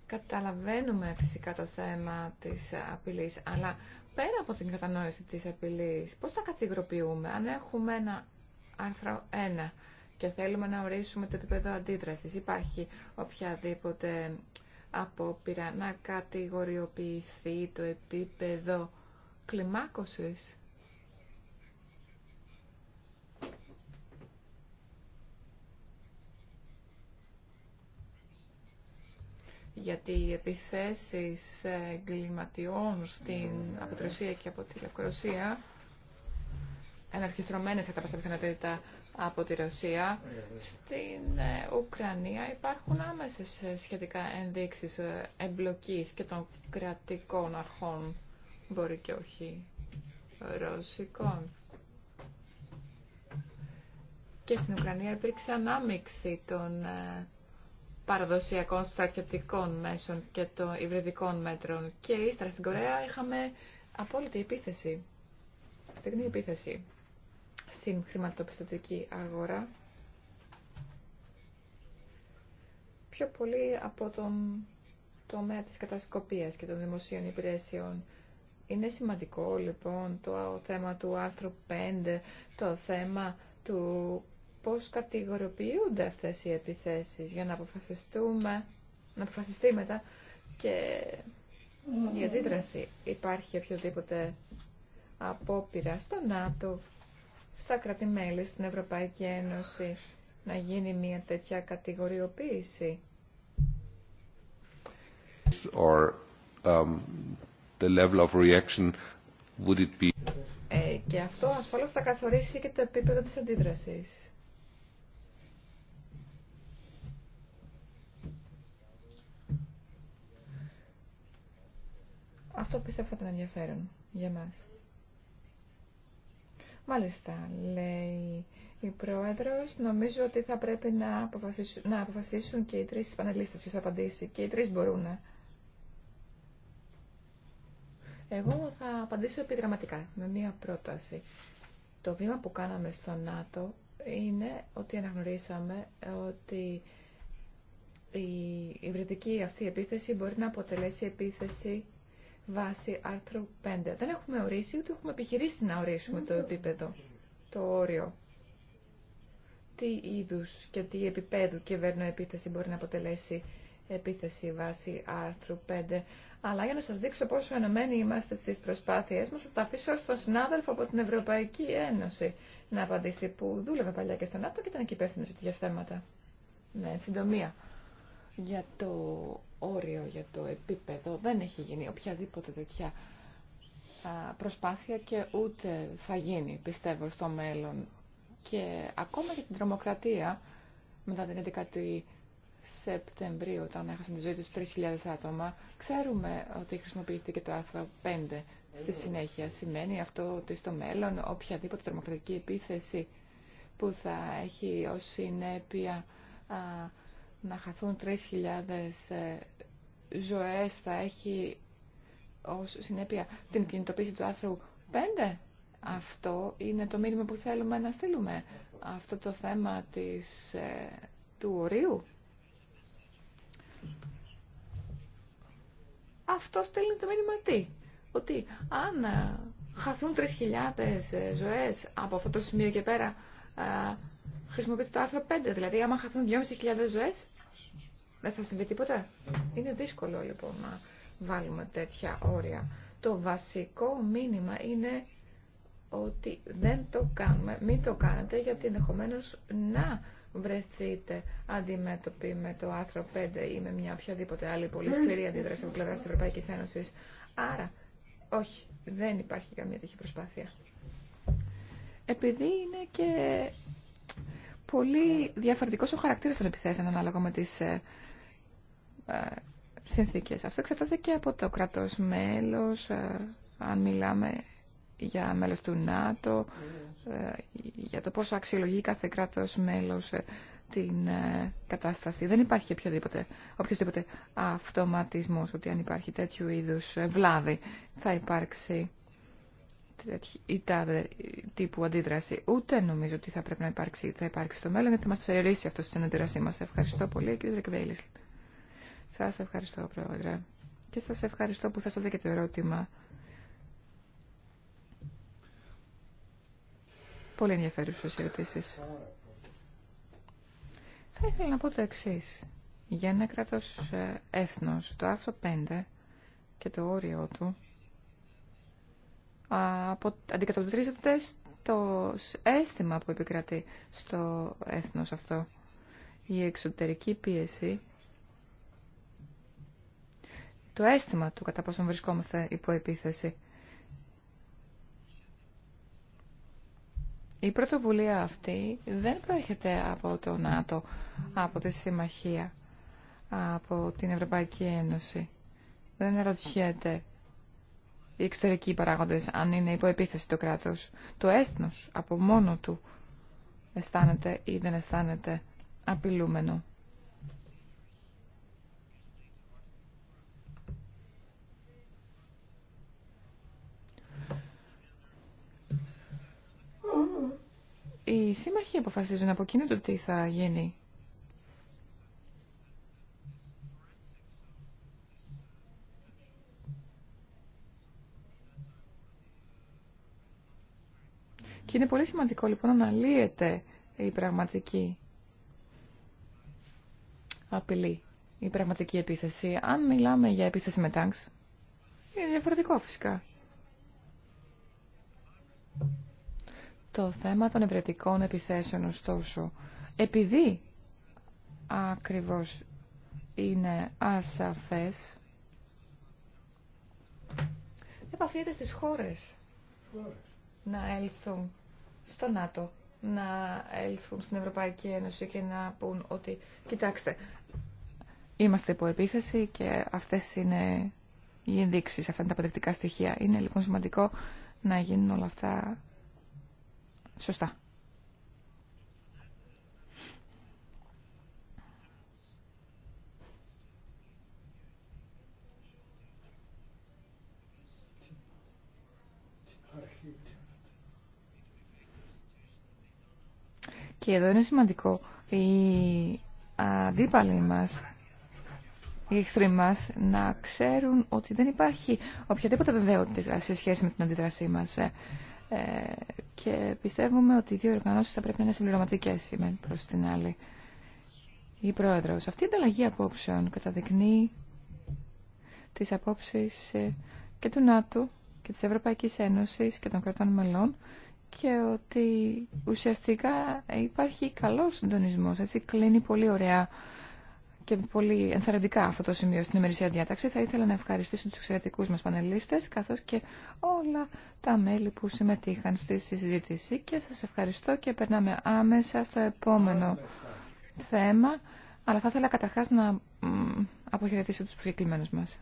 Καταλαβαίνουμε φυσικά το θέμα της απειλής, αλλά πέρα από την κατανόηση της απειλής, πώς θα κατηγοροποιούμε αν έχουμε ένα άρθρο 1 και θέλουμε να ορίσουμε το επίπεδο αντίδρασης. Υπάρχει οποιαδήποτε απόπειρα να κατηγοριοποιηθεί το επίπεδο κλιμάκωσης γιατί οι επιθέσεις εγκληματιών στην, από και από τη Λευκορωσία εναρχιστρωμένες κατά πάσα από τη Ρωσία στην ε, Ουκρανία υπάρχουν άμεσες ε, σχετικά ενδείξεις ε, εμπλοκής και των κρατικών αρχών μπορεί και όχι ρωσικών και στην Ουκρανία υπήρξε ανάμειξη των παραδοσιακών στρατιωτικών μέσων και των υβριδικών μέτρων. Και ύστερα στην Κορέα είχαμε απόλυτη επίθεση, στεγνή επίθεση στην χρηματοπιστωτική αγορά. Πιο πολύ από τον τομέα της κατασκοπίας και των δημοσίων υπηρεσιών. Είναι σημαντικό λοιπόν το θέμα του άρθρου 5, το θέμα του πώς κατηγοριοποιούνται αυτές οι επιθέσεις για να αποφασιστούμε, να αποφασιστεί μετά και η αντίδραση. Υπάρχει οποιοδήποτε απόπειρα στο ΝΑΤΟ, στα κρατημέλη, στην Ευρωπαϊκή Ένωση να γίνει μια τέτοια κατηγοριοποίηση. Or, um, the level of reaction would it be... Ε, και αυτό ασφαλώς θα καθορίσει και το επίπεδο της αντίδρασης. Αυτό πιστεύω θα ήταν ενδιαφέρον για μας. Μάλιστα, λέει η Πρόεδρος, νομίζω ότι θα πρέπει να αποφασίσουν, και οι τρεις πανελίστε ποιος θα απαντήσει. Και οι τρεις μπορούν να. Εγώ θα απαντήσω επιγραμματικά με μία πρόταση. Το βήμα που κάναμε στο ΝΑΤΟ είναι ότι αναγνωρίσαμε ότι η βρετική αυτή επίθεση μπορεί να αποτελέσει επίθεση βάση άρθρου 5. Δεν έχουμε ορίσει, ούτε έχουμε επιχειρήσει να ορίσουμε το επίπεδο, το όριο. Τι είδους και τι επίπεδου επίθεση μπορεί να αποτελέσει επίθεση βάση άρθρου 5. Αλλά για να σας δείξω πόσο ενωμένοι είμαστε στις προσπάθειές μας, θα τα αφήσω στον συνάδελφο από την Ευρωπαϊκή Ένωση να απαντήσει που δούλευε παλιά και στον ΝΑΤΟ και ήταν εκεί υπεύθυνος για θέματα. Ναι, συντομία για το όριο, για το επίπεδο. Δεν έχει γίνει οποιαδήποτε τέτοια προσπάθεια και ούτε θα γίνει, πιστεύω, στο μέλλον. Και ακόμα και την τρομοκρατία, μετά την 11η Σεπτεμβρίου, όταν έχασαν τη ζωή τους 3.000 άτομα, ξέρουμε ότι χρησιμοποιήθηκε το άρθρο 5 στη συνέχεια. Σημαίνει αυτό ότι στο μέλλον οποιαδήποτε τρομοκρατική επίθεση που θα έχει ως συνέπεια να χαθούν 3.000 ε, ζωές θα έχει ως συνέπεια την κινητοποίηση του άρθρου 5. Αυτό είναι το μήνυμα που θέλουμε να στείλουμε. Αυτό το θέμα της, ε, του ορίου. Αυτό στέλνει το μήνυμα τι. Ότι αν ε, χαθούν 3.000 ζωές από αυτό το σημείο και πέρα, χρησιμοποιείται το άρθρο 5. Δηλαδή, άμα χαθούν 2.500 ζωές, δεν θα συμβεί τίποτα. Είναι δύσκολο λοιπόν να βάλουμε τέτοια όρια. Το βασικό μήνυμα είναι ότι δεν το κάνουμε, μην το κάνετε γιατί ενδεχομένω να βρεθείτε αντιμέτωποι με το άρθρο 5 ή με μια οποιαδήποτε άλλη πολύ σκληρή αντίδραση από πλευρά τη Ευρωπαϊκή Ένωση. Άρα, όχι, δεν υπάρχει καμία τέτοια προσπάθεια. Επειδή είναι και πολύ διαφορετικός ο χαρακτήρας των επιθέσεων ανάλογα με τις ε, ε, συνθήκες. Αυτό εξαρτάται και από το κράτος μέλος, ε, αν μιλάμε για μέλος του ΝΑΤΟ, ε, για το πόσο αξιολογεί κάθε κράτος μέλος την κατάσταση. Δεν υπάρχει οποιοδήποτε, οποιοδήποτε αυτοματισμός ότι αν υπάρχει τέτοιου είδους βλάβη θα υπάρξει ή τάδε τύπου αντίδραση. Ούτε νομίζω ότι θα πρέπει να υπάρξει, θα υπάρξει στο μέλλον, γιατί θα μας αυτό στην αντίδρασή μας. Ευχαριστώ πολύ, κύριε σας ευχαριστώ, Πρόεδρε. Και σας ευχαριστώ που θέσατε και το ερώτημα. Πολύ ενδιαφέρουσες ερωτήσεις. Θα ήθελα να πω το εξή. Για ένα κράτος ε, έθνος, το άρθρο 5 και το όριό του αντικατοπτρίζεται στο αίσθημα που επικρατεί στο έθνος αυτό. Η εξωτερική πίεση το αίσθημα του κατά πόσον βρισκόμαστε υπό επίθεση. Η πρωτοβουλία αυτή δεν προέρχεται από το ΝΑΤΟ, από τη Συμμαχία, από την Ευρωπαϊκή Ένωση. Δεν ερωτιέται οι εξωτερικοί παράγοντες αν είναι υπό επίθεση το κράτος. Το έθνος από μόνο του αισθάνεται ή δεν αισθάνεται απειλούμενο. Οι σύμμαχοι αποφασίζουν από εκείνο το τι θα γίνει. Και είναι πολύ σημαντικό λοιπόν να αναλύεται η πραγματική απειλή, η πραγματική επίθεση. Αν μιλάμε για επίθεση με τάγκς, είναι διαφορετικό φυσικά το θέμα των ευρετικών επιθέσεων ωστόσο. Επειδή ακριβώς είναι ασαφές, επαφείται στις χώρες να έλθουν στο ΝΑΤΟ, να έλθουν στην Ευρωπαϊκή Ένωση και να πούν ότι κοιτάξτε, είμαστε υπό επίθεση και αυτές είναι οι ενδείξεις, αυτά είναι τα αποδεκτικά στοιχεία. Είναι λοιπόν σημαντικό να γίνουν όλα αυτά Σωστά. Και εδώ είναι σημαντικό οι αντίπαλοι μας, οι εχθροί μας, να ξέρουν ότι δεν υπάρχει οποιαδήποτε βεβαιότητα σε σχέση με την αντίδρασή μας. Ε, και πιστεύουμε ότι οι δύο οργανώσει θα πρέπει να είναι συμπληρωματικές η προς την άλλη. Η Πρόεδρος. Αυτή η ανταλλαγή απόψεων καταδεικνύει τις απόψεις ε, και του ΝΑΤΟ και της Ευρωπαϊκής Ένωσης και των κρατών μελών και ότι ουσιαστικά υπάρχει καλός συντονισμό. Έτσι κλείνει πολύ ωραία και πολύ ενθαρρυντικά αυτό το σημείο στην ημερησία διάταξη. Θα ήθελα να ευχαριστήσω τους εξαιρετικούς μας πανελίστες, καθώς και όλα τα μέλη που συμμετείχαν στη συζήτηση. Και σας ευχαριστώ και περνάμε άμεσα στο επόμενο θέμα. Αλλά θα ήθελα καταρχάς να αποχαιρετήσω τους προσκεκλημένους μας.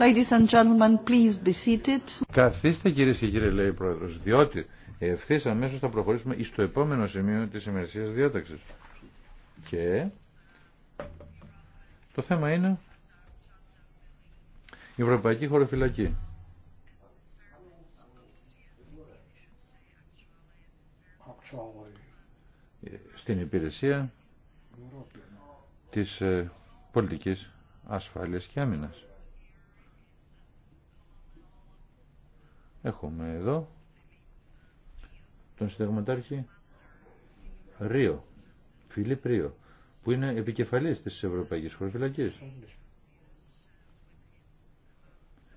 Ladies and gentlemen, please be seated. Καθίστε κυρίες και κύριοι, λέει η Πρόεδρος, διότι ευθύ αμέσως θα προχωρήσουμε στο επόμενο σημείο της ημερησίας διάταξης. Και το θέμα είναι η Ευρωπαϊκή Χωροφυλακή. Στην υπηρεσία της ε, πολιτικής ασφάλειας και άμυνας. Έχουμε εδώ τον συνταγματάρχη Ρίο, Φιλίπ Ρίο, που είναι επικεφαλής της Ευρωπαϊκής Χωροφυλακής.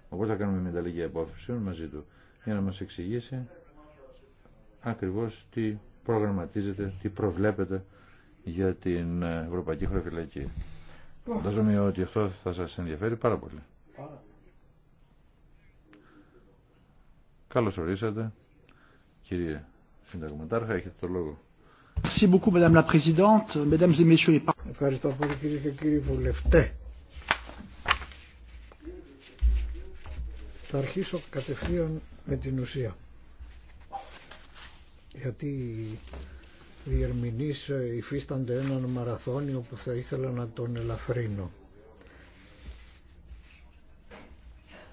Οπότε θα κάνουμε μεταλλική απόφαση μαζί του για να μας εξηγήσει ακριβώς τι προγραμματίζεται, τι προβλέπεται για την Ευρωπαϊκή Χωροφυλακή. Φαντάζομαι ότι αυτό θα σας ενδιαφέρει πάρα πολύ. Καλώς ορίσατε. Κύριε Συνταγματάρχα, έχετε το λόγο. Ευχαριστώ πολύ κύριε και κύριοι βουλευτέ. Θα αρχίσω κατευθείαν με την ουσία. Γιατί οι ερμηνείς υφίστανται έναν μαραθώνιο που θα ήθελα να τον ελαφρύνω.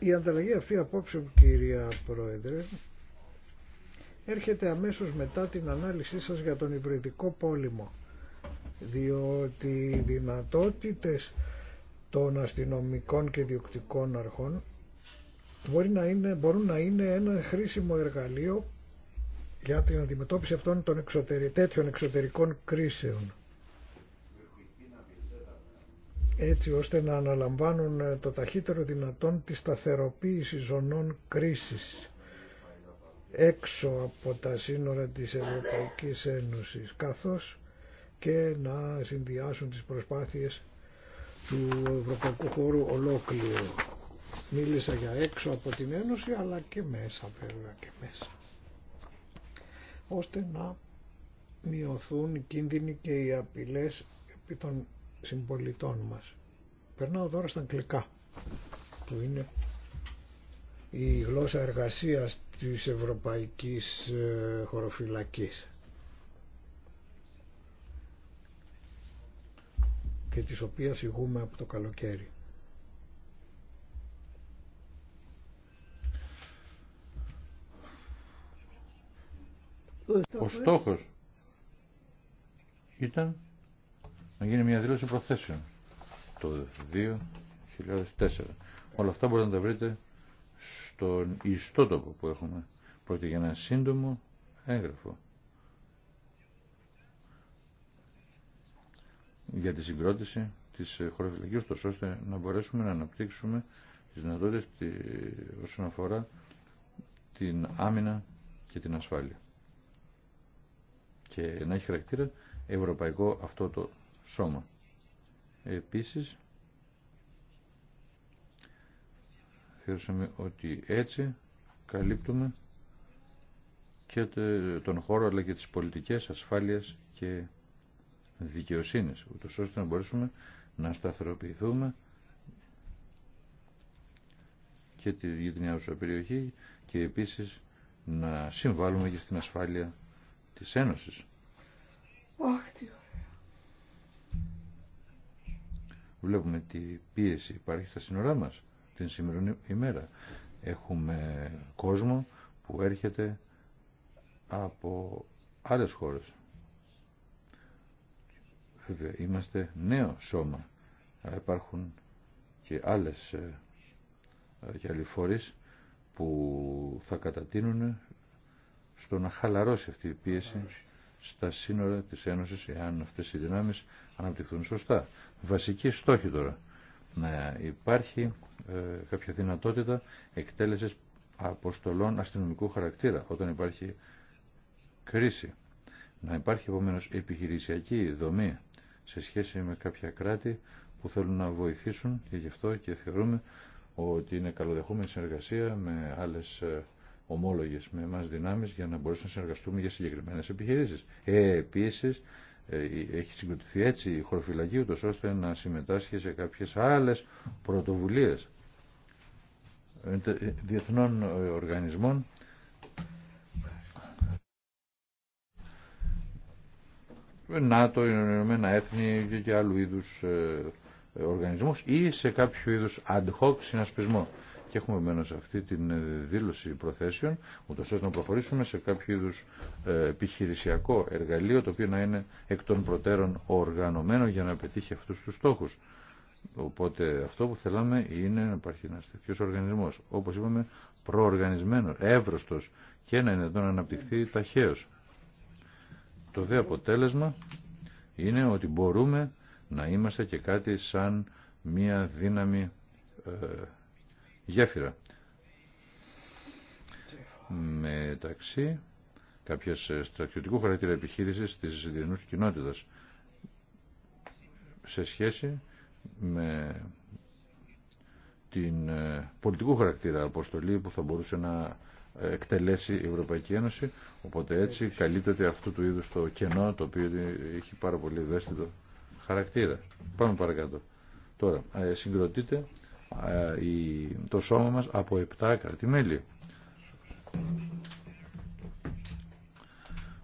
Η ανταλλαγή αυτή απόψε, κυρία Πρόεδρε, έρχεται αμέσως μετά την ανάλυση σας για τον υβριδικό πόλεμο, διότι οι δυνατότητες των αστυνομικών και διοκτικών αρχών μπορεί να είναι, μπορούν να είναι ένα χρήσιμο εργαλείο για την αντιμετώπιση αυτών των τέτοιων εξωτερικών κρίσεων έτσι ώστε να αναλαμβάνουν ε, το ταχύτερο δυνατόν τη σταθεροποίηση ζωνών κρίσης έξω από τα σύνορα της Ευρωπαϊκής Ένωσης καθώς και να συνδυάσουν τις προσπάθειες του Ευρωπαϊκού χώρου ολόκληρου. Μίλησα για έξω από την Ένωση αλλά και μέσα βέβαια και μέσα ώστε να μειωθούν οι κίνδυνοι και οι απειλές επί των συμπολιτών μας. Περνάω τώρα στα αγγλικά, που είναι η γλώσσα εργασίας της Ευρωπαϊκής ε, Χωροφυλακής. και της οποίας ηγούμε από το καλοκαίρι. Ο στόχος ήταν να γίνει μια δήλωση προθέσεων το 2004. Όλα αυτά μπορείτε να τα βρείτε στον ιστότοπο που έχουμε. Πρόκειται για ένα σύντομο έγγραφο. για τη συγκρότηση της ε, χωροφυλακής, ώστε να μπορέσουμε να αναπτύξουμε τις δυνατότητες όσον αφορά την άμυνα και την ασφάλεια. Και να έχει χαρακτήρα ευρωπαϊκό αυτό το σώμα. Επίσης, θεωρήσαμε ότι έτσι καλύπτουμε και τον χώρο αλλά και τις πολιτικές ασφάλειες και δικαιοσύνης, ούτως ώστε να μπορέσουμε να σταθεροποιηθούμε και τη γειτονιάζουσα περιοχή και επίσης να συμβάλλουμε και στην ασφάλεια της Ένωσης. Oh, Βλέπουμε τι πίεση υπάρχει στα σύνορά μας την σημερινή ημέρα. Έχουμε κόσμο που έρχεται από άλλες χώρες. Βέβαια, είμαστε νέο σώμα, υπάρχουν και άλλες ε, και που θα κατατείνουν στο να χαλαρώσει αυτή η πίεση στα σύνορα της Ένωσης εάν αυτές οι δυνάμεις αναπτυχθούν σωστά βασική στόχη τώρα. Να υπάρχει ε, κάποια δυνατότητα εκτέλεσης αποστολών αστυνομικού χαρακτήρα όταν υπάρχει κρίση. Να υπάρχει επομένω επιχειρησιακή δομή σε σχέση με κάποια κράτη που θέλουν να βοηθήσουν και γι' αυτό και θεωρούμε ότι είναι καλοδεχούμενη συνεργασία με άλλες ε, ομόλογες, με εμάς δυνάμεις για να μπορέσουμε να συνεργαστούμε για συγκεκριμένες επιχειρήσεις. Ε, επίσης, ε, ε, έχει συγκροτηθεί έτσι η χωροφυλακή ούτως ώστε να συμμετάσχει σε κάποιες άλλες πρωτοβουλίες ε, διεθνών οργανισμών ΝΑΤΟ, Ηνωμένα Έθνη και άλλου είδους οργανισμούς ή σε κάποιο είδους ad hoc συνασπισμό και έχουμε μένω σε αυτή την ε, δήλωση προθέσεων, ούτως ώστε να προχωρήσουμε σε κάποιο είδους ε, επιχειρησιακό εργαλείο, το οποίο να είναι εκ των προτέρων οργανωμένο για να πετύχει αυτούς τους στόχους. Οπότε αυτό που θέλαμε είναι να υπάρχει ένας τέτοιος οργανισμός, όπως είπαμε προοργανισμένο, εύρωστος και να είναι εδώ να αναπτυχθεί ταχαίως. Το δε αποτέλεσμα είναι ότι μπορούμε να είμαστε και κάτι σαν μία δύναμη ε, γέφυρα μεταξύ κάποιες ε, στρατιωτικού χαρακτήρα επιχείρησης της διεθνούς κοινότητα. σε σχέση με την ε, πολιτικού χαρακτήρα αποστολή που θα μπορούσε να ε, εκτελέσει η Ευρωπαϊκή Ένωση οπότε έτσι καλύπτεται αυτού του είδους το κενό το οποίο έχει πάρα πολύ ευαίσθητο χαρακτήρα. Πάμε παρακάτω. Τώρα, συγκροτείται ε, το σώμα μας από 7 κρατημέλη.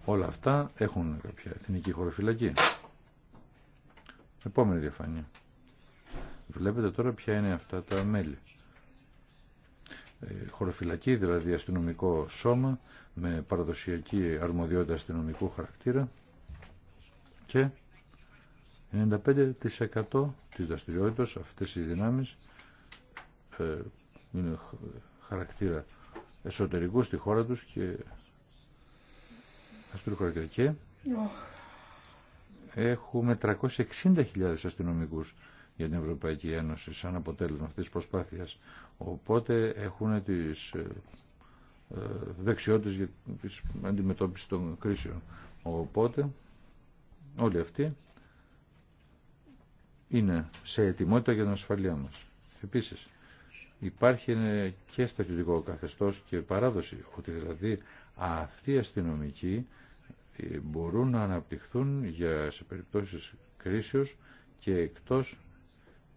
Όλα αυτά έχουν κάποια εθνική χωροφυλακή. Επόμενη διαφάνεια. Βλέπετε τώρα ποια είναι αυτά τα μέλη. Ε, χωροφυλακή, δηλαδή αστυνομικό σώμα με παραδοσιακή αρμοδιότητα αστυνομικού χαρακτήρα και 95% της δραστηριότητας αυτές οι δυνάμεις ε, είναι χαρακτήρα εσωτερικού στη χώρα τους και ας Και έχουμε 360.000 αστυνομικούς για την Ευρωπαϊκή Ένωση σαν αποτέλεσμα αυτής της προσπάθειας. Οπότε έχουν τις ε, ε, δεξιότητες για την αντιμετώπιση των κρίσεων. Οπότε όλοι αυτοί είναι σε ετοιμότητα για την ασφαλεία μας. Επίσης, υπάρχει και στατιωτικό καθεστώς και παράδοση, ότι δηλαδή αυτοί οι αστυνομικοί ε, μπορούν να αναπτυχθούν για, σε περιπτώσεις κρίσεως και εκτός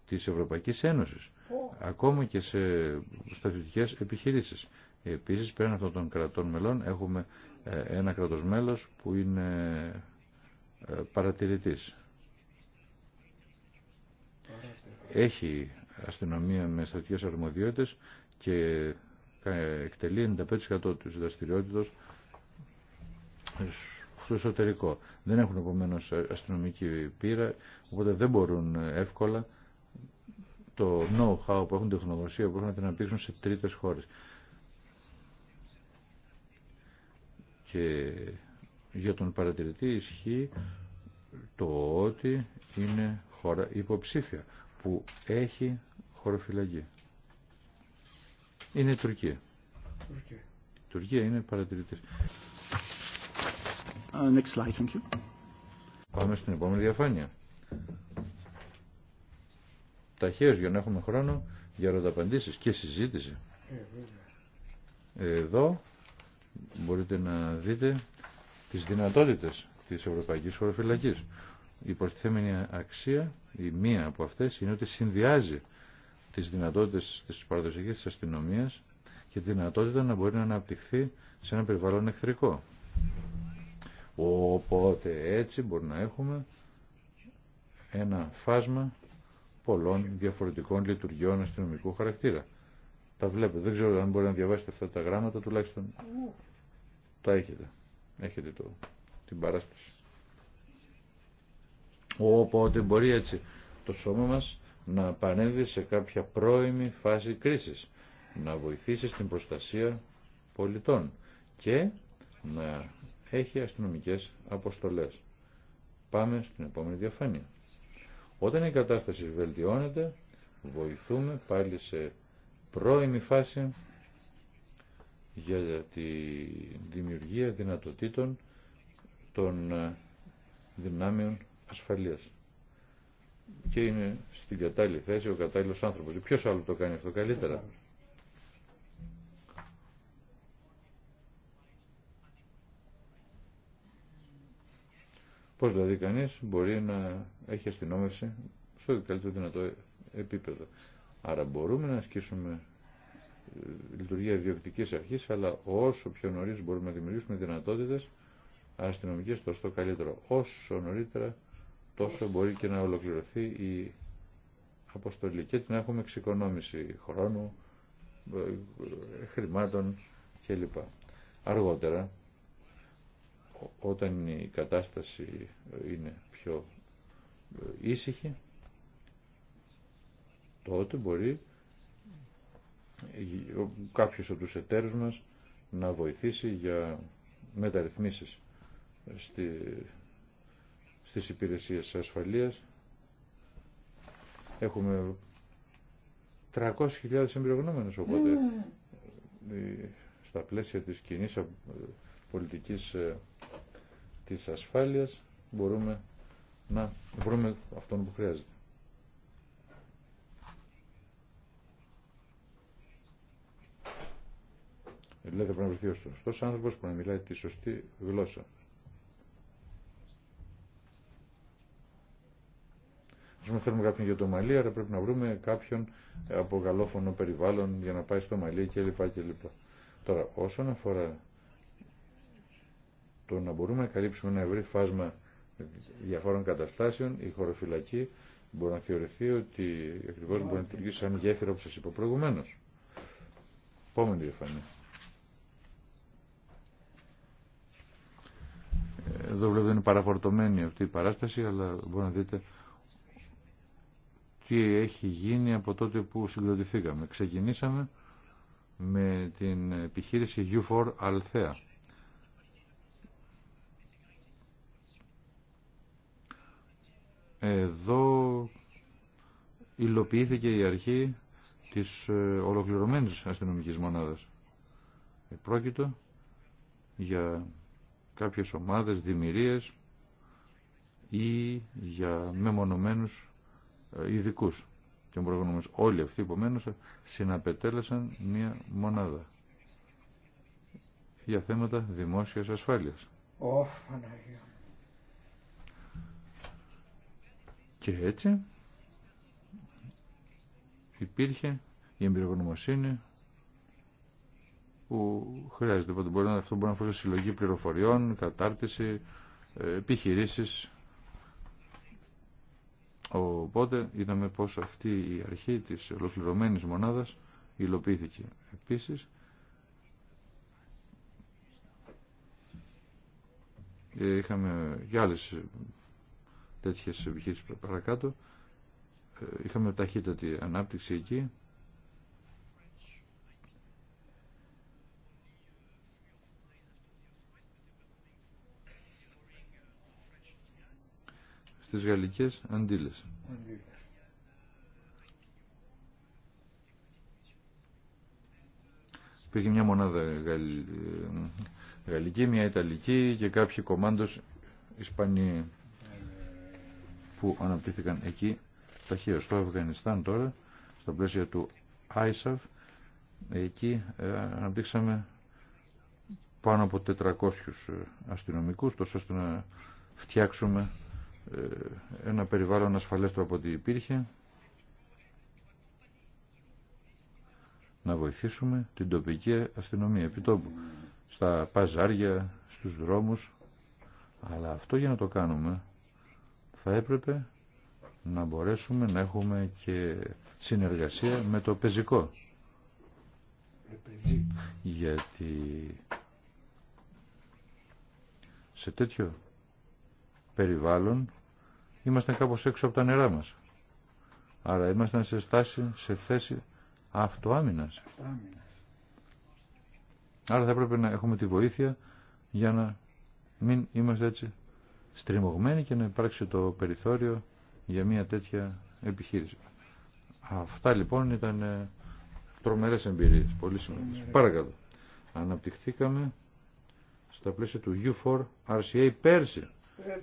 της Ευρωπαϊκής Ένωσης, ακόμα και σε στατιωτικές επιχειρήσεις. Επίσης, πέραν αυτών των κρατών μελών, έχουμε ε, ένα κρατος μέλος που είναι ε, παρατηρητής. Έχει αστυνομία με στρατιωτικές αρμοδιότητες και εκτελεί 95% της δραστηριότητας στο εσωτερικό. Δεν έχουν επομένω αστυνομική πείρα, οπότε δεν μπορούν εύκολα το know-how που έχουν τεχνογνωσία που έχουν να την αναπτύξουν σε τρίτες χώρες. Και για τον παρατηρητή ισχύει το ότι είναι χώρα υποψήφια που έχει χωροφυλακή. Είναι η Τουρκία. Η Τουρκία είναι παρατηρητής. next slide, thank you. Πάμε στην επόμενη διαφάνεια. Ταχαίως για να έχουμε χρόνο για ρωταπαντήσεις και συζήτηση. Ε, Εδώ μπορείτε να δείτε τις δυνατότητες της Ευρωπαϊκής Χωροφυλακής. Η προστιθέμενη αξία, η μία από αυτές, είναι ότι συνδυάζει τις δυνατότητες της παραδοσιακής της αστυνομίας και τη δυνατότητα να μπορεί να αναπτυχθεί σε ένα περιβάλλον εχθρικό. Οπότε έτσι μπορεί να έχουμε ένα φάσμα πολλών διαφορετικών λειτουργιών αστυνομικού χαρακτήρα. Τα βλέπετε. Δεν ξέρω αν μπορεί να διαβάσετε αυτά τα γράμματα, τουλάχιστον τα έχετε. Έχετε το, την παράσταση. Οπότε μπορεί έτσι το σώμα μας να πανέβει σε κάποια πρώιμη φάση κρίσης, να βοηθήσει στην προστασία πολιτών και να έχει αστυνομικές αποστολές. Πάμε στην επόμενη διαφάνεια. Όταν η κατάσταση βελτιώνεται, βοηθούμε πάλι σε πρώιμη φάση για τη δημιουργία δυνατοτήτων των ε, δυνάμεων ασφαλείας. Και είναι στην κατάλληλη θέση ο κατάλληλος άνθρωπος. Ποιος άλλο το κάνει αυτό καλύτερα. Πώς δηλαδή κανείς μπορεί να έχει αστυνόμευση στο καλύτερο δυνατό επίπεδο. Άρα μπορούμε να ασκήσουμε ε, λειτουργία ιδιοκτικής αρχής, αλλά όσο πιο νωρίς μπορούμε να δημιουργήσουμε δυνατότητες αστυνομικές, τόσο το καλύτερο. Όσο νωρίτερα τόσο μπορεί και να ολοκληρωθεί η αποστολή και να έχουμε εξοικονόμηση χρόνου, ε, χρημάτων κλπ. Αργότερα, όταν η κατάσταση είναι πιο ε, ήσυχη, τότε μπορεί κάποιος από τους εταίρους μας να βοηθήσει για μεταρρυθμίσεις στη, στις υπηρεσίες ασφαλείας. Έχουμε 300.000 εμπειρογνώμενες, οπότε στα πλαίσια της κοινή ε, πολιτικής ε, της ασφάλειας μπορούμε να βρούμε αυτόν που χρειάζεται. Λέτε πρέπει να βρεθεί ο άνθρωπος που να μιλάει τη σωστή γλώσσα. πούμε θέλουμε κάποιον για το Μαλί, αλλά πρέπει να βρούμε κάποιον από γαλλόφωνο περιβάλλον για να πάει στο Μαλί κλπ. κλπ. Τώρα, όσον αφορά το να μπορούμε να καλύψουμε ένα ευρύ φάσμα διαφόρων καταστάσεων, η χωροφυλακή μπορεί να θεωρηθεί ότι ακριβώς μπορεί να λειτουργήσει σαν γέφυρα που σας είπα προηγουμένως. Επόμενη διαφανή. Εδώ βλέπετε είναι παραφορτωμένη αυτή η παράσταση, αλλά μπορεί να δείτε τι έχει γίνει από τότε που συγκροτηθήκαμε. Ξεκινήσαμε με την επιχείρηση U4 Αλθέα. Εδώ υλοποιήθηκε η αρχή της ε, ολοκληρωμένης αστυνομικής μονάδας. Πρόκειτο για κάποιες ομάδες, δημιουργίες ή για μεμονωμένους ε, ειδικού και προγνώμους. Όλοι αυτοί επομένω συναπετέλεσαν μία μονάδα για θέματα δημόσιας ασφάλειας. και έτσι υπήρχε η εμπειρογνωμοσύνη που χρειάζεται. μπορεί να, αυτό μπορεί να αφορά συλλογή πληροφοριών, κατάρτιση, ε, επιχειρήσεις Οπότε είδαμε πως αυτή η αρχή της ολοκληρωμένης μονάδας υλοποιήθηκε. Επίσης, ε, είχαμε και άλλες τέτοιες επιχείρησεις παρακάτω. Ε, είχαμε ταχύτατη ανάπτυξη εκεί στις γαλλικές αντίλες. Υπήρχε μια μονάδα ε, γαλλική, μια ιταλική και κάποιοι κομμάντος Ισπανοί που αναπτύχθηκαν εκεί ταχύως. Στο Αφγανιστάν τώρα, στα πλαίσια του ISAF, εκεί ε, αναπτύξαμε πάνω από 400 ε, αστυνομικούς, τόσο ώστε να φτιάξουμε ε, ένα περιβάλλον ασφαλέστερο από ό,τι υπήρχε. Να βοηθήσουμε την τοπική αστυνομία επιτόπου, στα παζάρια, στους δρόμους. Αλλά αυτό για να το κάνουμε θα έπρεπε να μπορέσουμε να έχουμε και συνεργασία με το πεζικό. Γιατί σε τέτοιο περιβάλλον ήμασταν κάπως έξω από τα νερά μας. Άρα ήμασταν σε στάση, σε θέση αυτοάμυνας. Άρα θα έπρεπε να έχουμε τη βοήθεια για να μην είμαστε έτσι στριμωγμένοι και να υπάρξει το περιθώριο για μια τέτοια επιχείρηση. Αυτά λοιπόν ήταν ε, τρομερές εμπειρίες, πολύ σημαντικές. Παρακαλώ. Αναπτυχθήκαμε στα πλαίσια του U4 RCA πέρσι.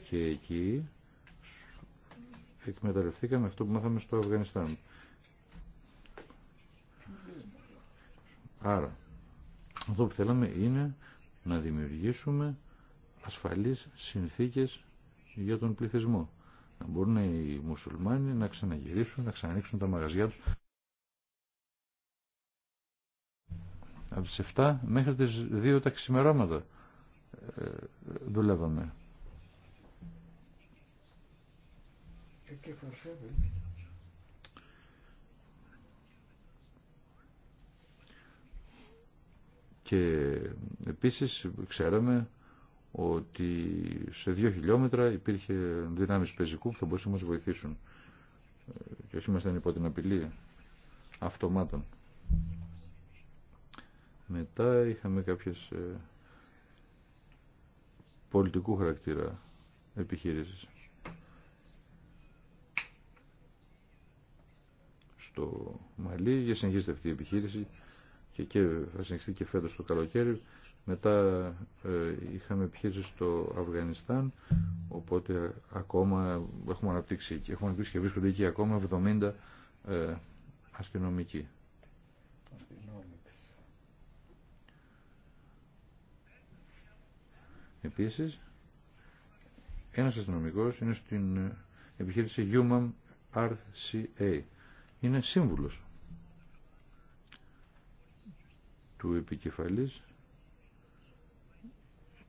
Και εκεί εκμεταλλευτήκαμε αυτό που μάθαμε στο Αφγανιστάν. Άρα, αυτό που θέλαμε είναι να δημιουργήσουμε ασφαλείς συνθήκες για τον πληθυσμό. Να μπορούν οι μουσουλμάνοι να ξαναγυρίσουν, να ξανανοίξουν τα μαγαζιά τους. Από τις 7 μέχρι τις 2 τα ξημερώματα ε, δουλεύαμε. Και επίσης ξέραμε ότι σε δύο χιλιόμετρα υπήρχε δυνάμεις πεζικού που θα μπορούσαν να μας βοηθήσουν. Και όχι ήμασταν υπό την απειλή αυτομάτων. Μετά είχαμε κάποιες ε, πολιτικού χαρακτήρα επιχείρησης. το Μαλί για συνεχίζεται αυτή η επιχείρηση και, και θα συνεχιστεί και φέτος το καλοκαίρι. Μετά ε, είχαμε επιχείρηση στο Αφγανιστάν, οπότε ακόμα έχουμε αναπτύξει και έχουμε αναπτύξει και βρίσκονται εκεί ακόμα 70 ε, αστυνομικοί. Επίσης, ένας αστυνομικός είναι στην επιχείρηση Human RCA είναι σύμβουλος του επικεφαλής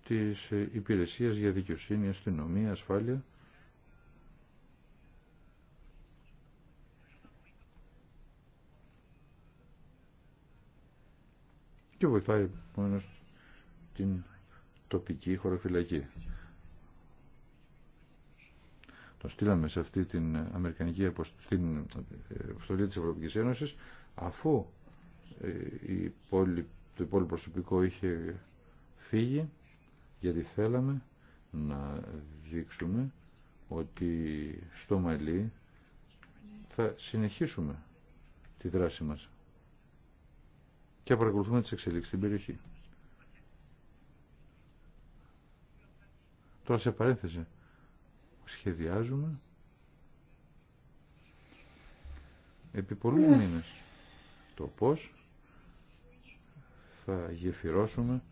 της υπηρεσίας για δικαιοσύνη, αστυνομία, ασφάλεια και βοηθάει μόνος την τοπική χωροφυλακή τον στείλαμε σε αυτή την Αμερικανική ε, αποστολή της Ευρωπαϊκής Ένωσης αφού ε, η πόλη, το υπόλοιπο προσωπικό είχε φύγει γιατί θέλαμε να δείξουμε ότι στο Μαλί θα συνεχίσουμε τη δράση μας και παρακολουθούμε τις εξελίξεις στην περιοχή. Τώρα σε παρένθεση σχεδιάζουμε επί πολλούς μήνες το πώς θα γεφυρώσουμε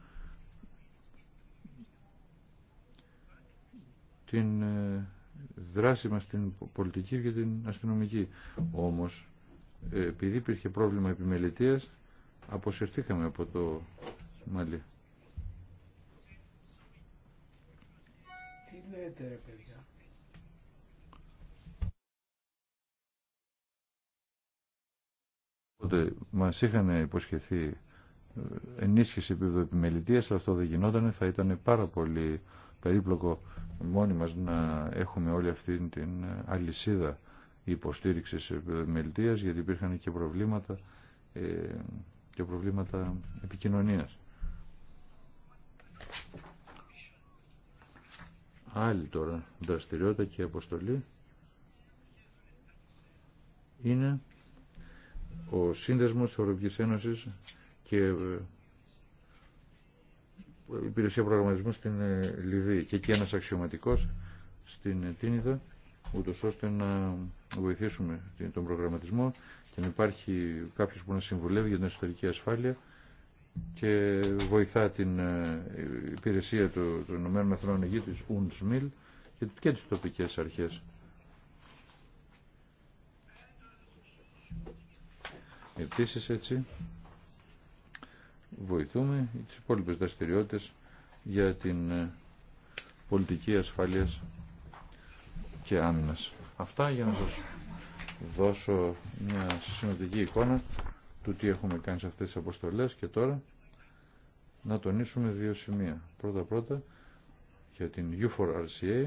την ε, δράση μας την πολιτική και την αστυνομική. Όμως, ε, επειδή υπήρχε πρόβλημα επιμελητίας, αποσυρθήκαμε από το Μαλί. Τι λέτε, παιδιά. Οπότε μας είχαν υποσχεθεί ε, ενίσχυση επίπεδο επιμελητίας, αυτό δεν γινόταν, θα ήταν πάρα πολύ περίπλοκο μόνοι μας να έχουμε όλη αυτή την ε, αλυσίδα υποστήριξης επιμελητίας, γιατί υπήρχαν και προβλήματα, ε, και προβλήματα επικοινωνίας. Άλλη τώρα δραστηριότητα και αποστολή είναι ο σύνδεσμος της Ευρωπαϊκής Ένωσης και η ε, υπηρεσία προγραμματισμού στην ε, Λιβύη και εκεί ένας αξιωματικός στην ε, Τίνιδα ούτως ώστε να βοηθήσουμε τον προγραμματισμό και να υπάρχει κάποιος που να συμβουλεύει για την εσωτερική ασφάλεια και βοηθά την υπηρεσία του, των Ηνωμένων της UNSMIL, και, και τις τοπικές αρχές. Επίσης έτσι βοηθούμε τις υπόλοιπες δραστηριότητε για την ε, πολιτική ασφάλειας και άμυνας. Αυτά για να σας δώσω μια συνοδική εικόνα του τι έχουμε κάνει σε αυτές τις αποστολές και τώρα να τονίσουμε δύο σημεία. Πρώτα πρώτα για την U4RCA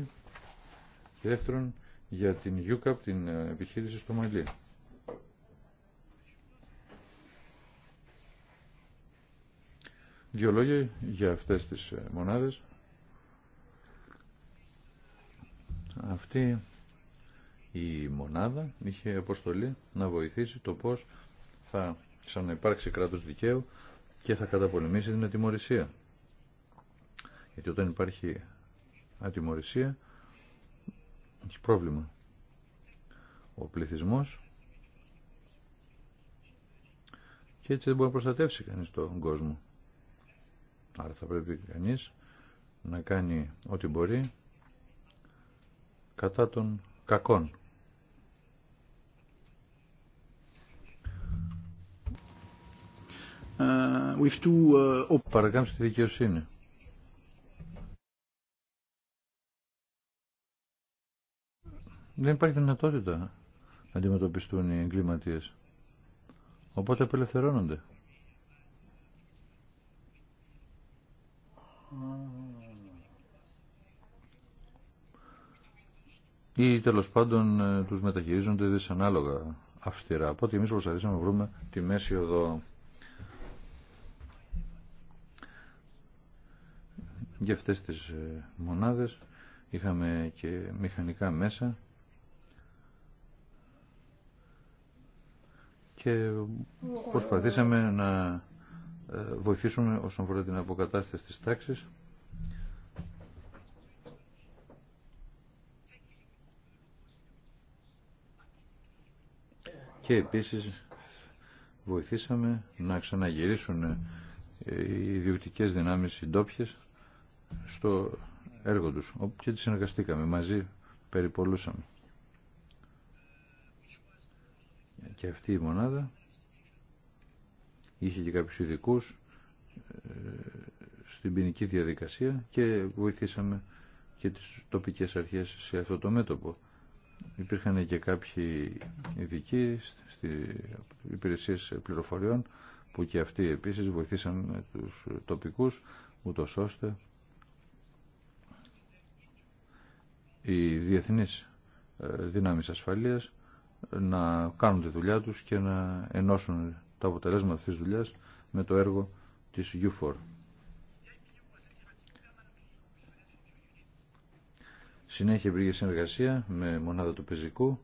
και δεύτερον για την UCAP, την ε, επιχείρηση στο Μαλία. Δύο λόγια για αυτές τις ε, μονάδες. Αυτή η μονάδα είχε αποστολή να βοηθήσει το πώς θα σαν ξαναυπάρξει κράτος δικαίου και θα καταπολεμήσει την ατιμορρησία. Γιατί όταν υπάρχει ατιμορρησία έχει πρόβλημα. Ο πληθυσμός και έτσι δεν μπορεί να προστατεύσει κανείς τον κόσμο. Άρα θα πρέπει κανείς να κάνει ό,τι μπορεί κατά των κακών. Uh, two, uh... τη δικαιοσύνη. Δεν υπάρχει δυνατότητα να αντιμετωπιστούν οι εγκληματίες. Οπότε απελευθερώνονται. ή τέλο πάντων ε, τους μεταχειρίζονται δυσανάλογα αυστηρά. Οπότε εμείς προσπαθήσαμε να βρούμε τη μέση οδό. Για αυτές τις ε, μονάδες είχαμε και μηχανικά μέσα και προσπαθήσαμε να ε, βοηθήσουμε όσον αφορά την αποκατάσταση της τάξης και επίσης βοηθήσαμε να ξαναγυρίσουν οι ιδιωτικές δυνάμεις οι στο έργο τους και τις συνεργαστήκαμε μαζί περιπολούσαμε και αυτή η μονάδα είχε και κάποιους ειδικού ε, στην ποινική διαδικασία και βοηθήσαμε και τις τοπικές αρχές σε αυτό το μέτωπο Υπήρχαν και κάποιοι ειδικοί στι υπηρεσίε πληροφοριών που και αυτοί επίσης βοηθήσαν τους τοπικούς ούτως ώστε οι διεθνείς ε, δυνάμεις ασφαλείας να κάνουν τη δουλειά τους και να ενώσουν τα αποτελέσματα αυτής της δουλειάς με το έργο της u Συνέχεια βρήκε συνεργασία με μονάδα του πεζικού,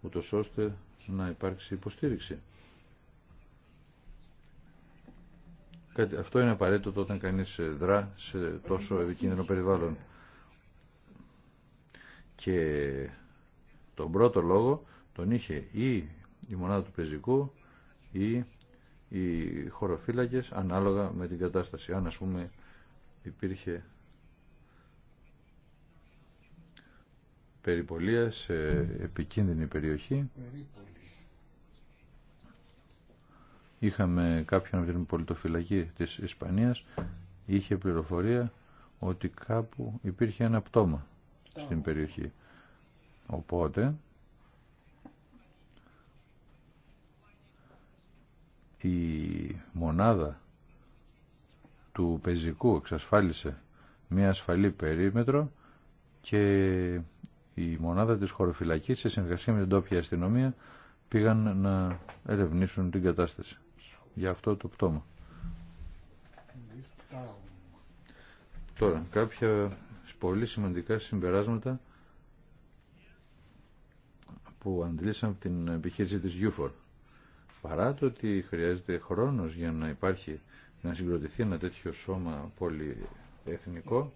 ούτω ώστε να υπάρξει υποστήριξη. Αυτό είναι απαραίτητο όταν κανείς ε, δρά σε τόσο επικίνδυνο περιβάλλον. Και τον πρώτο λόγο τον είχε ή η μονάδα του πεζικού ή οι χωροφύλακες ανάλογα με την κατάσταση. Αν ας πούμε υπήρχε περιπολία σε επικίνδυνη περιοχή. Είχαμε κάποιον από την πολιτοφυλακή της Ισπανίας, είχε πληροφορία ότι κάπου υπήρχε ένα πτώμα στην περιοχή. Οπότε, η μονάδα του πεζικού εξασφάλισε μια ασφαλή περίμετρο και η μονάδα της χωροφυλακής σε συνεργασία με την τόπια αστυνομία πήγαν να ερευνήσουν την κατάσταση για αυτό το πτώμα. Τώρα, κάποια πολύ σημαντικά συμπεράσματα που αντλήσαμε από την επιχείρηση της UFOR. Παρά το ότι χρειάζεται χρόνος για να υπάρχει, να συγκροτηθεί ένα τέτοιο σώμα πολυεθνικό,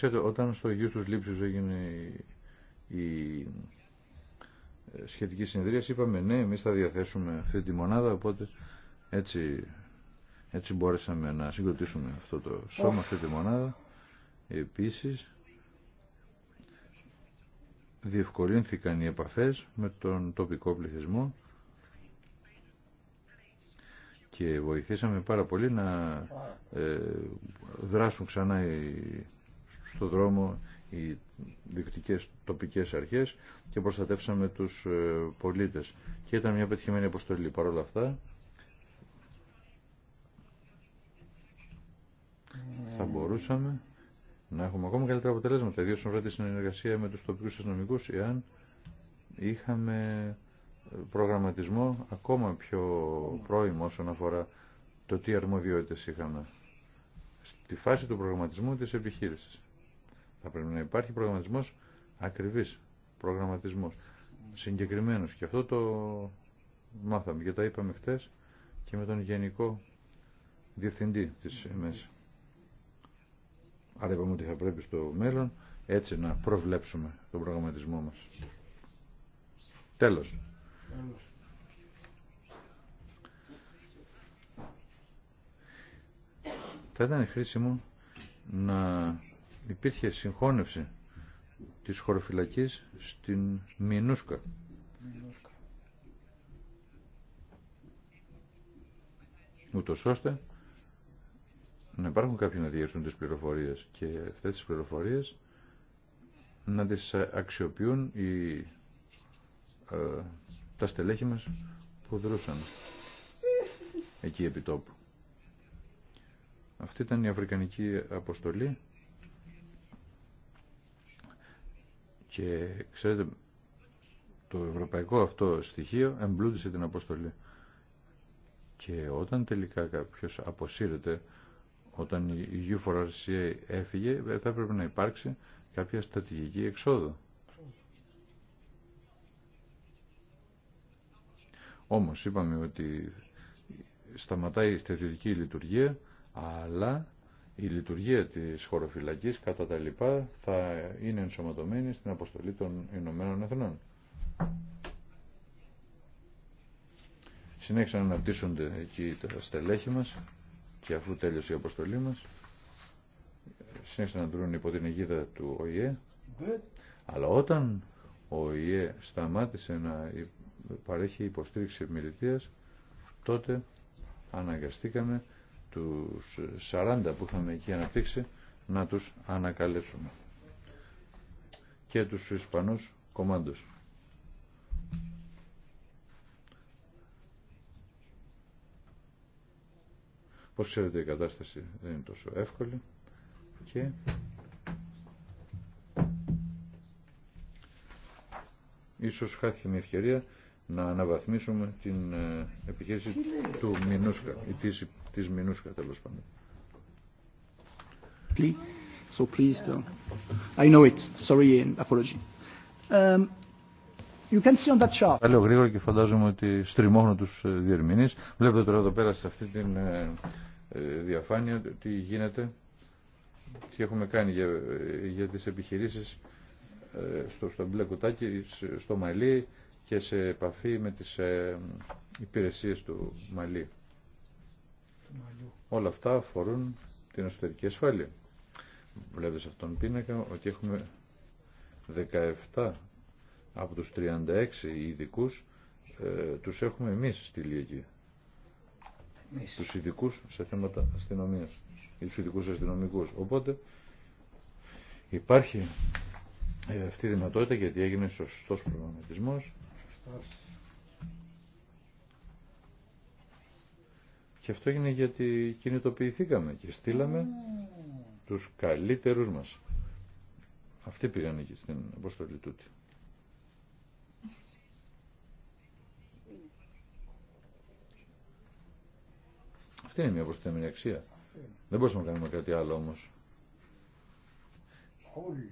Ξέρετε, όταν στο Υγείο του έγινε η, σχετική συνδρία, είπαμε ναι, εμεί θα διαθέσουμε αυτή τη μονάδα, οπότε έτσι, έτσι μπόρεσαμε να συγκροτήσουμε αυτό το σώμα, αυτή τη μονάδα. Επίσης, διευκολύνθηκαν οι επαφέ με τον τοπικό πληθυσμό και βοηθήσαμε πάρα πολύ να ε, δράσουν ξανά οι στο δρόμο οι διοικητικές τοπικές αρχές και προστατεύσαμε τους ε, πολίτες. Και ήταν μια πετυχημένη αποστολή. Παρ' όλα αυτά θα ε. μπορούσαμε να έχουμε ακόμα καλύτερα αποτελέσματα, ιδίως όσον αφορά τη συνεργασία με τους τοπικούς αστυνομικούς, εάν είχαμε ε, προγραμματισμό ακόμα πιο πρώιμο όσον αφορά το τι αρμοδιότητες είχαμε στη φάση του προγραμματισμού της επιχείρησης. Θα πρέπει να υπάρχει προγραμματισμός ακριβή. προγραμματισμός Συγκεκριμένο. Και αυτό το μάθαμε και τα είπαμε χτε και με τον Γενικό Διευθυντή της ΕΜΕΣ. Άρα είπαμε ότι θα πρέπει στο μέλλον έτσι να προβλέψουμε τον προγραμματισμό μας. Τέλος. Θα ήταν χρήσιμο να υπήρχε συγχώνευση της χωροφυλακής στην Μινούσκα. Ούτω ώστε να υπάρχουν κάποιοι να διεύθυνουν τις πληροφορίες και αυτές τις πληροφορίες να τις αξιοποιούν οι, ε, τα στελέχη μας που δρούσαν εκεί επί τόπου. Αυτή ήταν η Αφρικανική αποστολή Και ξέρετε, το ευρωπαϊκό αυτό στοιχείο εμπλούτησε την αποστολή. Και όταν τελικά κάποιος αποσύρεται, όταν η u εφυγε θα έπρεπε να υπάρξει κάποια στρατηγική εξόδου. Όμως είπαμε ότι σταματάει η στρατηγική λειτουργία, αλλά η λειτουργία της χωροφυλακής κατά τα λοιπά θα είναι ενσωματωμένη στην αποστολή των Ηνωμένων Εθνών. Συνέχισαν να αναπτύσσονται εκεί τα στελέχη μας και αφού τέλειωσε η αποστολή μας συνέχισαν να δρούν υπό την αιγίδα του ΟΗΕ αλλά όταν ο ΟΗΕ σταμάτησε να παρέχει υποστήριξη μιλητίας τότε αναγκαστήκαμε τους 40 που είχαμε εκεί αναπτύξει να τους ανακαλέσουμε και τους Ισπανούς κομμάντους. Πώς ξέρετε η κατάσταση δεν είναι τόσο εύκολη και ίσως χάθηκε μια ευκαιρία να αναβαθμίσουμε την ε, επιχείρηση του Μινούσκα, της, Μινούσκα τέλος πάντων. So please I know it. Sorry apology. Um, you can see on that chart. λέω γρήγορα και φαντάζομαι ότι στριμώχνω τους ε, διερμηνείς. Βλέπετε τώρα εδώ πέρα σε αυτή τη ε, διαφάνεια τι γίνεται, τι έχουμε κάνει για, για τις επιχειρήσεις στο, στο μπλε κουτάκι, στο μαλλί, και σε επαφή με τις ε, υπηρεσίες του Μαλή. Όλα αυτά αφορούν την εσωτερική ασφάλεια. Βλέπετε σε αυτόν τον πίνακα ότι έχουμε 17 από τους 36 ειδικού ε, τους έχουμε εμείς στη εκεί. Εμείς. Τους ειδικού σε θέματα αστυνομίας ή τους ειδικού αστυνομικούς. Οπότε υπάρχει ε, αυτή η δυνατότητα γιατί έγινε σωστός προγραμματισμός και αυτό έγινε γιατί κινητοποιηθήκαμε και στείλαμε τους καλύτερους μας. Αυτοί πήγαν εκεί στην αποστολή τούτη. Αυτή είναι μια προστιθέμενη αξία. Δεν μπορούσαμε να κάνουμε κάτι άλλο όμως. Όλοι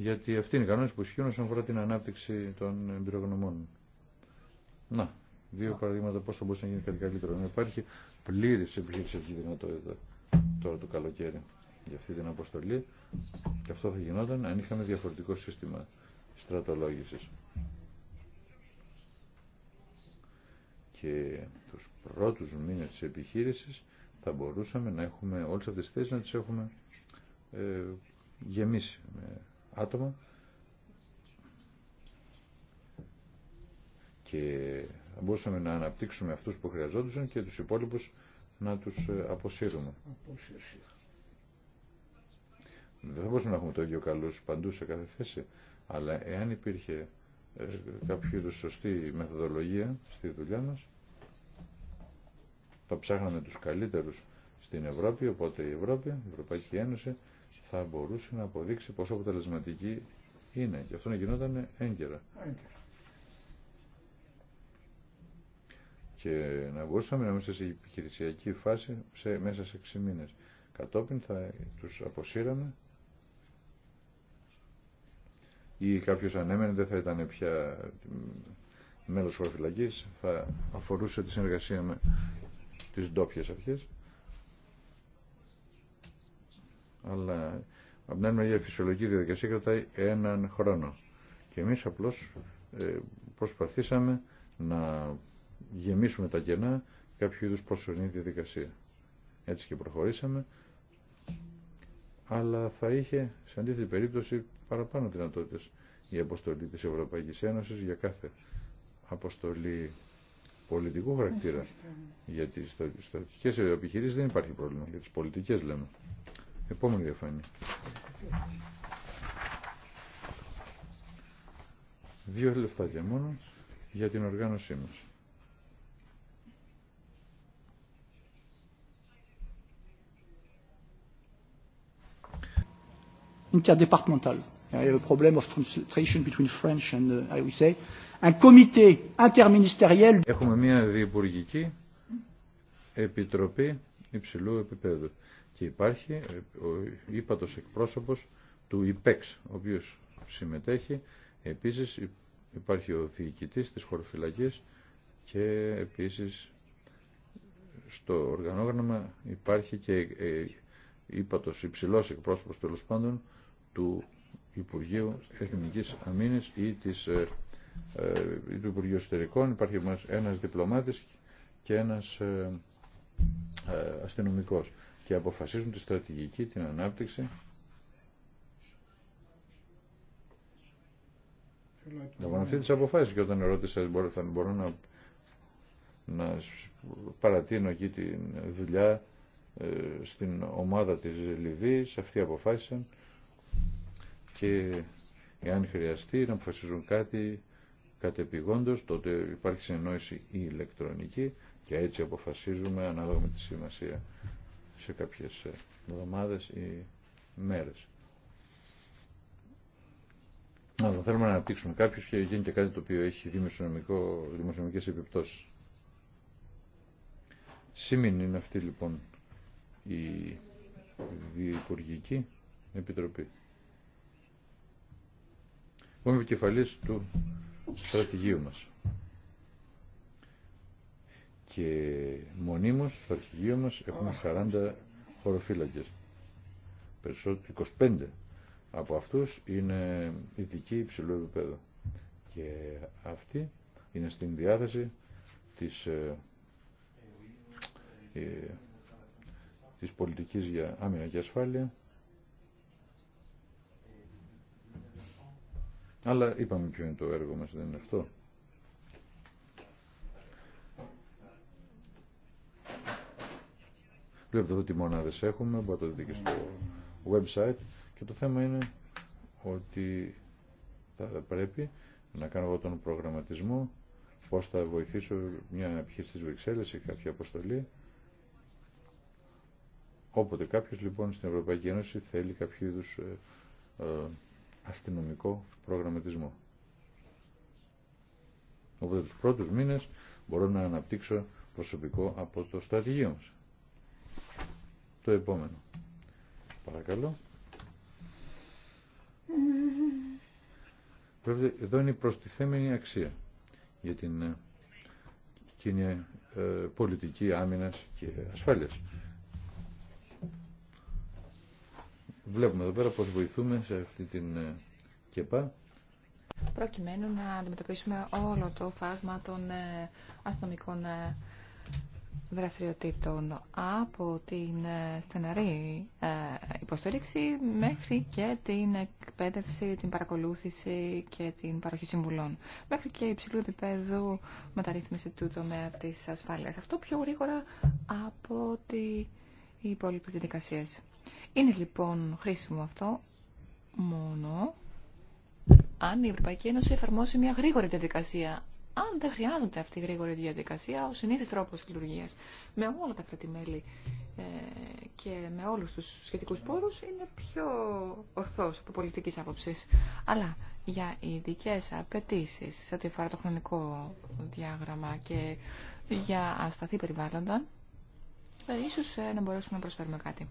γιατί αυτοί είναι οι κανόνες που ισχύουν όσον αφορά την ανάπτυξη των εμπειρογνωμών. Να, δύο παραδείγματα θα μπορούσε να γίνει κάτι καλύτερο. Να υπάρχει πλήρης τη δυνατότητα τώρα το καλοκαίρι για αυτή την αποστολή και αυτό θα γινόταν αν είχαμε διαφορετικό σύστημα στρατολόγηση. Και του πρώτου μήνε τη επιχείρηση θα μπορούσαμε να έχουμε όλε αυτέ τι θέσει να τι έχουμε ε, γεμίσει με άτομα και μπορούσαμε να αναπτύξουμε αυτούς που χρειαζόντουσαν και τους υπόλοιπους να τους ε, αποσύρουμε. Δεν θα μπορούσαμε να έχουμε το ίδιο καλούς παντού σε κάθε θέση, αλλά εάν υπήρχε ε, κάποιο είδους σωστή μεθοδολογία στη δουλειά μας, θα ψάχναμε τους καλύτερους στην Ευρώπη, οπότε η Ευρώπη, η Ευρωπαϊκή Ένωση, θα μπορούσε να αποδείξει πόσο αποτελεσματική είναι. Και αυτό να γινόταν έγκαιρα. Και να μπορούσαμε να είμαστε σε επιχειρησιακή φάση σε, μέσα σε 6 μήνες. Κατόπιν θα τους αποσύραμε ή κάποιος ανέμενε δεν θα ήταν πια μέλος χωροφυλακής, θα αφορούσε τη συνεργασία με τις ντόπιε αρχές αλλά από την άλλη μεριά η φυσιολογική διαδικασία κρατάει έναν χρόνο. Και εμείς απλώς ε, προσπαθήσαμε να γεμίσουμε τα κενά κάποιο είδους προσωρινή διαδικασία. Έτσι και προχωρήσαμε, αλλά θα είχε σε αντίθετη περίπτωση παραπάνω δυνατότητες η αποστολή της Ευρωπαϊκής Ένωσης για κάθε αποστολή πολιτικού χαρακτήρα. Γιατί στις στρατιωτικές επιχειρήσεις δεν υπάρχει πρόβλημα, για τις πολιτικές λέμε. Επόμενη διαφάνεια. Δύο λεφτάκια μόνο για την οργάνωσή μας. Interdepartemental. I have a problem of translation between French and uh, I would say. Un comité interministériel. Έχουμε μια διεπουργική επιτροπή υψηλού επίπεδου. Και υπάρχει ε, ο ύπατος εκπρόσωπος του ΙΠΕΞ, ο οποίος συμμετέχει. Επίσης υπάρχει ο διοικητής της χωροφυλακής και επίσης στο οργανόγραμμα υπάρχει και ε, ύπατος υψηλός εκπρόσωπος τέλο πάντων του Υπουργείου Εθνικής Αμήνης ή της, ε, του Υπουργείου Εσωτερικών. Υπάρχει μας ένας διπλωμάτης και ένας ε, αστυνομικός και αποφασίζουν τη στρατηγική, την ανάπτυξη. Λοιπόν, αυτή τις αποφάσεις και όταν ρώτησα, μπορώ, θα μπορώ να, να παρατείνω εκεί τη δουλειά ε, στην ομάδα της Λιβύης, Αυτή αποφάσισαν και εάν χρειαστεί να αποφασίζουν κάτι κατεπηγόντως, τότε υπάρχει συνεννόηση η ηλεκτρονική και έτσι αποφασίζουμε ανάλογα με τη σημασία σε κάποιες ε, εβδομάδες ή μέρες. Αλλά θέλουμε να αναπτύξουμε κάποιους και γίνει και κάτι το οποίο έχει δημοσιονομικό, δημοσιονομικές επιπτώσεις. Σήμην είναι αυτή λοιπόν η Διευπουργική Επιτροπή. οποιο εχει δημοσιονομικες επιπτωσεις είμαι διευπουργικη επιτροπη εγω επικεφαλης του στρατηγίου μας και μονίμως στο αρχηγείο μας έχουμε 40 χωροφύλακες. 25 από αυτούς είναι ειδικοί υψηλού επίπεδου. Και αυτοί είναι στην διάθεση της, ε, ε, της πολιτικής για άμυνα και ασφάλεια. Αλλά είπαμε ποιο είναι το έργο μας, δεν είναι αυτό. Βλέπετε εδώ τι μονάδες έχουμε, μπορείτε να το δείτε και στο website και το θέμα είναι ότι θα πρέπει να κάνω εγώ τον προγραμματισμό, πώς θα βοηθήσω μια επιχείρηση της Βρυξέλλες ή κάποια αποστολή. Όποτε κάποιος λοιπόν στην Ευρωπαϊκή Ένωση θέλει κάποιο είδους ε, ε, αστυνομικό προγραμματισμό. Οπότε τους πρώτους μήνες μπορώ να αναπτύξω προσωπικό από το στρατηγείο μας το επόμενο. Παρακαλώ. Βλέπετε, εδώ είναι η προστιθέμενη αξία για την ε, κοινή ε, πολιτική άμυνας και ασφάλειας. Βλέπουμε εδώ πέρα πώς βοηθούμε σε αυτή την ε, ΚΕΠΑ προκειμένου να αντιμετωπίσουμε όλο το φάσμα των αστυνομικών δραστηριοτήτων από την ε, στεναρή ε, υποστήριξη μέχρι και την εκπαίδευση, την παρακολούθηση και την παροχή συμβουλών. Μέχρι και υψηλού επίπεδου μεταρρύθμιση του τομέα της ασφάλειας. Αυτό πιο γρήγορα από τη οι υπόλοιπες διαδικασίε. Είναι λοιπόν χρήσιμο αυτό μόνο αν η Ευρωπαϊκή Ένωση εφαρμόσει μια γρήγορη διαδικασία αν δεν χρειάζεται αυτή η γρήγορη διαδικασία, ο συνήθι τρόπο λειτουργία με όλα τα κρατημέλη ε, και με όλου του σχετικού πόρου είναι πιο ορθό από πολιτική άποψη. Αλλά για ειδικέ απαιτήσει σε ό,τι αφορά το χρονικό διάγραμμα και για ασταθή περιβάλλοντα, ε, ίσω ε, να μπορέσουμε να προσφέρουμε κάτι.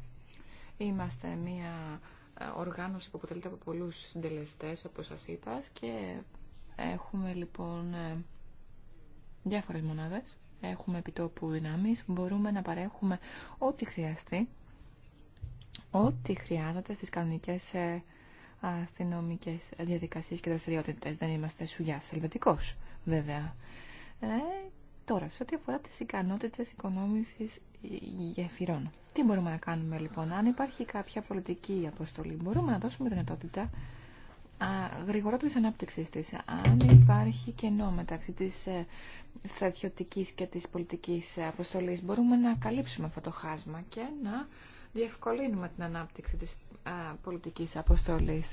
Είμαστε μία ε, οργάνωση που αποτελείται από πολλούς συντελεστές, όπως σας είπα, και Έχουμε λοιπόν ε, διάφορες μονάδες, έχουμε επιτόπου δυνάμεις, μπορούμε να παρέχουμε ό,τι χρειαστεί, ό,τι χρειάζεται στις κανονικές ε, αστυνομικέ διαδικασίες και δραστηριότητες. Δεν είμαστε σουγιάς ελβετικός, βέβαια. Ε, τώρα, σε ό,τι αφορά τις ικανότητες οικονόμησης γεφυρών. Τι μπορούμε να κάνουμε λοιπόν, αν υπάρχει κάποια πολιτική αποστολή, μπορούμε να δώσουμε δυνατότητα γρηγορότερης ανάπτυξη της. Αν υπάρχει κενό μεταξύ της ε, στρατιωτικής και της πολιτικής αποστολής, μπορούμε να καλύψουμε αυτό το χάσμα και να διευκολύνουμε την ανάπτυξη της πολιτικής αποστολής.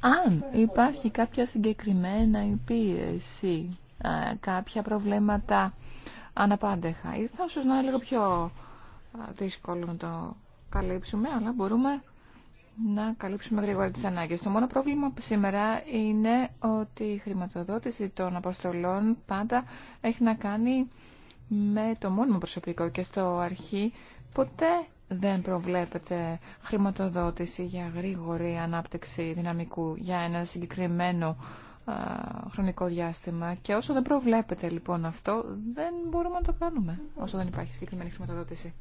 Αν υπάρχει κάποια συγκεκριμένα πίεση, κάποια προβλήματα αναπάντεχα, θα ίσως να είναι λίγο πιο δύσκολο να το καλύψουμε, αλλά μπορούμε να καλύψουμε γρήγορα τις ανάγκες. Το μόνο πρόβλημα σήμερα είναι ότι η χρηματοδότηση των αποστολών πάντα έχει να κάνει με το μόνιμο προσωπικό και στο αρχή ποτέ δεν προβλέπεται χρηματοδότηση για γρήγορη ανάπτυξη δυναμικού για ένα συγκεκριμένο χρονικό διάστημα και όσο δεν προβλέπεται λοιπόν αυτό δεν μπορούμε να το κάνουμε όσο δεν υπάρχει συγκεκριμένη χρηματοδότηση.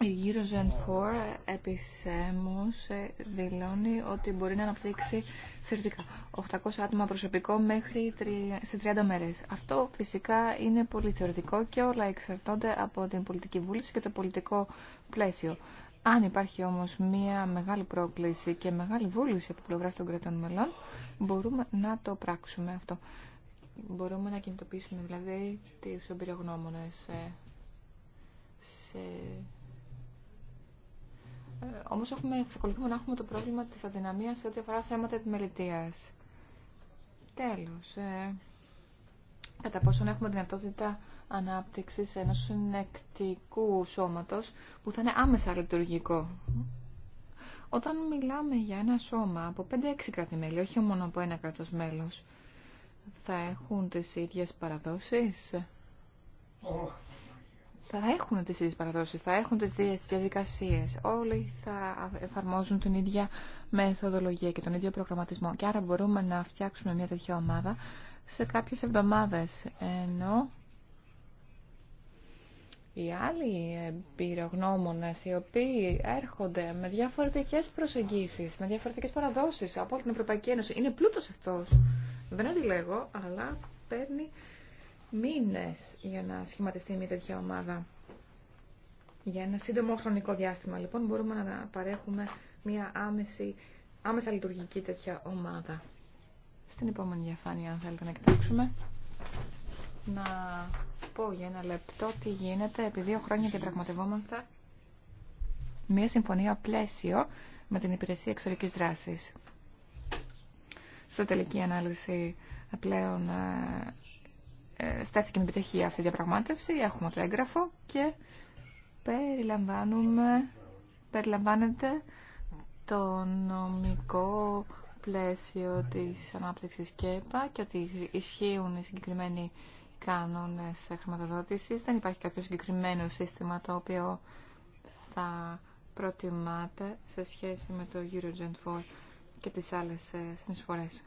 Η Eurozone 4 επισέμους ε, δηλώνει ότι μπορεί να αναπτύξει θεωρητικά 800 άτομα προσωπικό μέχρι σε 30 μέρες. Αυτό φυσικά είναι πολύ θεωρητικό και όλα εξαρτώνται από την πολιτική βούληση και το πολιτικό πλαίσιο. Αν υπάρχει όμως μία μεγάλη πρόκληση και μεγάλη βούληση από πλευρά των κρατών μελών, μπορούμε να το πράξουμε αυτό. Μπορούμε να κινητοποιήσουμε δηλαδή τις εμπειρογνώμονες ε, σε ε, όμως έχουμε, εξακολουθούμε να έχουμε το πρόβλημα της αδυναμίας σε ό,τι αφορά θέματα επιμελητίας. Τέλος, ε, κατά πόσον έχουμε δυνατότητα ανάπτυξης ενός συνεκτικού σώματος που θα είναι άμεσα λειτουργικό. Όταν μιλάμε για ένα σώμα από 5-6 κρατημέλη, όχι μόνο από ένα κρατός μέλος, θα έχουν τις ίδιες παραδόσεις θα έχουν τις ίδιες παραδόσεις, θα έχουν τις ίδιες διαδικασίες. Όλοι θα εφαρμόζουν την ίδια μεθοδολογία και τον ίδιο προγραμματισμό. Και άρα μπορούμε να φτιάξουμε μια τέτοια ομάδα σε κάποιες εβδομάδες. Ενώ οι άλλοι εμπειρογνώμονες οι οποίοι έρχονται με διαφορετικές προσεγγίσεις, με διαφορετικές παραδόσεις από όλη την Ευρωπαϊκή Ένωση, είναι πλούτος αυτός. Δεν αντιλέγω, αλλά παίρνει μήνες για να σχηματιστεί μια τέτοια ομάδα. Για ένα σύντομο χρονικό διάστημα, λοιπόν, μπορούμε να παρέχουμε μια άμεση, άμεσα λειτουργική τέτοια ομάδα. Στην επόμενη διαφάνεια, αν θέλετε να κοιτάξουμε, να πω για ένα λεπτό τι γίνεται. επειδή δύο χρόνια διαπραγματευόμαστε μια συμφωνία πλαίσιο με την Υπηρεσία Εξωτερικής Δράσης. Στο τελική ανάλυση πλέον ε, ε, στέθηκε με επιτυχία αυτή η διαπραγμάτευση, έχουμε το έγγραφο και περιλαμβάνουμε, περιλαμβάνεται το νομικό πλαίσιο της ανάπτυξης ΚΕΠΑ και ότι ισχύουν οι συγκεκριμένοι κανόνες χρηματοδότησης. Δεν υπάρχει κάποιο συγκεκριμένο σύστημα το οποίο θα προτιμάται σε σχέση με το Eurogent 4 και τις άλλες ε, συνεισφορές.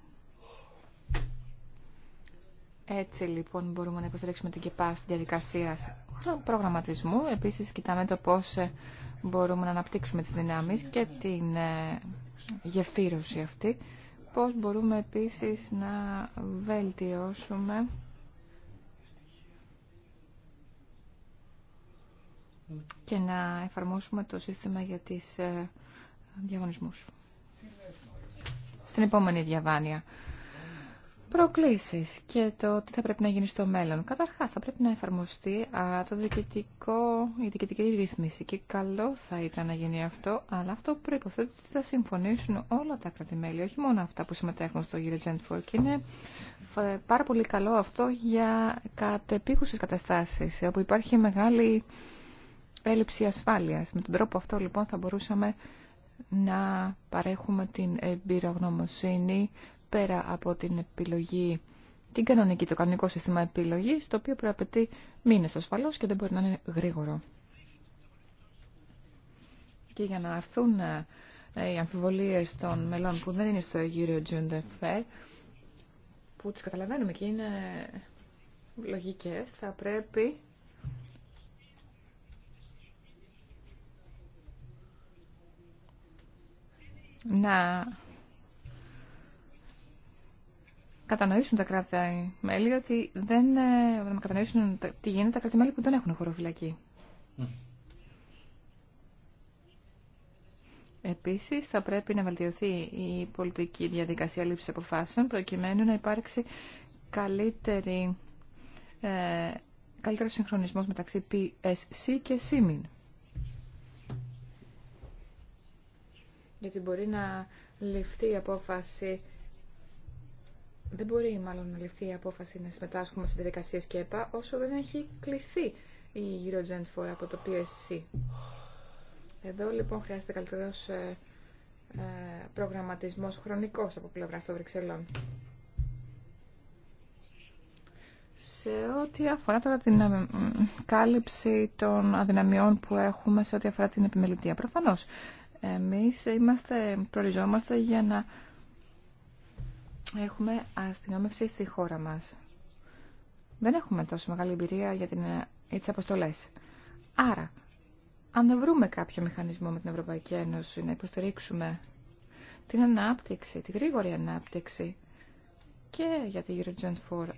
Έτσι λοιπόν μπορούμε να υποστηρίξουμε την ΚΕΠΑ στη διαδικασία προγραμματισμού. Επίσης κοιτάμε το πώς ε, μπορούμε να αναπτύξουμε τις δυνάμεις και την ε, γεφύρωση αυτή. Πώς μπορούμε επίσης να βελτιώσουμε και να εφαρμόσουμε το σύστημα για τις ε, διαγωνισμούς. Στην επόμενη διαβάνεια. Προκλήσει και το τι θα πρέπει να γίνει στο μέλλον. Καταρχά θα πρέπει να εφαρμοστεί το διοικητικό, η διοικητική ρύθμιση και καλό θα ήταν να γίνει αυτό, αλλά αυτό προποθέτει ότι θα συμφωνήσουν όλα τα κρατημέλη, όχι μόνο αυτά που συμμετέχουν στο Eurogent Fork. είναι πάρα πολύ καλό αυτό για κατεπίκουσε καταστάσει όπου υπάρχει μεγάλη έλλειψη ασφάλεια. Με τον τρόπο αυτό λοιπόν θα μπορούσαμε να παρέχουμε την εμπειρογνωμοσύνη πέρα από την επιλογή, την κανονική, το κανονικό σύστημα επιλογή, το οποίο προαπαιτεί μήνες ασφαλώς και δεν μπορεί να είναι γρήγορο. Και για να αρθούν ε, οι αμφιβολίε των μελών που δεν είναι στο γύρο June Fair, που τι καταλαβαίνουμε και είναι λογικέ, θα πρέπει να κατανοήσουν τα κράτη-μέλη ότι δεν. Ε, να κατανοήσουν τι γίνεται τα κράτη-μέλη που δεν έχουν χωροφυλακή. Επίση θα πρέπει να βελτιωθεί η πολιτική διαδικασία λήψης αποφάσεων προκειμένου να υπάρξει καλύτερη, ε, καλύτερο συγχρονισμός μεταξύ PSC και SIMIN. Γιατί μπορεί να ληφθεί η απόφαση δεν μπορεί μάλλον να ληφθεί η απόφαση να συμμετάσχουμε σε διαδικασίε ΚΕΠΑ όσο δεν έχει κληθεί η eurogen 4 από το PSC. Εδώ λοιπόν χρειάζεται καλύτερο ε, ε, προγραμματισμό χρονικό από πλευρά των Βρυξελών. Σε ό,τι αφορά τώρα την ε, κάλυψη των αδυναμιών που έχουμε σε ό,τι αφορά την επιμελητία. Προφανώς, εμείς είμαστε, προοριζόμαστε για να έχουμε αστυνόμευση στη χώρα μας. Δεν έχουμε τόσο μεγάλη εμπειρία για, την, για τις αποστολές. Άρα, αν δεν βρούμε κάποιο μηχανισμό με την Ευρωπαϊκή Ένωση να υποστηρίξουμε την ανάπτυξη, τη γρήγορη ανάπτυξη και για τη Eurogen 4 ε,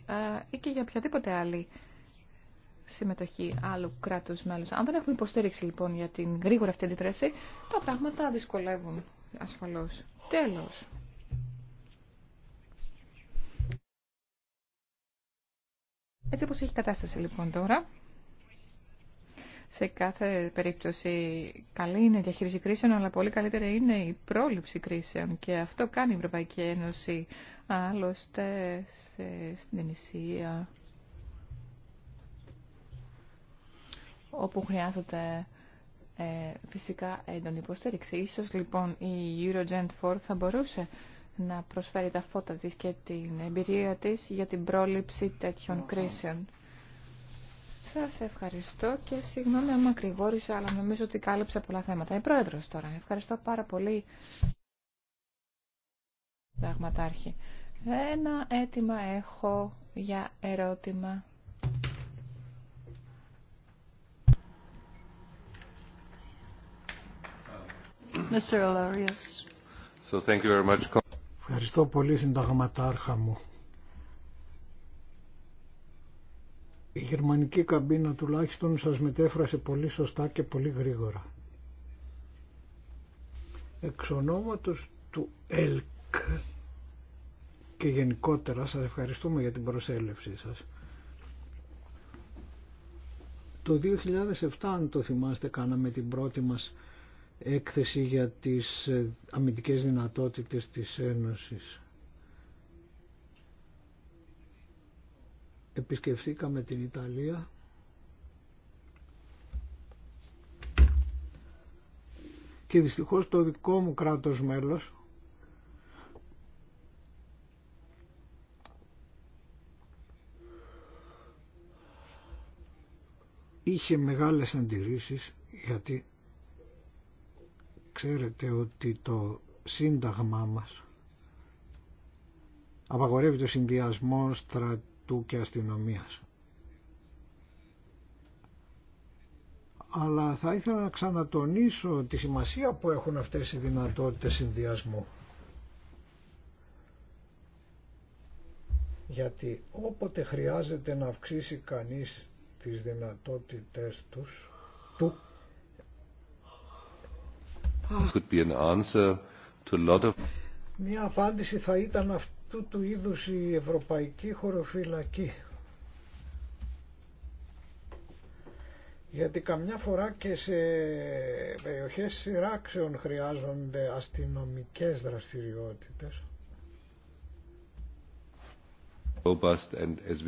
ή και για οποιαδήποτε άλλη συμμετοχή άλλου κράτους μέλους. Αν δεν έχουμε υποστήριξη λοιπόν για την γρήγορη αυτή αντίδραση, τα πράγματα δυσκολεύουν ασφαλώς. Τέλος. Έτσι όπως έχει κατάσταση λοιπόν τώρα, σε κάθε περίπτωση καλή είναι η διαχείριση κρίσεων, αλλά πολύ καλύτερη είναι η πρόληψη κρίσεων και αυτό κάνει η Ευρωπαϊκή Ένωση. Άλλωστε στην Ενησία, όπου χρειάζεται ε, φυσικά έντονη υποστήριξη. Ίσως λοιπόν η Eurogent 4 θα μπορούσε να προσφέρει τα φώτα της και την εμπειρία της για την πρόληψη τέτοιων κρίσεων. Σας ευχαριστώ και συγγνώμη αν μακρηγόρησα, αλλά νομίζω ότι κάλυψα πολλά θέματα. Η ε, Πρόεδρος τώρα. Ευχαριστώ πάρα πολύ. Δαγματάρχη. Ένα αίτημα έχω για ερώτημα. Mr. So thank you very much. Ευχαριστώ πολύ συνταγματάρχα μου. Η γερμανική καμπίνα τουλάχιστον σας μετέφρασε πολύ σωστά και πολύ γρήγορα. Εξ του ΕΛΚ και γενικότερα σας ευχαριστούμε για την προσέλευσή σας. Το 2007 αν το θυμάστε κάναμε την πρώτη μας έκθεση για τις ε, αμυντικές δυνατότητες της Ένωσης. Επισκεφθήκαμε την Ιταλία και δυστυχώς το δικό μου κράτος μέλος είχε μεγάλες αντιρρήσεις γιατί Ξέρετε ότι το σύνταγμά μας απαγορεύει το συνδυασμό στρατού και αστυνομίας. Αλλά θα ήθελα να ξανατονίσω τη σημασία που έχουν αυτές οι δυνατότητες συνδυασμού. Γιατί όποτε χρειάζεται να αυξήσει κανείς τις δυνατότητες τους, του, μια απάντηση θα ήταν αυτού του είδους η Ευρωπαϊκή Χωροφυλακή. Γιατί καμιά φορά και σε περιοχές σειράξεων χρειάζονται αστυνομικές δραστηριότητες. And as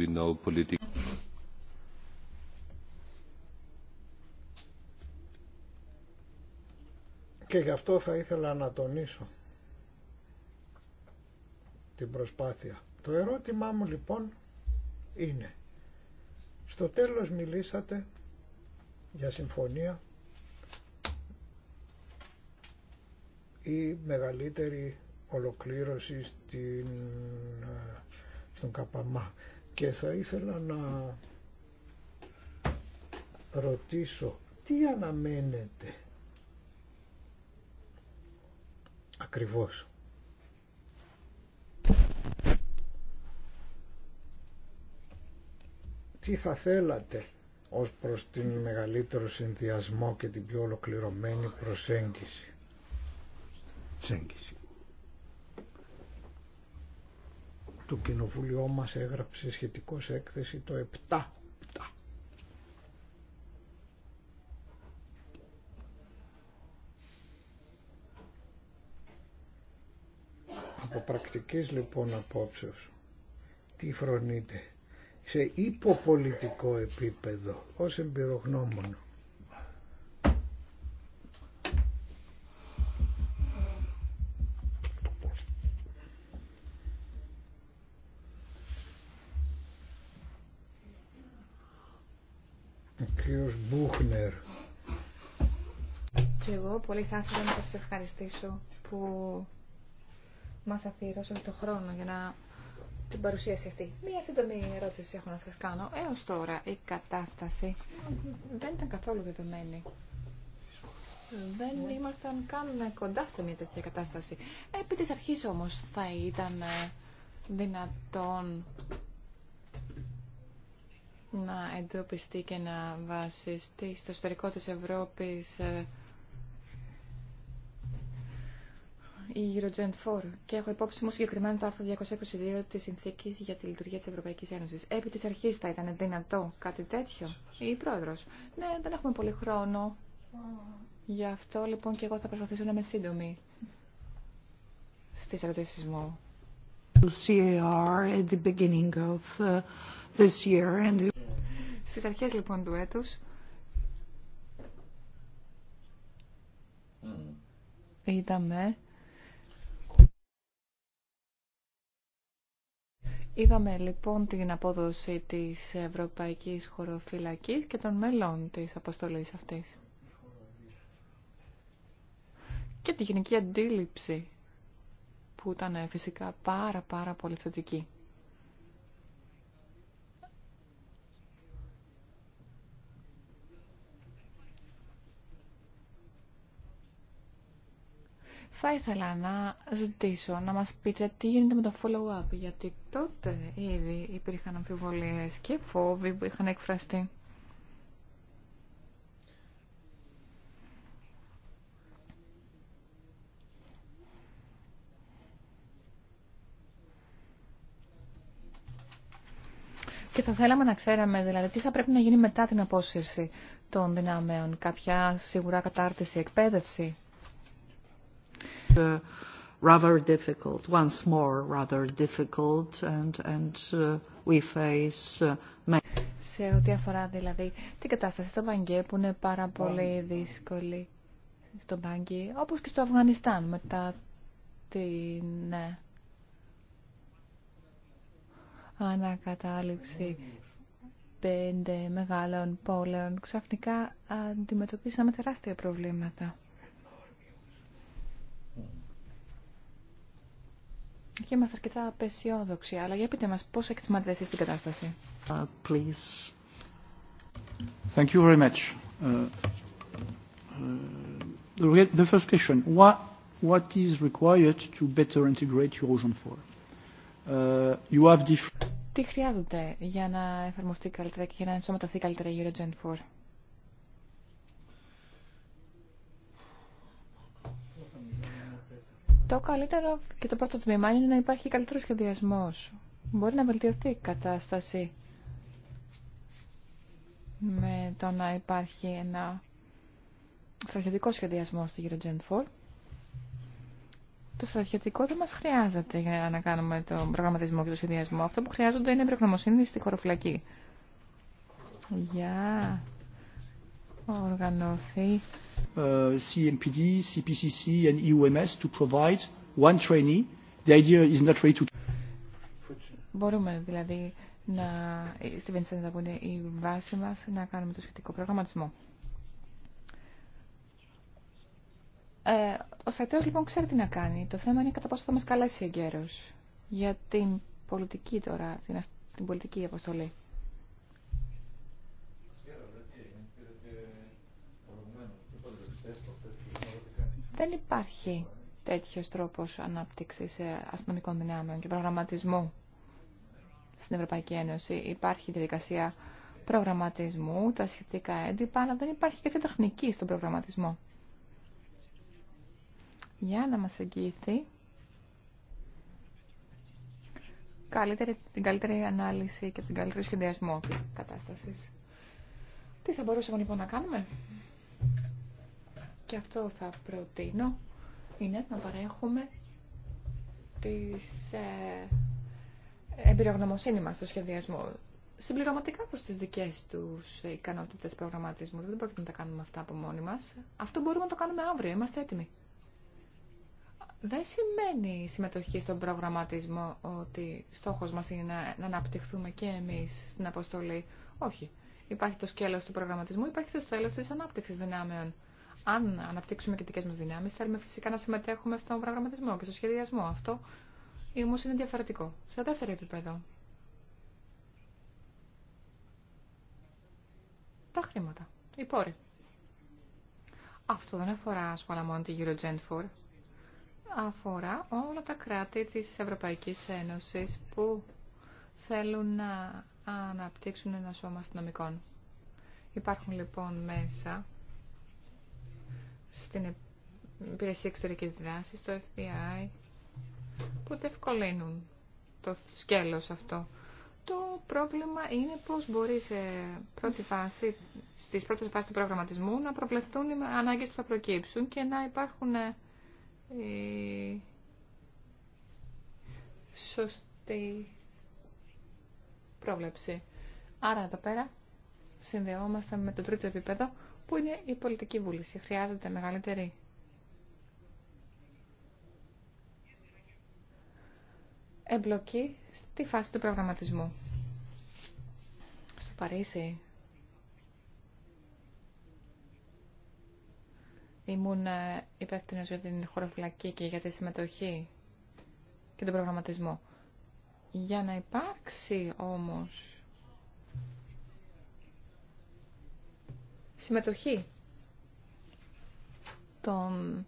Και γι' αυτό θα ήθελα να τονίσω την προσπάθεια. Το ερώτημά μου λοιπόν είναι, στο τέλος μιλήσατε για συμφωνία ή μεγαλύτερη ολοκλήρωση στην, ε, στον Καπαμά. Και θα ήθελα να ρωτήσω τι αναμένετε Ακριβώς. Τι θα θέλατε ως προς την μεγαλύτερο συνδυασμό και την πιο ολοκληρωμένη προσέγγιση. Το κοινοβούλιο μας έγραψε σχετικό έκθεση το 7 Από πρακτικής λοιπόν απόψεως, τι φρονείτε σε υποπολιτικό επίπεδο ως εμπειρογνώμων. Ο κύριος Μπούχνερ. Και εγώ πολύ θα ήθελα να σας ευχαριστήσω που Μα αφιερώσατε το χρόνο για να την παρουσίαση αυτή. Μία σύντομη ερώτηση έχω να σα κάνω. Έω τώρα η κατάσταση δεν ήταν καθόλου δεδομένη. Δεν ήμασταν καν κοντά σε μια τέτοια κατάσταση. Επί της αρχής όμως θα ήταν ε, δυνατόν να εντοπιστεί και να βασιστεί στο ιστορικό της Ευρώπης ε, η Eurogen 4 και έχω υπόψη μου συγκεκριμένα το άρθρο 222 τη συνθήκη για τη Λειτουργία τη Ευρωπαϊκή Ένωση. Επί της αρχής θα ήταν δυνατό κάτι τέτοιο ή πρόεδρο. Ναι, δεν έχουμε πολύ χρόνο. Γι' αυτό λοιπόν και εγώ θα προσπαθήσω να είμαι σύντομη στις ερωτήσει μου. Uh, Στι αρχέ λοιπόν του έτου. Mm. είδαμε Είδαμε λοιπόν την απόδοση της Ευρωπαϊκής Χωροφυλακής και των μελών της αποστολής αυτής. Και τη γενική αντίληψη που ήταν ε, φυσικά πάρα πάρα πολύ θετική. Θα ήθελα να ζητήσω να μας πείτε τι γίνεται με το follow-up, γιατί τότε ήδη υπήρχαν αμφιβολίες και φόβοι που είχαν εκφραστεί. Και θα θέλαμε να ξέραμε, δηλαδή, τι θα πρέπει να γίνει μετά την απόσυρση των δυνάμεων. Κάποια σίγουρα κατάρτιση, εκπαίδευση. Uh, rather difficult, once more rather difficult and, and uh, we face... Uh, Σε ό,τι αφορά δηλαδή την κατάσταση στο Μπαγκέ που είναι πάρα πολύ δύσκολη στο Μπαγκέ, όπως και στο Αφγανιστάν μετά την ναι, ανακατάληψη πέντε μεγάλων πόλεων, ξαφνικά αντιμετωπίσαμε τεράστια προβλήματα. και είμαστε αρκετά απεσιόδοξοι. Αλλά για πείτε μας πώς εκτιμάτε εσείς την κατάσταση. Uh, please. Thank you very much. Uh, uh, the first question, what, what is required to better integrate Eurozone 4? Uh, you have different... Τι χρειάζεται για να εφαρμοστεί καλύτερα και για να ενσωματωθεί καλύτερα η Eurozone 4? Το καλύτερο και το πρώτο τμήμα είναι να υπάρχει καλύτερο σχεδιασμό. Μπορεί να βελτιωθεί η κατάσταση με το να υπάρχει ένα στρατιωτικό σχεδιασμό στη γύρω Gen4. Το στρατιωτικό δεν μα χρειάζεται για να κάνουμε τον προγραμματισμό και τον σχεδιασμό. Αυτό που χρειάζονται είναι προγνωμοσύνη στη χωροφυλακή. Για οργανωθεί ε, e Μπορούμε δηλαδή να, στη Βενιστέντα που είναι η βάση μας, να κάνουμε το σχετικό προγραμματισμό. Ε, ο στρατέος λοιπόν ξέρει τι να κάνει. Το θέμα είναι κατά πόσο θα μας καλέσει εγκαίρω για την πολιτική τώρα, την, την πολιτική αποστολή. Δεν υπάρχει τέτοιος τρόπος ανάπτυξης ε, αστυνομικών δυνάμεων και προγραμματισμού στην Ευρωπαϊκή Ένωση. Υπάρχει διαδικασία προγραμματισμού, τα σχετικά έντυπα, αλλά δεν υπάρχει κάποια τεχνική στον προγραμματισμό. Για να μας εγγυηθεί καλύτερη, την καλύτερη ανάλυση και τον καλύτερο σχεδιασμό της κατάστασης. Τι θα μπορούσαμε λοιπόν να κάνουμε και αυτό θα προτείνω είναι να παρέχουμε τις ε, εμπειρογνωμοσύνη μας στο σχεδιασμό συμπληρωματικά προς τις δικές τους ικανότητες προγραμματισμού. Δεν πρόκειται να τα κάνουμε αυτά από μόνοι μας. Αυτό μπορούμε να το κάνουμε αύριο. Είμαστε έτοιμοι. Δεν σημαίνει η συμμετοχή στον προγραμματισμό ότι στόχος μας είναι να, να αναπτυχθούμε και εμείς στην αποστολή. Όχι. Υπάρχει το σκέλος του προγραμματισμού, υπάρχει το σκέλος της ανάπτυξης δυνάμεων αν αναπτύξουμε και δικέ μα δυνάμει, θέλουμε φυσικά να συμμετέχουμε στον προγραμματισμό και στο σχεδιασμό. Αυτό όμω είναι διαφορετικό. Σε δεύτερο επίπεδο. Τα χρήματα. Οι πόροι. Αυτό δεν αφορά ασφαλά μόνο τη Eurogen4. Αφορά όλα τα κράτη της Ευρωπαϊκής Ένωσης που θέλουν να αναπτύξουν ένα σώμα αστυνομικών. Υπάρχουν λοιπόν μέσα στην ε, Υπηρεσία εξωτερική δράση, στο FBI, που διευκολύνουν το σκέλος αυτό. Το πρόβλημα είναι πώς μπορεί σε πρώτη φάση, στις πρώτες φάσεις του προγραμματισμού να προβλεφθούν οι ανάγκες που θα προκύψουν και να υπάρχουν ε, σωστή πρόβλεψη. Άρα εδώ πέρα συνδεόμαστε με το τρίτο επίπεδο που είναι η πολιτική βούληση. Χρειάζεται μεγαλύτερη εμπλοκή στη φάση του προγραμματισμού. Στο Παρίσι ήμουν ε, υπεύθυνο για την χωροφυλακή και για τη συμμετοχή και τον προγραμματισμό. Για να υπάρξει όμως συμμετοχή των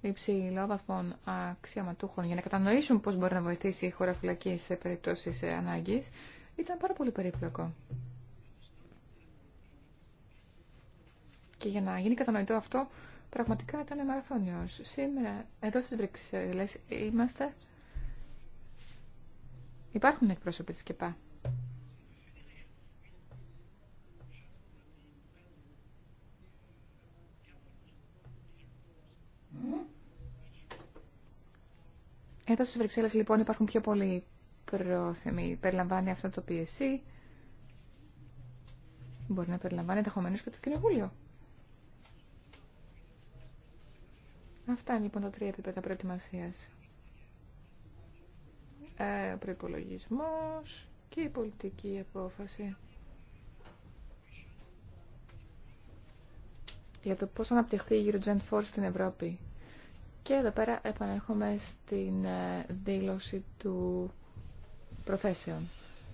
υψηλόβαθμων αξιωματούχων για να κατανοήσουν πώς μπορεί να βοηθήσει η χώρα φυλακή σε περιπτώσεις ε, ανάγκης ήταν πάρα πολύ περίπλοκο. Και για να γίνει κατανοητό αυτό, πραγματικά ήταν μαραθώνιος. Σήμερα, εδώ στις Βρυξέλλες, είμαστε... Υπάρχουν εκπρόσωποι της ΚΕΠΑ. Εδώ στις Βρυξέλλες λοιπόν υπάρχουν πιο πολλοί πρόθεμοι. Περιλαμβάνει αυτό το PSC. Μπορεί να περιλαμβάνει ενδεχομένω και το κοινοβούλιο. Αυτά είναι, λοιπόν τα τρία επίπεδα προετοιμασία. Ε, Προπολογισμό και η πολιτική απόφαση. Για το πώς αναπτυχθεί η Eurogen Force στην Ευρώπη. Και εδώ πέρα επανέρχομαι στην ε, δήλωση του προθέσεων.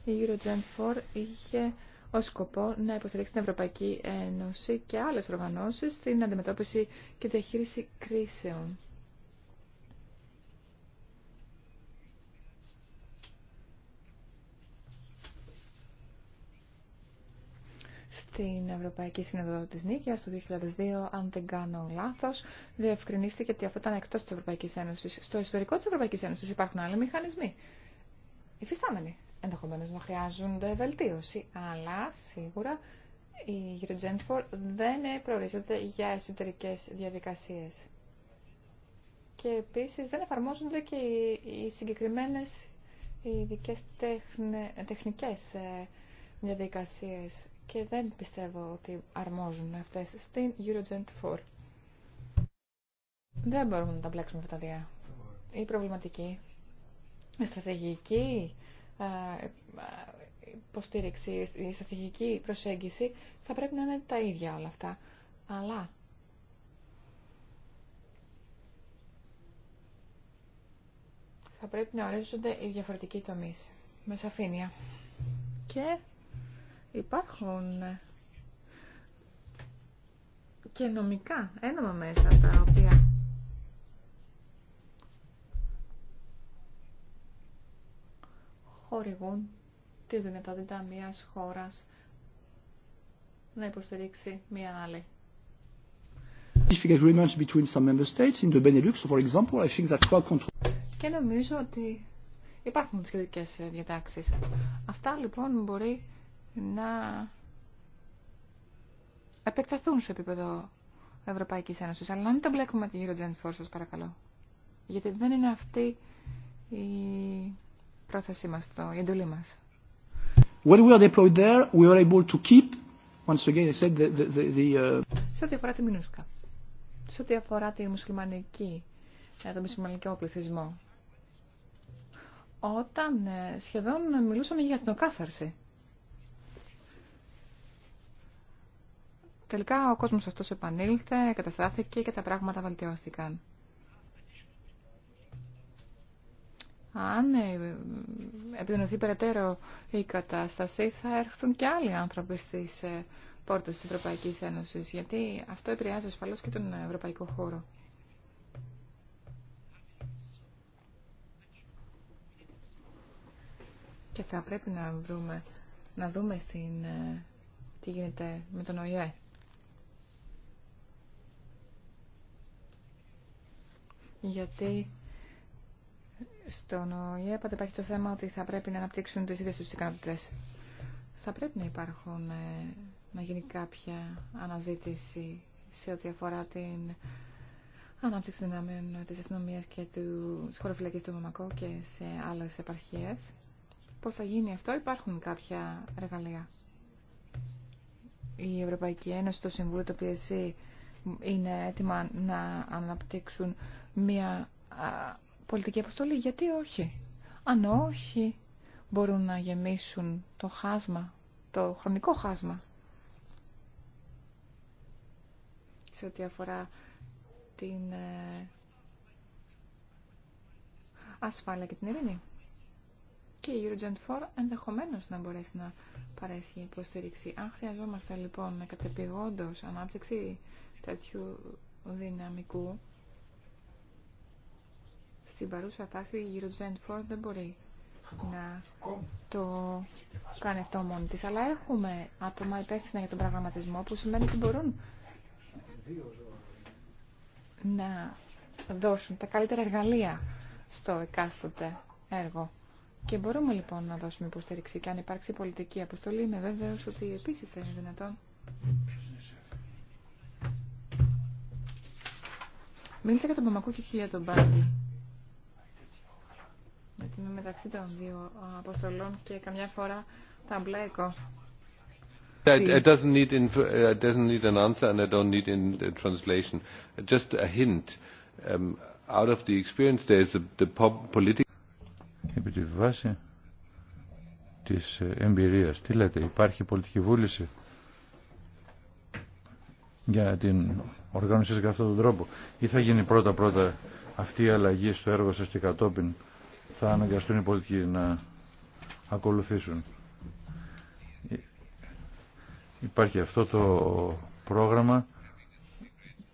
Η Eurogen 4 είχε ως σκοπό να υποστηρίξει την Ευρωπαϊκή Ένωση και άλλες οργανώσεις στην αντιμετώπιση και διαχείριση κρίσεων. στην Ευρωπαϊκή Σύνοδο τη Νίκαια το 2002, αν δεν κάνω λάθο, διευκρινίστηκε ότι αυτό ήταν εκτό τη Ευρωπαϊκή Ένωση. Στο ιστορικό τη Ευρωπαϊκή Ένωση υπάρχουν άλλοι μηχανισμοί. Υφιστάμενοι. Ενδεχομένω να χρειάζονται βελτίωση. Αλλά σίγουρα η Eurogenfor δεν προορίζεται για εσωτερικέ διαδικασίε. Και επίση δεν εφαρμόζονται και οι συγκεκριμένε ειδικέ τεχνικέ ε, διαδικασίες και δεν πιστεύω ότι αρμόζουν αυτές στην Eurogent 4. Δεν μπορούμε να τα μπλέξουμε αυτά τα δύο. Η προβληματική, η στρατηγική υποστήριξη, η στρατηγική προσέγγιση θα πρέπει να είναι τα ίδια όλα αυτά. Αλλά θα πρέπει να ορίζονται οι διαφορετικοί τομείς με σαφήνεια. Και υπάρχουν ε, και νομικά ένομα μέσα τα οποία χορηγούν τη δυνατότητα μιας χώρας να υποστηρίξει μια άλλη. Και νομίζω ότι υπάρχουν σχετικές διατάξεις. Αυτά λοιπόν μπορεί να επεκταθούν σε επίπεδο Ευρωπαϊκής Ένωσης. Αλλά να μην τα μπλέκουμε τη Eurogen Force, παρακαλώ. Γιατί δεν είναι αυτή η πρόθεσή μας, το, η εντολή μας. When we are deployed there, we are able to keep, once again, I said, the... the, the, uh, Σε ό,τι αφορά τη Μινούσκα, σε ό,τι αφορά τη μουσουλμανική, ε, το μουσουλμανικό πληθυσμό, όταν ε, σχεδόν μιλούσαμε για την οκάθαρση, Τελικά ο κόσμος αυτός επανήλθε, καταστάθηκε και τα πράγματα βαλτιώθηκαν. Αν ε, επιδεινωθεί περαιτέρω η κατάσταση, θα έρθουν και άλλοι άνθρωποι στις ε, πόρτες της Ευρωπαϊκής Ένωσης, γιατί αυτό επηρεάζει ασφαλώς και τον ευρωπαϊκό χώρο. Και θα πρέπει να βρούμε, να δούμε στην, ε, τι γίνεται με τον ΟΗΕ. γιατί στον ΟΗΕ πάντα υπάρχει το θέμα ότι θα πρέπει να αναπτύξουν τις ίδιες τους ικανότητες. Θα πρέπει να υπάρχουν, ε, να γίνει κάποια αναζήτηση σε ό,τι αφορά την ανάπτυξη δυνάμεων της αστυνομία και του χωροφυλακής του Μαμακό και σε άλλες επαρχίες. Πώς θα γίνει αυτό, υπάρχουν κάποια εργαλεία. Η Ευρωπαϊκή Ένωση, το Συμβούλιο, το PSC είναι έτοιμα να αναπτύξουν μια πολιτική αποστολή. Γιατί όχι. Αν όχι, μπορούν να γεμίσουν το χάσμα, το χρονικό χάσμα. Σε ό,τι αφορά την ε, ασφάλεια και την ειρήνη. Και η Eurogent 4 ενδεχομένω να μπορέσει να παρέχει υποστήριξη. Αν χρειαζόμαστε λοιπόν κατεπηγόντω ανάπτυξη τέτοιου δυναμικού στην παρούσα φάση η 4 δεν μπορεί να το κάνει αυτό μόνη της. Αλλά έχουμε άτομα υπεύθυνα για τον πραγματισμό, που σημαίνει ότι μπορούν να δώσουν τα καλύτερα εργαλεία στο εκάστοτε έργο. Και μπορούμε λοιπόν να δώσουμε υποστήριξη και αν υπάρξει πολιτική αποστολή, είμαι βέβαιος ότι επίσης θα είναι δυνατόν Μίλησα για τον Παμακό και για τον Μπάγκη. Γιατί είμαι μεταξύ των δύο αποστολών και καμιά φορά τα μπλέκω. It doesn't need, in, it doesn't need an answer and I don't need in uh, translation. Just a hint. Um, out of the experience there is the, the political... Επί τη βάση της ε, εμπειρίας, τι λέτε, υπάρχει πολιτική βούληση για την οργάνωσης για αυτόν τον τρόπο ή θα γίνει πρώτα πρώτα αυτή η αλλαγή στο έργο σας και κατόπιν θα αναγκαστούν οι πολιτικοί να ακολουθήσουν. Ε, υπάρχει αυτό το πρόγραμμα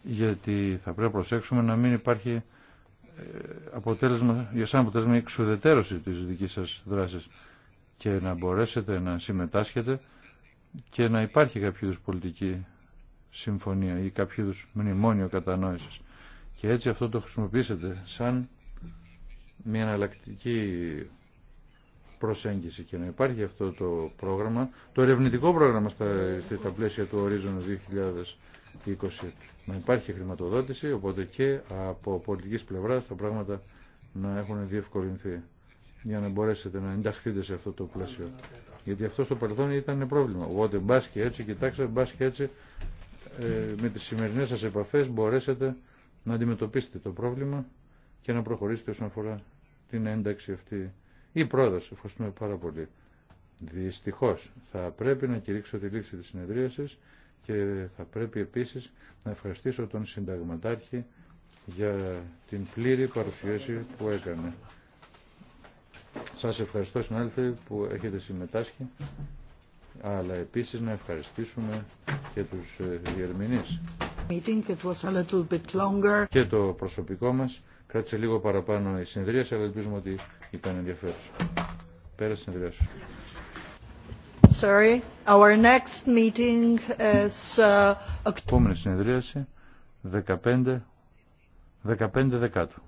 γιατί θα πρέπει να προσέξουμε να μην υπάρχει ε, αποτέλεσμα, για σαν αποτέλεσμα η εξουδετέρωση της δικής σας δράσης και να μπορέσετε να συμμετάσχετε και να υπάρχει κάποιο πολιτική συμφωνία ή κάποιο είδου μνημόνιο κατανόησης. Και έτσι αυτό το χρησιμοποιήσετε σαν μια εναλλακτική προσέγγιση και να υπάρχει αυτό το πρόγραμμα, το ερευνητικό πρόγραμμα στα, πλαίσια του ορίζοντος 2020. Να υπάρχει χρηματοδότηση, οπότε και από πολιτικής πλευράς τα πράγματα να έχουν διευκολυνθεί για να μπορέσετε να ενταχθείτε σε αυτό το πλαίσιο. Γιατί αυτό στο παρελθόν ήταν πρόβλημα. Οπότε μπα και έτσι, κοιτάξτε, μπα και έτσι ε, με τις σημερινές σας επαφές μπορέσετε να αντιμετωπίσετε το πρόβλημα και να προχωρήσετε όσον αφορά την ένταξη αυτή. Η πρόεδρος, ευχαριστούμε πάρα πολύ. Δυστυχώς θα πρέπει να κηρύξω τη λήξη της συνεδρίασης και θα πρέπει επίσης να ευχαριστήσω τον συνταγματάρχη για την πλήρη παρουσίαση που έκανε. Σας ευχαριστώ συνάδελφοι που έχετε συμμετάσχει αλλά επίσης να ευχαριστήσουμε και τους ε, διερμηνείς. Και το προσωπικό μας κράτησε λίγο παραπάνω η συνεδρίαση, αλλά ελπίζουμε ότι ήταν ενδιαφέρουσα. Πέρα συνεδρίαση. Sorry. Our next meeting is... Uh, Επόμενη συνεδρίαση, 15, 15 Δεκάτου.